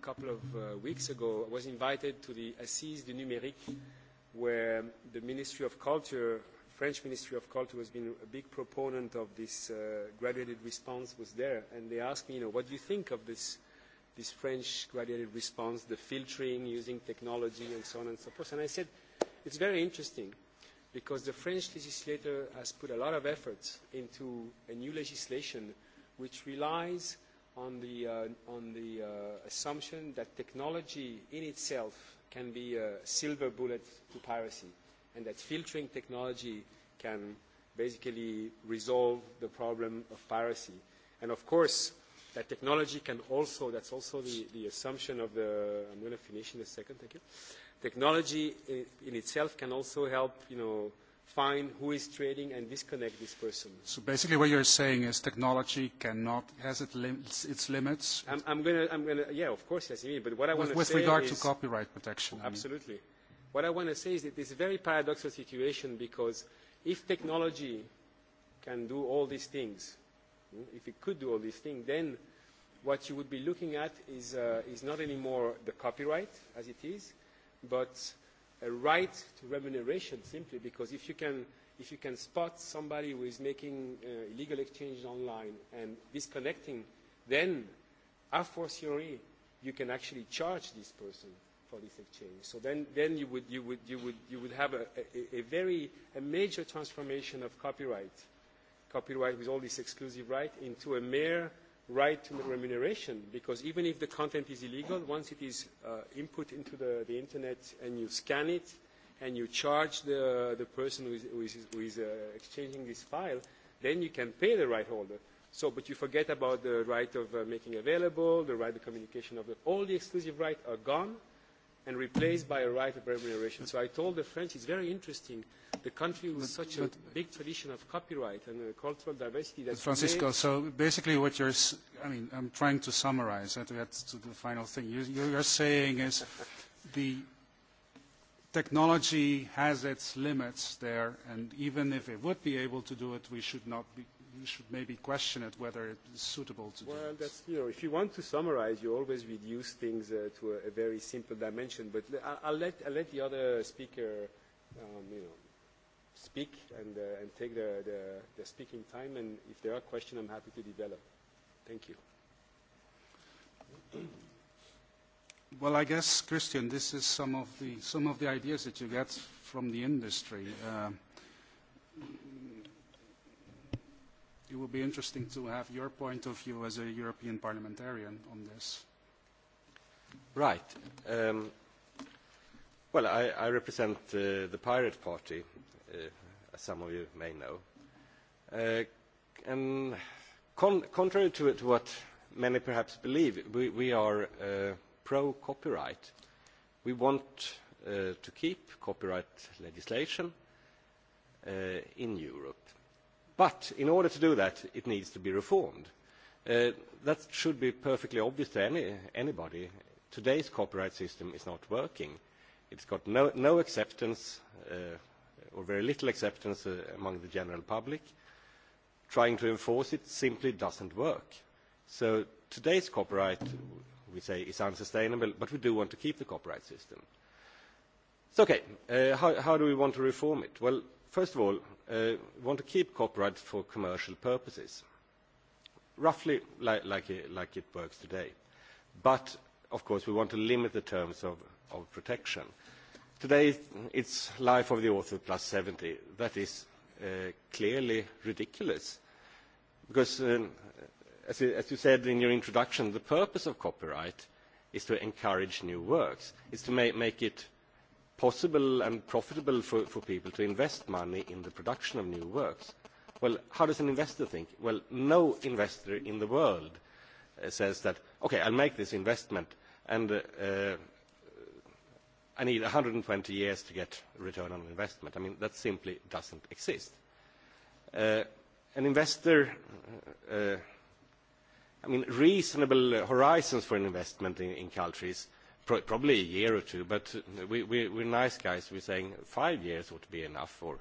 couple of weeks ago. I was invited to the Assise du Numérique, where the Ministry of Culture, French Ministry of Culture, has been a big proponent of this graduated response, was there. And they asked me, you know, what do you think of this? this French graduated response, the filtering, using technology, and so on and so forth. And I said, it's very interesting because the French legislator has put a lot of effort into a new legislation which relies on the assumption that technology in itself can be a silver bullet to piracy and that filtering technology can basically resolve the problem of piracy. And of course, that technology can also, that's also the assumption of the, I'm going to finish in a second, thank you Technology in itself can also help, you know, find who is trading and disconnect this person. So basically, what you're saying is technology cannot has its limits. I'm gonna, I'm gonna, yeah, of course, yes, mean but what I want to say with regard to copyright protection. Absolutely, what I want to say is that it's a very paradoxical situation because if technology can do all these things, if it could do all these things, then what you would be looking at is is not anymore the copyright as it is but a right to remuneration simply because if you can if you can spot somebody who is making illegal exchanges online and disconnecting, then a fortiori you can actually charge this person for this exchange. So then, then you would you would you would you would have a, a, very a major transformation of copyright, copyright with all this exclusive right into a mere right to remuneration because even if the content is illegal, once it is input into the Internet and you scan it and you charge the person who is exchanging this file, then you can pay the right holder. So, but you forget about the right of making available, the right of communication of all the exclusive rights are gone and replaced by a right of remuneration. So I told the French, it's very interesting, the country with such a big tradition of copyright and cultural diversity Francisco, so basically what you're... I mean, I'm trying to summarize that get to the final thing. You You're saying is the technology has its limits there, and even if it would be able to do it, we should not be we should maybe question it whether it is suitable to do Well, that's, you know, if you want to summarize, you always reduce things to a very simple dimension. But I'll let I'll let the other speaker, you know, speak and and take the the speaking time. And if there are questions, I'm happy to develop. Thank you. Well, I guess, Christian, this is some of the some of the ideas that you get from the industry It would be interesting to have your point of view as a European parliamentarian on this. Right. Well, I represent the Pirate Party, as some of you may know. And contrary to what many perhaps believe, we are pro-copyright. We want to keep copyright legislation in Europe But in order to do that, it needs to be reformed. That should be perfectly obvious to anybody. Today's copyright system is not working. It's got no acceptance or very little acceptance among the general public. Trying to enforce it simply doesn't work. So today's copyright, we say, is unsustainable, but we do want to keep the copyright system. So, okay, how do we want to reform it? Well, First of all, we want to keep copyright for commercial purposes, roughly like it works today. But, of course, we want to limit the terms of protection. Today, it's life of the author plus 70. That is clearly ridiculous. Because, as you said in your introduction, the purpose of copyright is to encourage new works. is to make it possible and profitable for people to invest money in the production of new works. Well, how does an investor think? Well, no investor in the world says that, okay, I'll make this investment and I need 120 years to get return on investment. I mean, that simply doesn't exist. An investor, I mean, reasonable horizons for an investment in countries probably a year or two, but we, we, we're nice guys. We're saying five years would be enough, or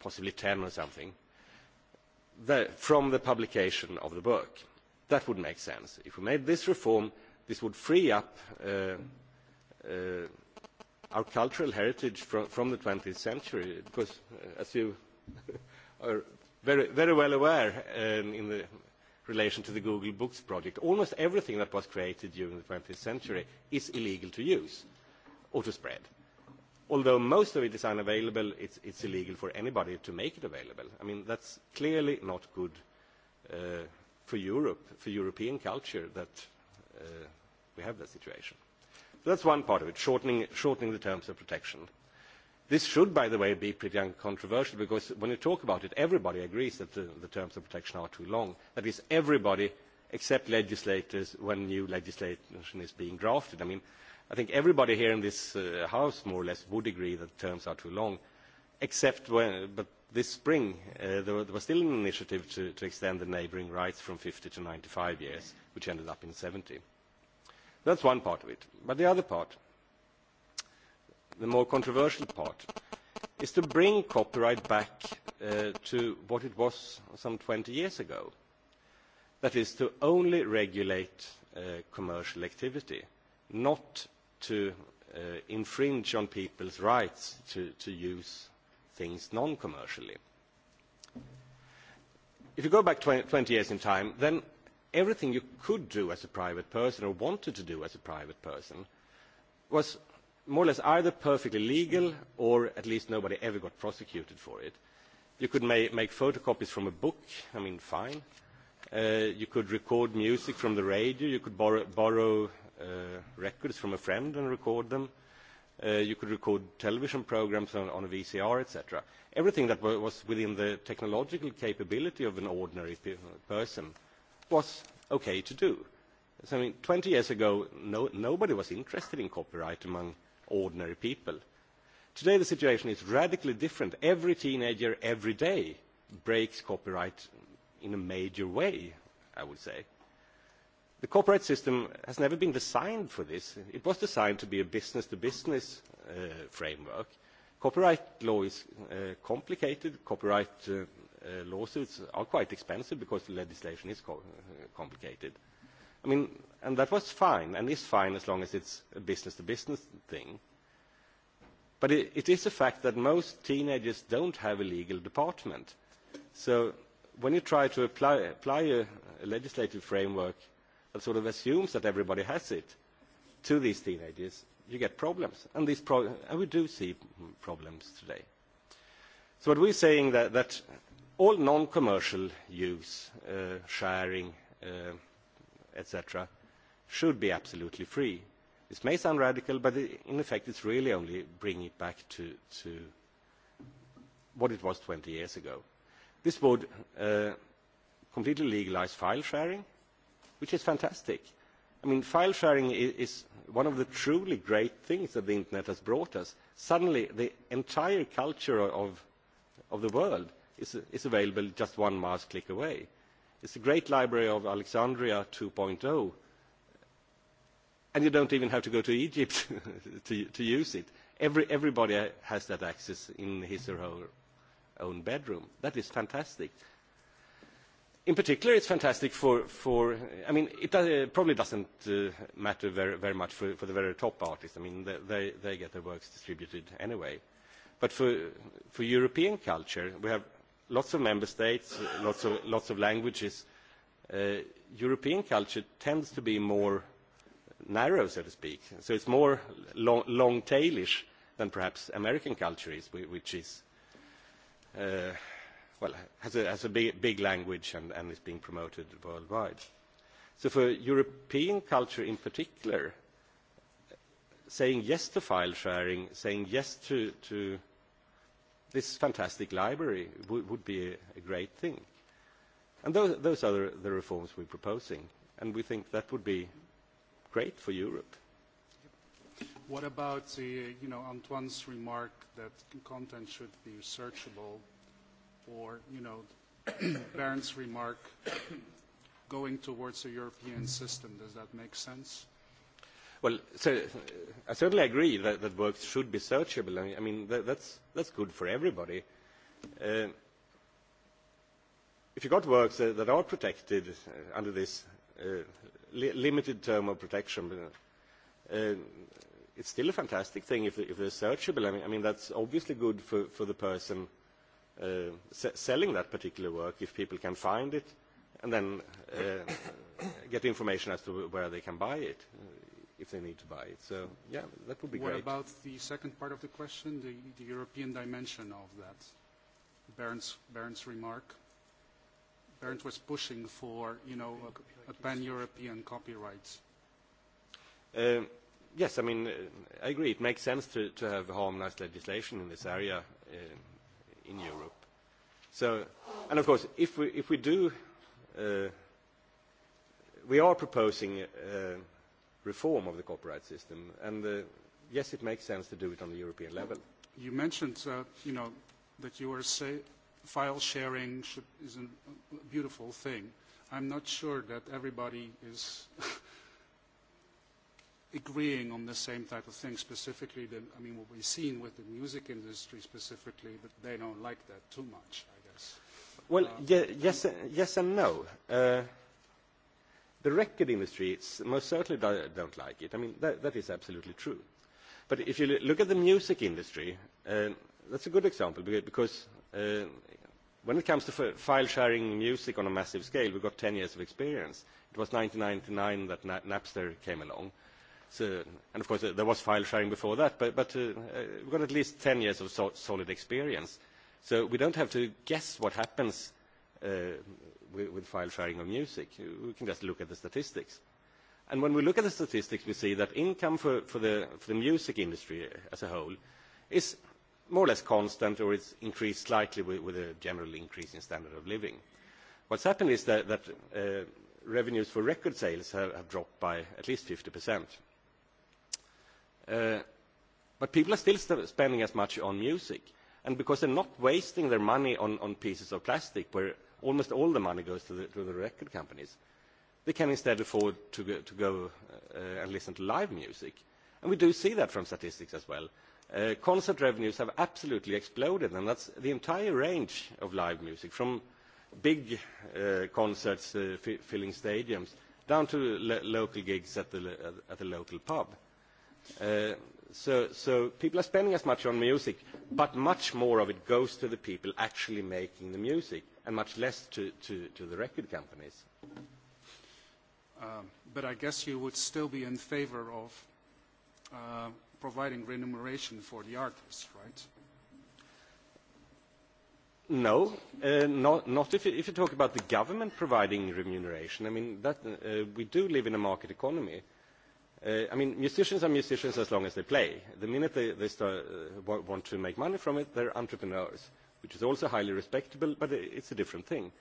possibly ten or something, from the publication of the book. That would make sense. If we made this reform, this would free up our cultural heritage from the 20th century, because as you are very, very well aware in the relation to the Google Books project. Almost everything that was created during the 20th century is illegal to use or to spread. Although most of it is unavailable, it's it's illegal for anybody to make it available. I mean, that's clearly not good for Europe, for European culture, that we have that situation. So that's one part of it, shortening shortening the terms of protection. This should, by the way, be pretty uncontroversial because when you talk about it, everybody agrees that the terms of protection are too long. That is, everybody except legislators when new legislation is being drafted. I mean, I think everybody here in this House more or less would agree that the terms are too long, except when, but this spring there was still an initiative to extend the neighbouring rights from 50 to 95 years, which ended up in 70. That's one part of it. But the other part the more controversial part, is to bring copyright back to what it was some 20 years ago. That is to only regulate commercial activity, not to infringe on people's rights to use things non-commercially. If you go back 20 years in time, then everything you could do as a private person or wanted to do as a private person was more or less either perfectly legal or at least nobody ever got prosecuted for it. You could make photocopies from a book, I mean, fine. You could record music from the radio. You could borrow records from a friend and record them. You could record television programs on a VCR, etc. Everything that was within the technological capability of an ordinary person was okay to do. So, I 20 years ago, nobody was interested in copyright among ordinary people. Today the situation is radically different. Every teenager, every day, breaks copyright in a major way, I would say. The copyright system has never been designed for this. It was designed to be a business-to-business framework. Copyright law is complicated. Copyright lawsuits are quite expensive because the legislation is complicated. I mean, and that was fine and is fine as long as it's a business-to-business thing. But it is a fact that most teenagers don't have a legal department. So when you try to apply a legislative framework that sort of assumes that everybody has it to these teenagers, you get problems. And these we do see problems today. So what we're saying that all non-commercial use, sharing, etc., should be absolutely free. This may sound radical, but in effect it's really only bringing it back to what it was 20 years ago. This would completely legalise file sharing, which is fantastic. I mean, file sharing is one of the truly great things that the Internet has brought us. Suddenly, the entire culture of the world is available just one mouse click away. It's a Great Library of Alexandria 2.0, and you don't even have to go to Egypt to to use it. Every Everybody has that access in his or her own bedroom. That is fantastic. In particular, it's fantastic for, for I mean, it probably doesn't matter very much for the very top artists. I mean, they they get their works distributed anyway. But for for European culture, we have lots of member states, lots of languages, European culture tends to be more narrow, so to speak. So it's more long-tailish than perhaps American culture is, which is, well, has a big language and is being promoted worldwide. So for European culture in particular, saying yes to file sharing, saying yes to this fantastic library would be a great thing. And those are the reforms we're proposing, and we think that would be great for Europe. What about the, you know, Antoine's remark that content should be searchable, or, you know, Baron's remark going towards a European system? Does that make sense? Well, I certainly agree that works should be searchable. I mean, that's good for everybody. If you got works that are protected under this limited term of protection, it's still a fantastic thing if they're searchable. I mean, that's obviously good for the person selling that particular work if people can find it and then get information as to where they can buy it if they need to buy it. So, yeah, that would be great. What about the second part of the question, the European dimension of that? Bernd's remark. Bernd was pushing for, you know, a pan-European copyright. Yes, I mean, I agree. It makes sense to have harmonized legislation in this area in Europe. So, and of course, if we do, we are proposing reform of the copyright system. And yes, it makes sense to do it on the European level. You mentioned, you know, that you file sharing is a beautiful thing. I'm not sure that everybody is agreeing on the same type of thing specifically. That, I mean, what we've seen with the music industry specifically, but they don't like that too much, I guess. Well, yes, yes and no The record industry most certainly don't like it. I mean, that is absolutely true. But if you look at the music industry, that's a good example because when it comes to file sharing music on a massive scale, we've got 10 years of experience. It was 1999 that Napster came along. And of course, there was file sharing before that, but we've got at least 10 years of solid experience. So we don't have to guess what happens with file sharing of music. We can just look at the statistics. And when we look at the statistics, we see that income for the music industry as a whole is more or less constant or it's increased slightly with a general increase in standard of living. What's happened is that revenues for record sales have dropped by at least 50%. But people are still spending as much on music. And because they're not wasting their money on pieces of plastic where almost all the money goes to the record companies. They can instead afford to go and listen to live music. And we do see that from statistics as well. Concert revenues have absolutely exploded, and that's the entire range of live music, from big concerts filling stadiums down to local gigs at the local pub. So people are spending as much on music, but much more of it goes to the people actually making the music and much less to the record companies. But I guess you would still be in favor of providing remuneration for the artists, right? No, not if you talk about the government providing remuneration. I mean, we do live in a market economy. I mean, musicians are musicians as long as they play. The minute they start want to make money from it, they're entrepreneurs which is also highly respectable, but it's a different thing.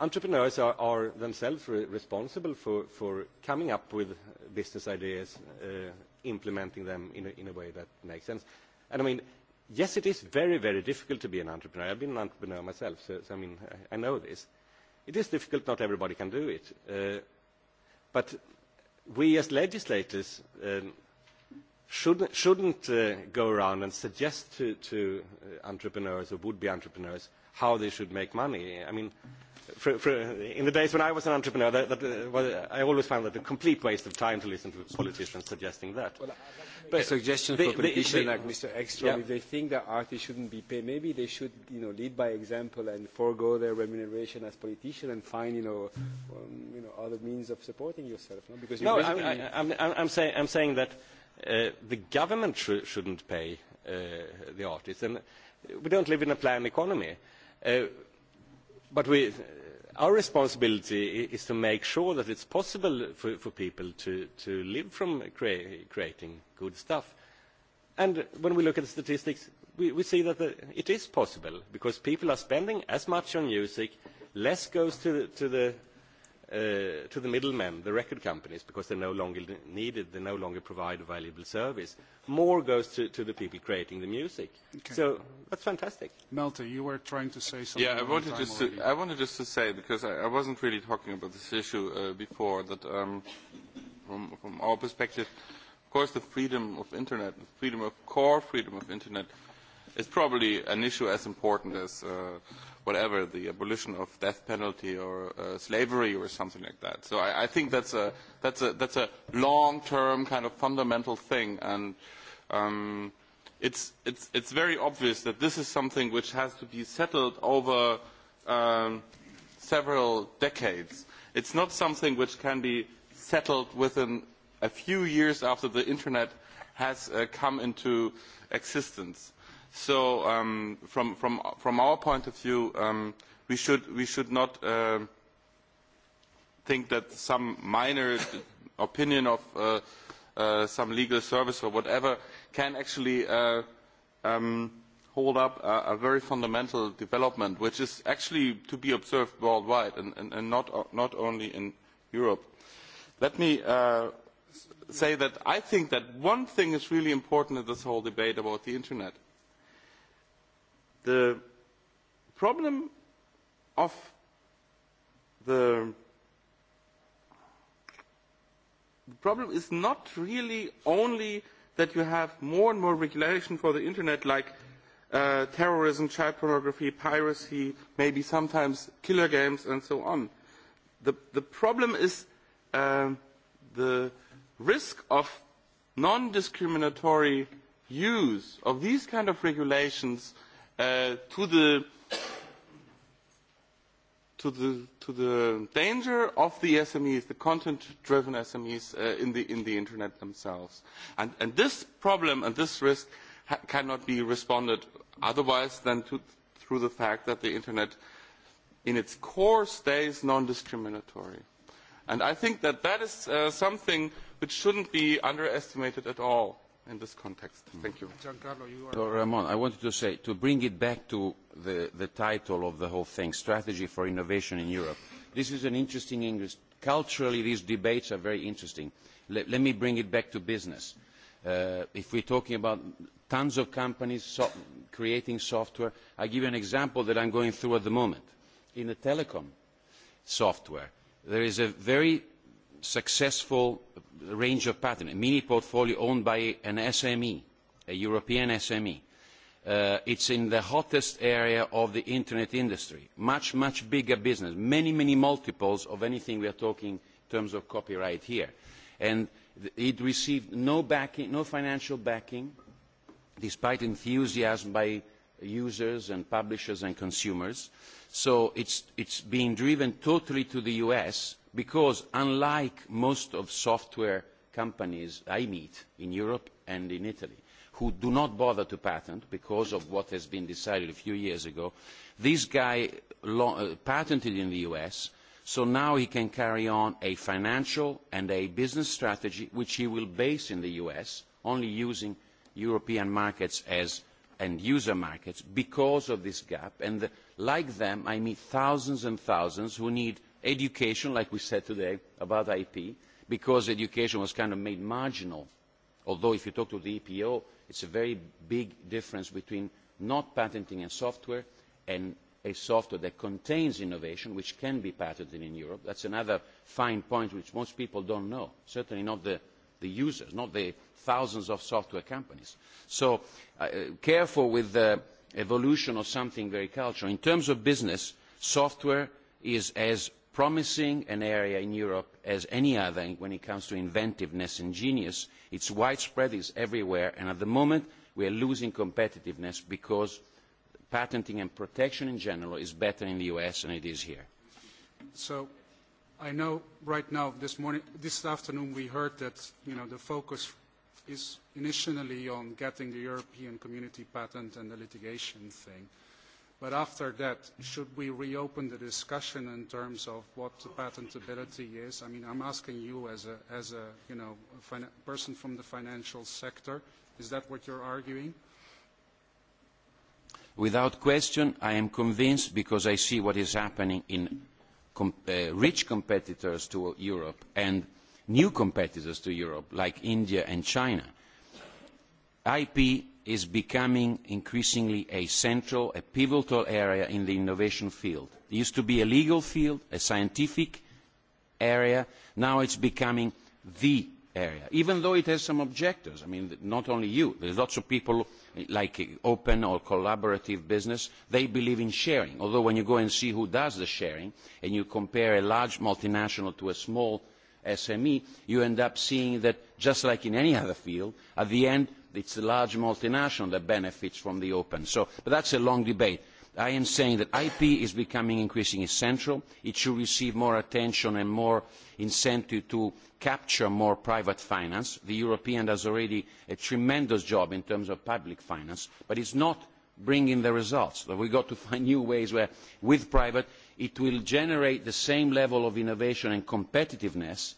Entrepreneurs are themselves responsible for coming up with business ideas, implementing them in a way that makes sense. And I mean, yes, it is very, very difficult to be an entrepreneur. I've been an entrepreneur myself, so I mean, I know this. It is difficult. Not everybody can do it. But we as legislators shouldn't go around and suggest to entrepreneurs or would be entrepreneurs how they should make money. I mean, in the days when I was an entrepreneur, I always found that a complete waste of time to listen to politicians suggesting that. But a suggestion for politicians like Mr. Ekstrom, if they think that artists shouldn't be paid, maybe they should, you know, lead by example and forego their remuneration as politicians and find, you know, other means of supporting yourself. No, because I'm, I'm saying that the government shouldn't pay the artists. And we don't live in a planned economy. But our responsibility is to make sure that it's possible for people to live from creating good stuff. And when we look at the statistics, we see that it is possible because people are spending as much on music, less goes to the to the middlemen, the record companies, because they no longer needed they no longer provide a valuable service. More goes to the people creating the music. So that's fantastic. Melter you were trying to say something. Yeah, I wanted just to, say because I, wasn't really talking about this issue before that from, our perspective, of course, the freedom of internet, the freedom of core freedom of internet, is probably an issue as important as whatever the abolition of death penalty or slavery or something like that. So I think that's a that's a that's a long term kind of fundamental thing and it's it's it's very obvious that this is something which has to be settled over several decades. It's not something which can be settled within a few years after the internet has come into existence So from our point of view, we should not think that some minor opinion of some legal service or whatever can actually hold up a very fundamental development, which is actually to be observed worldwide and not only in Europe. Let me say that I think that one thing is really important in this whole debate about the Internet The problem of the problem is not really only that you have more and more regulation for the Internet like terrorism, child pornography, piracy, maybe sometimes killer games and so on. The problem is the risk of non-discriminatory use of these kind of regulations to the to the to the danger of the SMEs, the content-driven SMEs in the internet themselves, and this problem and this risk cannot be responded otherwise than through the fact that the internet, in its core, stays non-discriminatory, and I think that that is something which shouldn't be underestimated at all in this context. Thank you. Ramon, I wanted to say, to bring it back to the title of the whole thing, Strategy for Innovation in Europe. This is an interesting English. Culturally, these debates are very interesting. Let me bring it back to business. If we're talking about tons of companies creating software, I give you an example that I'm going through at the moment. In the telecom software, there is a very successful range of patents, a mini portfolio owned by an SME, a European SME. It's in the hottest area of the Internet industry. Much, much bigger business. Many, many multiples of anything we are talking in terms of copyright here. And it received no financial backing, despite enthusiasm by users and publishers and consumers. So it's being driven totally to the U.S because unlike most of software companies I meet in Europe and in Italy, who do not bother to patent because of what has been decided a few years ago, this guy patented in the US, so now he can carry on a financial and a business strategy which he will base in the US, only using European markets as and user markets because of this gap. And like them, I meet thousands and thousands who need education, like we said today about IP, because education was kind of made marginal. Although if you talk to the EPO, it's a very big difference between not patenting a software and a software that contains innovation, which can be patented in Europe. That's another fine point which most people don't know, certainly not the users, not the thousands of software companies. So careful with the evolution of something very cultural. In terms of business, software is as promising an area in Europe as any other when it comes to inventiveness and genius. It's widespread, is everywhere, and at the moment we are losing competitiveness because patenting and protection in general is better in the US than it is here. So I know right now, this morning, this afternoon, we heard that the focus is initially on getting the European Community patent and the litigation thing. But after that, should we reopen the discussion in terms of what patentability is? I mean, I'm asking you as a, person from the financial sector, is that what you're arguing? Without question, I am convinced because I see what is happening in rich competitors to Europe and new competitors to Europe, like India and China. IP is becoming increasingly a central, a pivotal area in the innovation field. It used to be a legal field, a scientific area. Now it's becoming the area, even though it has some objectors. I mean, not only you. There's lots of people like open or collaborative business. They believe in sharing, although when you go and see who does the sharing and you compare a large multinational to a small SME, you end up seeing that, just like in any other field, at the end, It is the large multinational that benefits from the open. But but is a long debate. I am saying that IP is becoming increasingly central. It should receive more attention and more incentive to capture more private finance. The European does already a tremendous job in terms of public finance, but it is not bringing the results. We got to find new ways where, with private, it will generate the same level of innovation and competitiveness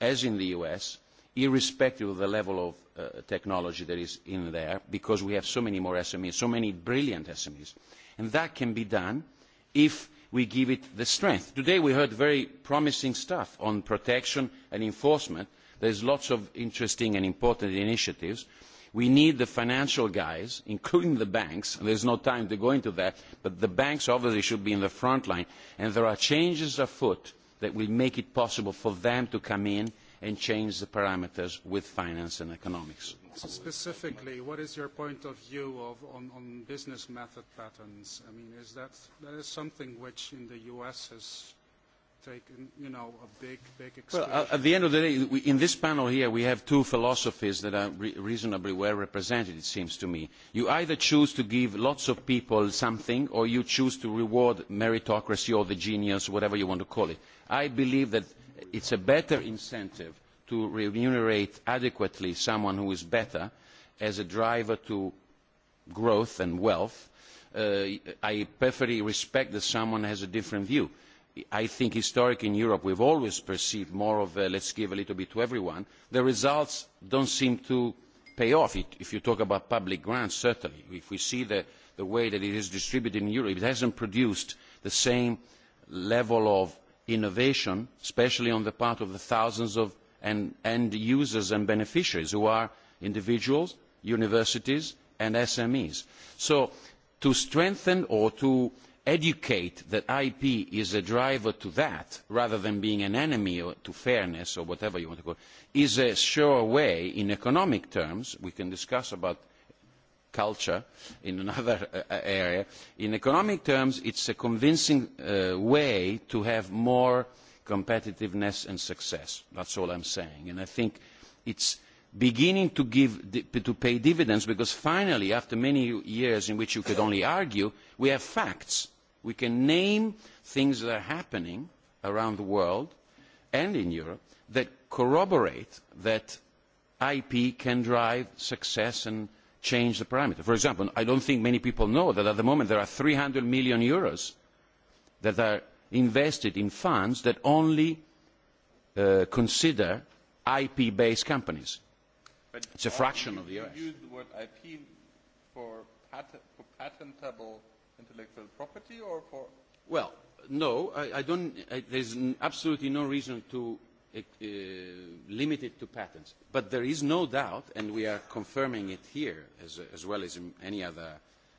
as in the US irrespective of the level of technology that is in there, because we have so many more SMEs, so many brilliant SMEs. And that can be done if we give it the strength. Today we heard very promising stuff on protection and enforcement. There are lots of interesting and important initiatives. We need the financial guys, including the banks, and there is no time to go into that, but the banks obviously should be in the front line, and there are changes afoot that will make it possible for them to come in and change the parameters with finance and economics. Specifically, what is your point of view on business method patterns? I mean, is that is something which in the U.S. has taken, you know, a big, big experience? Well, at the end of the day, in this panel here, we have two philosophies that are reasonably well represented, it seems to me. You either choose to give lots of people something, or you choose to reward meritocracy or the genius, whatever you want to call it. I believe that it is a better incentive to remunerate adequately someone who is better as a driver to growth and wealth. I perfectly respect that someone has a different view. I think historically in Europe we have always perceived more of a let's give a little bit to everyone. The results don't seem to pay off. If you talk about public grants, certainly. If we see the way that it is distributed in Europe, it not produced the same level of innovation, especially on the part of the thousands of end users and beneficiaries who are individuals, universities and SMEs. So to strengthen or to educate that IP is a driver to that rather than being an enemy to fairness or whatever you want to call it is a sure way in economic terms we can discuss about culture in another area. In economic terms, it's a convincing way to have more competitiveness and success. That's all I'm saying. And I think it's beginning to pay dividends because finally, after many years in which you could only argue, we have facts. We can name things that are happening around the world and in Europe that corroborate that IP can drive success and change the parameter. For example, I don't think many people know that at the moment there are 300 million euros that are invested in funds that only consider IP-based companies. It's a fraction of the US. You use the word IP for patentable intellectual property or for? Well, no, I don't. There's absolutely no reason to limited to patents. But there is no doubt, and we are confirming it here as well as in any other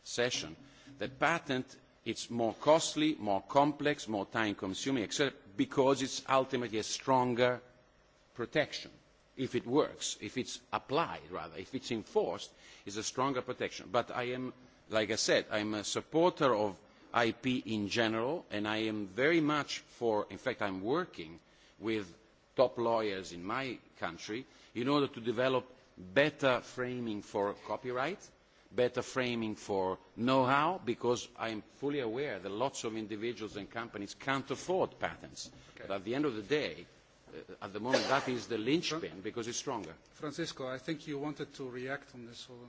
session, that patent it's more costly, more complex, more time-consuming, except because it's ultimately a stronger protection. If it works, if it's applied, rather, if it's enforced, it's a stronger protection. But I am, like I said, I'm a supporter of IP in general, and I am very much for, in fact, I'm working with top lawyers in my country in order to develop better framing for copyright, better framing for know-how, because I am fully aware that lots of individuals and companies can't afford patents. But at the end of the day, at the moment, that is the linchpin, because it's stronger. Francisco, I think you wanted to react on this. Well,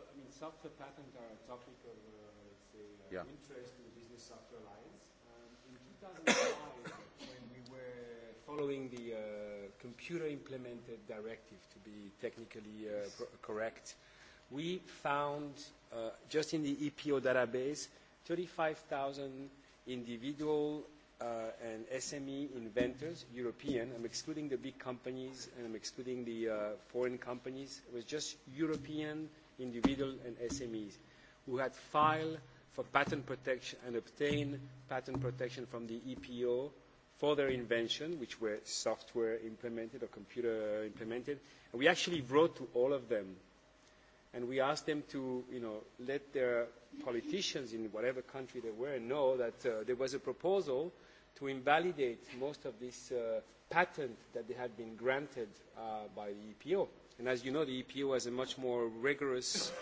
I mean, software patents are a topic of, interest in Business Software Alliance. In 2005, following the computer-implemented directive, to be technically correct, we found, just in the EPO database, 35,000 individual and SME inventors, European. I'm excluding the big companies and I'm excluding the foreign companies. It was just European individual and SMEs who had filed for patent protection and obtained patent protection from the EPO for their invention, which were software implemented or computer implemented. And we actually wrote to all of them. And we asked them to, you know, let their politicians in whatever country they were know that there was a proposal to invalidate most of this patent that they had been granted by the EPO. And as you know, the EPO has a much more rigorous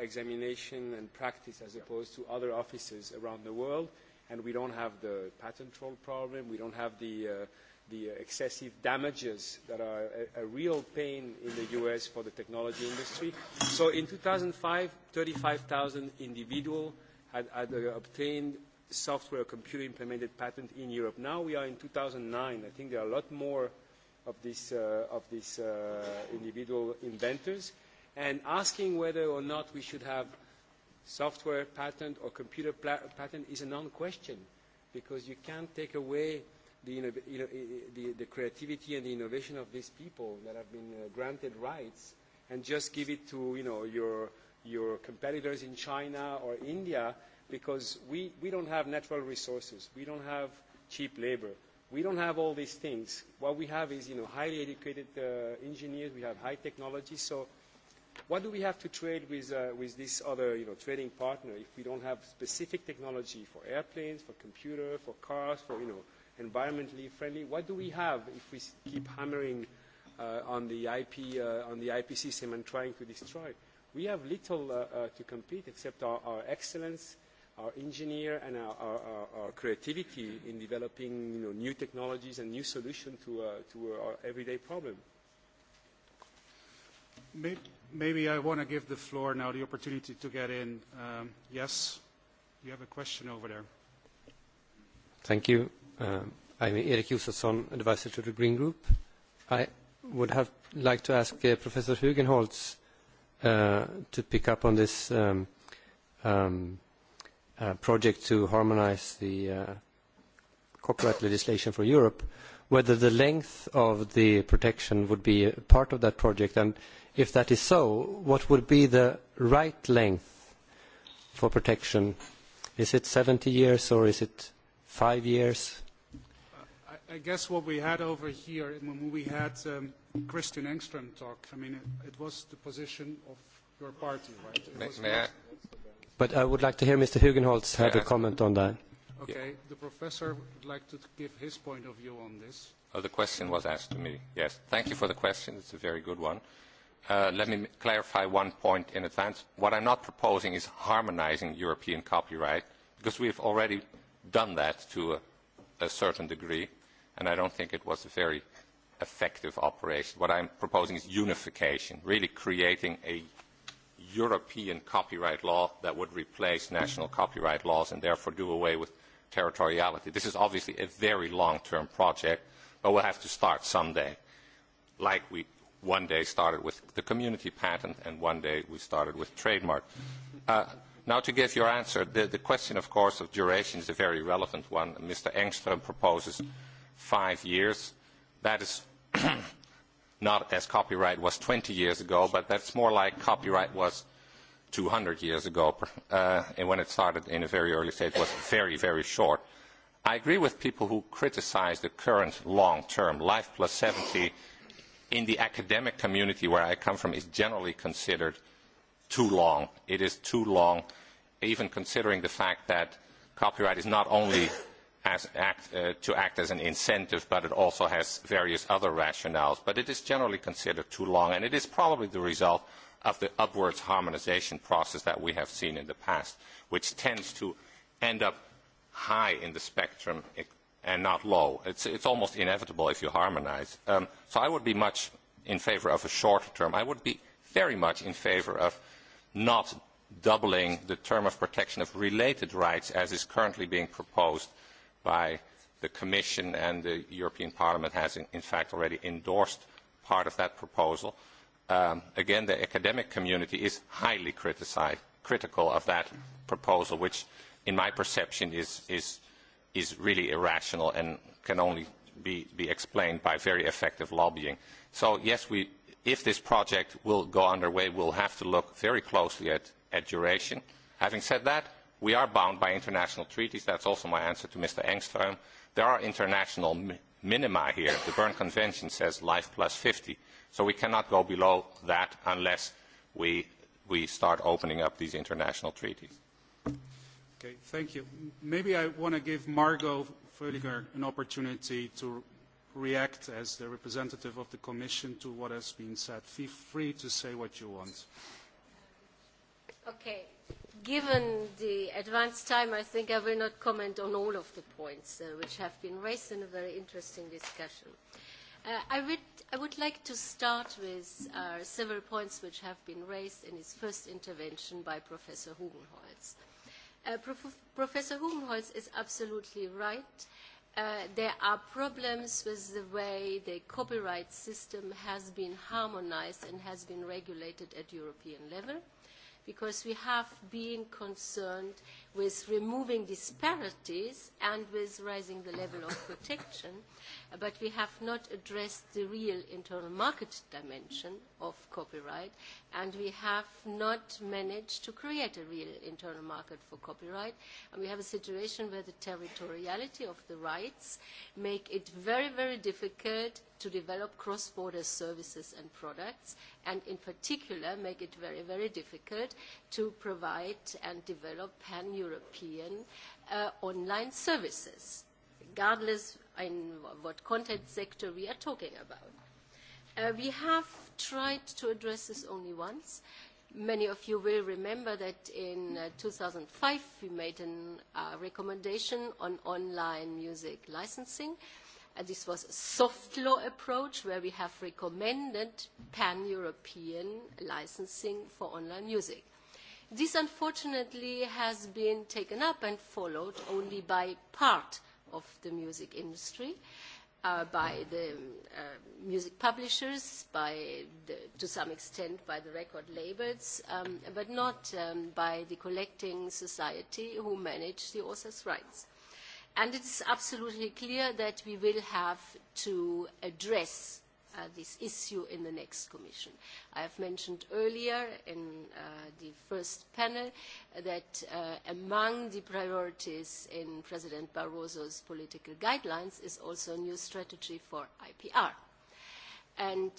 examination and practice as opposed to other offices around the world and we don't have the patent troll problem, we don't have the the excessive damages that are a real pain in the U.S. for the technology industry. So in 2005, 35,000 individuals had obtained software computer-implemented patent in Europe. Now we are in 2009. I think there are a lot more of these individual inventors. And asking whether or not we should have software patent or computer patent is a non-question because you can't take away the creativity and the innovation of these people that have been granted rights and just give it to your your competitors in China or India because we we don't have natural resources. We don't have cheap labor. We don't have all these things. What we have is highly educated engineers. We have high technology. So What do we have to trade with this other trading partner if we don't have specific technology for airplanes, for computers, for cars, for environmentally friendly? What do we have if we keep hammering on the IP system and trying to destroy? We have little to compete except our excellence, our engineer, and our creativity in developing new technologies and new solutions to our everyday problem. Maybe I want to give the floor now the opportunity to get in. Yes, you have a question over there. Thank you. I'm Erik Josefsson, advisor to the Green Group. I would have liked to ask Professor Hugenholz to pick up on this project to harmonize the copyright legislation for Europe, whether the length of the protection would be part of that project, and if that is so, what would be the right length for protection? Is it 70 years or is it five years? I guess what we had over here, when we had Christian Engström talk, I mean, it was the position of your party, right? But I would like to hear Mr. Hugenholz have a comment on that. Okay, the professor would like to give his point of view on this. The question was asked to me, yes. Thank you for the question. It's a very good one. Let me clarify one point in advance. What I'm not proposing is harmonizing European copyright, because we've already done that to a certain degree, and I don't think it was a very effective operation. What I'm proposing is unification, really creating a European copyright law that would replace national copyright laws and therefore do away with territoriality. This is obviously a very long-term project, but we'll have to start someday, like we one day started with the community patent and one day we started with trademark. Now to give your answer, the question of course of duration is a very relevant one. Mr. Engström proposes five years. That is not as copyright was 20 years ago, but that's more like copyright was 200 years ago. And when it started in a very early stage, it was very, very short. I agree with people who criticize the current long-term. Life plus 70 in the academic community where I come from is generally considered too long. It is too long, even considering the fact that copyright is not only act to act as an incentive, but it also has various other rationales. But it is generally considered too long, and it is probably the result of the upwards harmonization process that we have seen in the past, which tends to end up high in the spectrum and not low. It's almost inevitable if you harmonise. So I would be much in favour of a shorter term. I would be very much in favour of not doubling the term of protection of related rights as is currently being proposed by the Commission and the European Parliament has in fact already endorsed part of that proposal. Again, the academic community is highly critical of that proposal, which in my perception is is really irrational and can only be explained by very effective lobbying. So, yes, if this project will go underway, we'll have to look very closely at duration. Having said that, we are bound by international treaties. That's also my answer to Mr. Engström. There are international minima here. The Berne Convention says life plus 50. So we cannot go below that unless we start opening up these international treaties. Okay, thank you. Maybe I want to give Margot Völliger an opportunity to react as the representative of the Commission to what has been said. Feel free to say what you want. Okay. Given the advanced time, I think I will not comment on all of the points which have been raised in a very interesting discussion. I would I would like to start with several points which have been raised in his first intervention by Professor Hugenholz. Professor Humholz is absolutely right. There are problems with the way the copyright system has been harmonized and has been regulated at European level because we have been concerned with removing disparities and with raising the level of protection, but we have not addressed the real internal market dimension of copyright, and we have not managed to create a real internal market for copyright. And we have a situation where the territoriality of the rights make it very, very difficult to develop cross-border services and products, and in particular make it very, very difficult to provide and develop pan european European online services, regardless in what content sector we are talking about. We have tried to address this only once. Many of you will remember that in 2005 we made a recommendation on online music licensing. This was a soft law approach where we have recommended pan-European licensing for online music. This unfortunately has been taken up and followed only by part of the music industry, by the music publishers, by to some extent by the record labels, but not by the collecting society who manage the author's rights. And it is absolutely clear that we will have to address this issue in the next Commission. I have mentioned earlier in the first panel that among the priorities in President Barroso's political guidelines is also a new strategy for IPR. And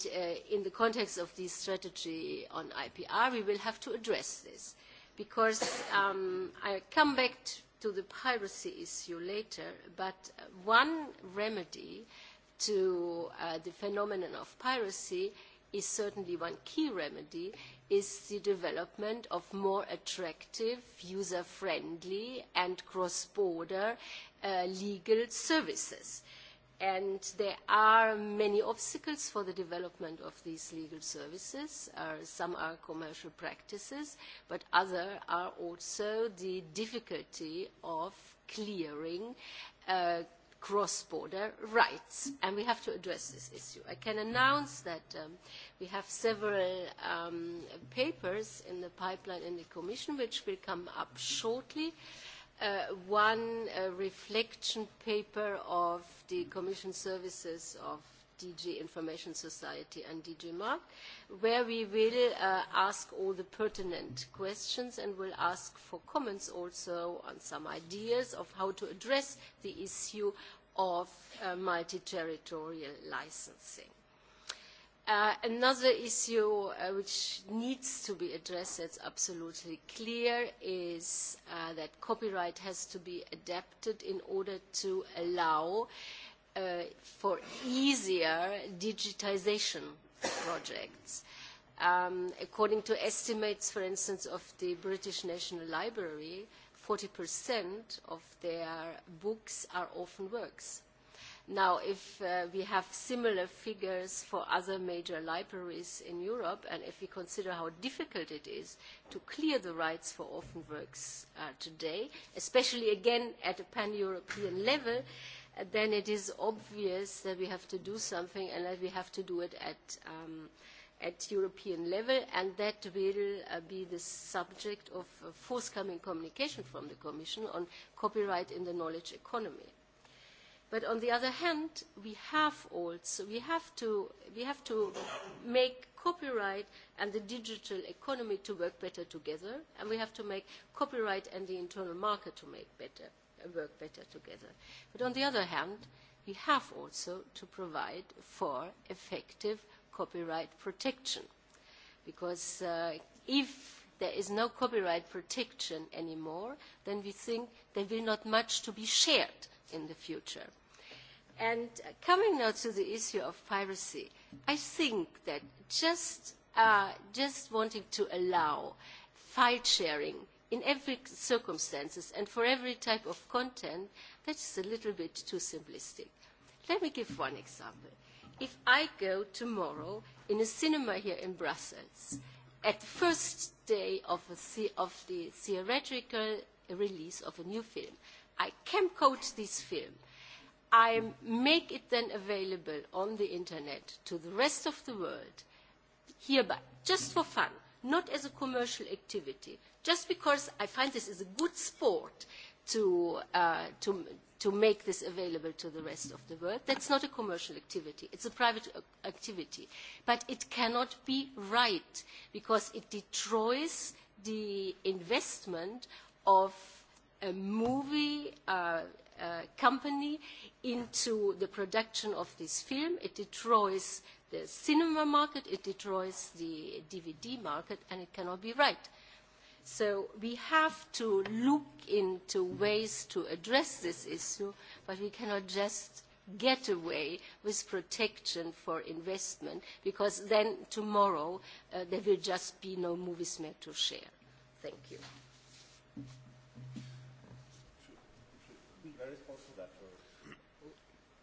in the context of this strategy on IPR, we will have to address this because I come back to the piracy issue later, but one remedy to the phenomenon of piracy is certainly one key remedy is the development of more attractive, user-friendly and cross-border legal services. And there are many obstacles for the development of these legal services. Some are commercial practices, but other are also the difficulty of clearing cross-border rights, and we have to address this issue. I can announce that we have several papers in the pipeline in the Commission, which will come up shortly. One reflection paper of the Commission Services of DG Information Society and DG Mark, where we will ask all the pertinent questions and will ask for comments also on some ideas of how to address the issue of multi-territorial licensing. Another issue which needs to be addressed, that's absolutely clear, is that copyright has to be adapted in order to allow for easier digitization projects. According to estimates, for instance, of the British National Library, 40% of their books are orphan works. Now, if we have similar figures for other major libraries in Europe, and if we consider how difficult it is to clear the rights for orphan works today, especially again at a pan-European level, then it is obvious that we have to do something and that we have to do it at at European level, and that will be the subject of forthcoming communication from the Commission on copyright in the knowledge economy. But on the other hand, we have also we have to we have to make copyright and the digital economy to work better together, and we have to make copyright and the internal market to make better work better together. But on the other hand, we have also to provide for effective copyright protection. Because if there is no copyright protection anymore, then we think there will not much to be shared in the future. And coming now to the issue of piracy, I think that just wanting to allow file sharing in every circumstances and for every type of content, that is a little bit too simplistic. Let me give one example if I go tomorrow in a cinema here in Brussels, at the first day of the theoretical release of a new film, I camcode this film. I make it then available on the Internet to the rest of the world, hereby, just for fun, not as a commercial activity, just because I find this is a good sport to to make this available to the rest of the world. That's not a commercial activity. It's a private activity. But it cannot be right because it destroys the investment of a movie company into the production of this film. It destroys the cinema market. It destroys the DVD market. And it cannot be right. So we have to look into ways to address this issue, but we cannot just get away with protection for investment, because then tomorrow there will just be no movies made to share. Thank you.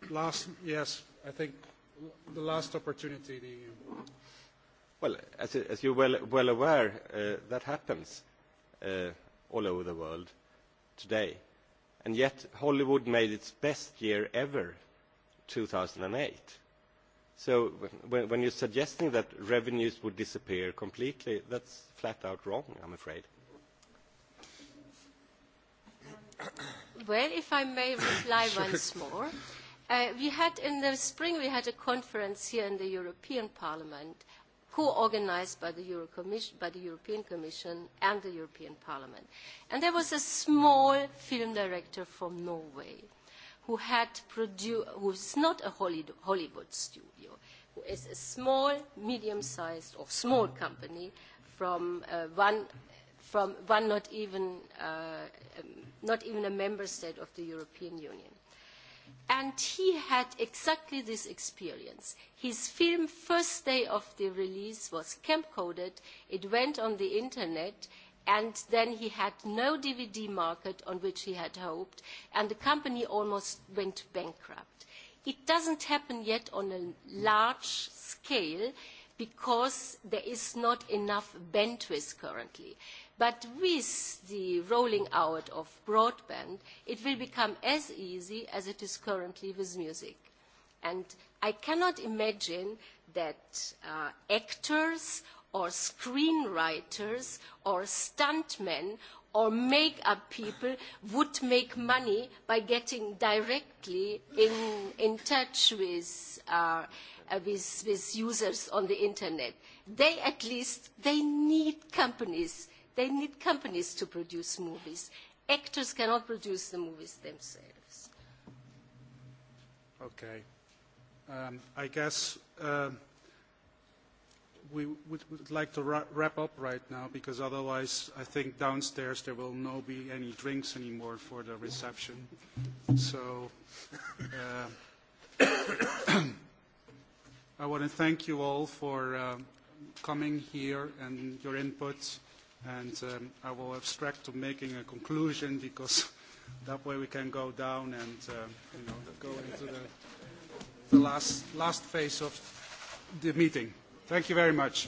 Last, yes, I think the last opportunity. Well, as you're well aware, that happens all over the world today. And yet Hollywood made its best year ever, 2008. So when you're suggesting that revenues would disappear completely, that's flat out wrong, I'm afraid. Well, if I may reply once more. We had in the spring, we had a conference here in the European Parliament co-organized by the European Commission and the European Parliament. And there was a small film director from Norway who had produced, who is not a Hollywood studio, who is a small, medium-sized or small company from one from one not even not even a member state of the European Union and he had exactly this experience. His film, first day of the release, was coded, it went on the internet, and then he had no DVD market on which he had hoped, and the company almost went bankrupt. It doesn't happen yet on a large scale because there is not enough bandwidth currently. But with the rolling out of broadband, it will become as easy as it is currently with music. And I cannot imagine that actors or screenwriters or stuntmen or make-up people would make money by getting directly in touch with users on the Internet. They at least, they need companies They need companies to produce movies. Actors cannot produce the movies themselves. Okay. I guess we would like to wrap up right now because otherwise I think downstairs there will not be any drinks anymore for the reception. So I want to thank you all for coming here and your input and I will abstract to making a conclusion because that way we can go down and you know go into the last last phase of the meeting. Thank you very much.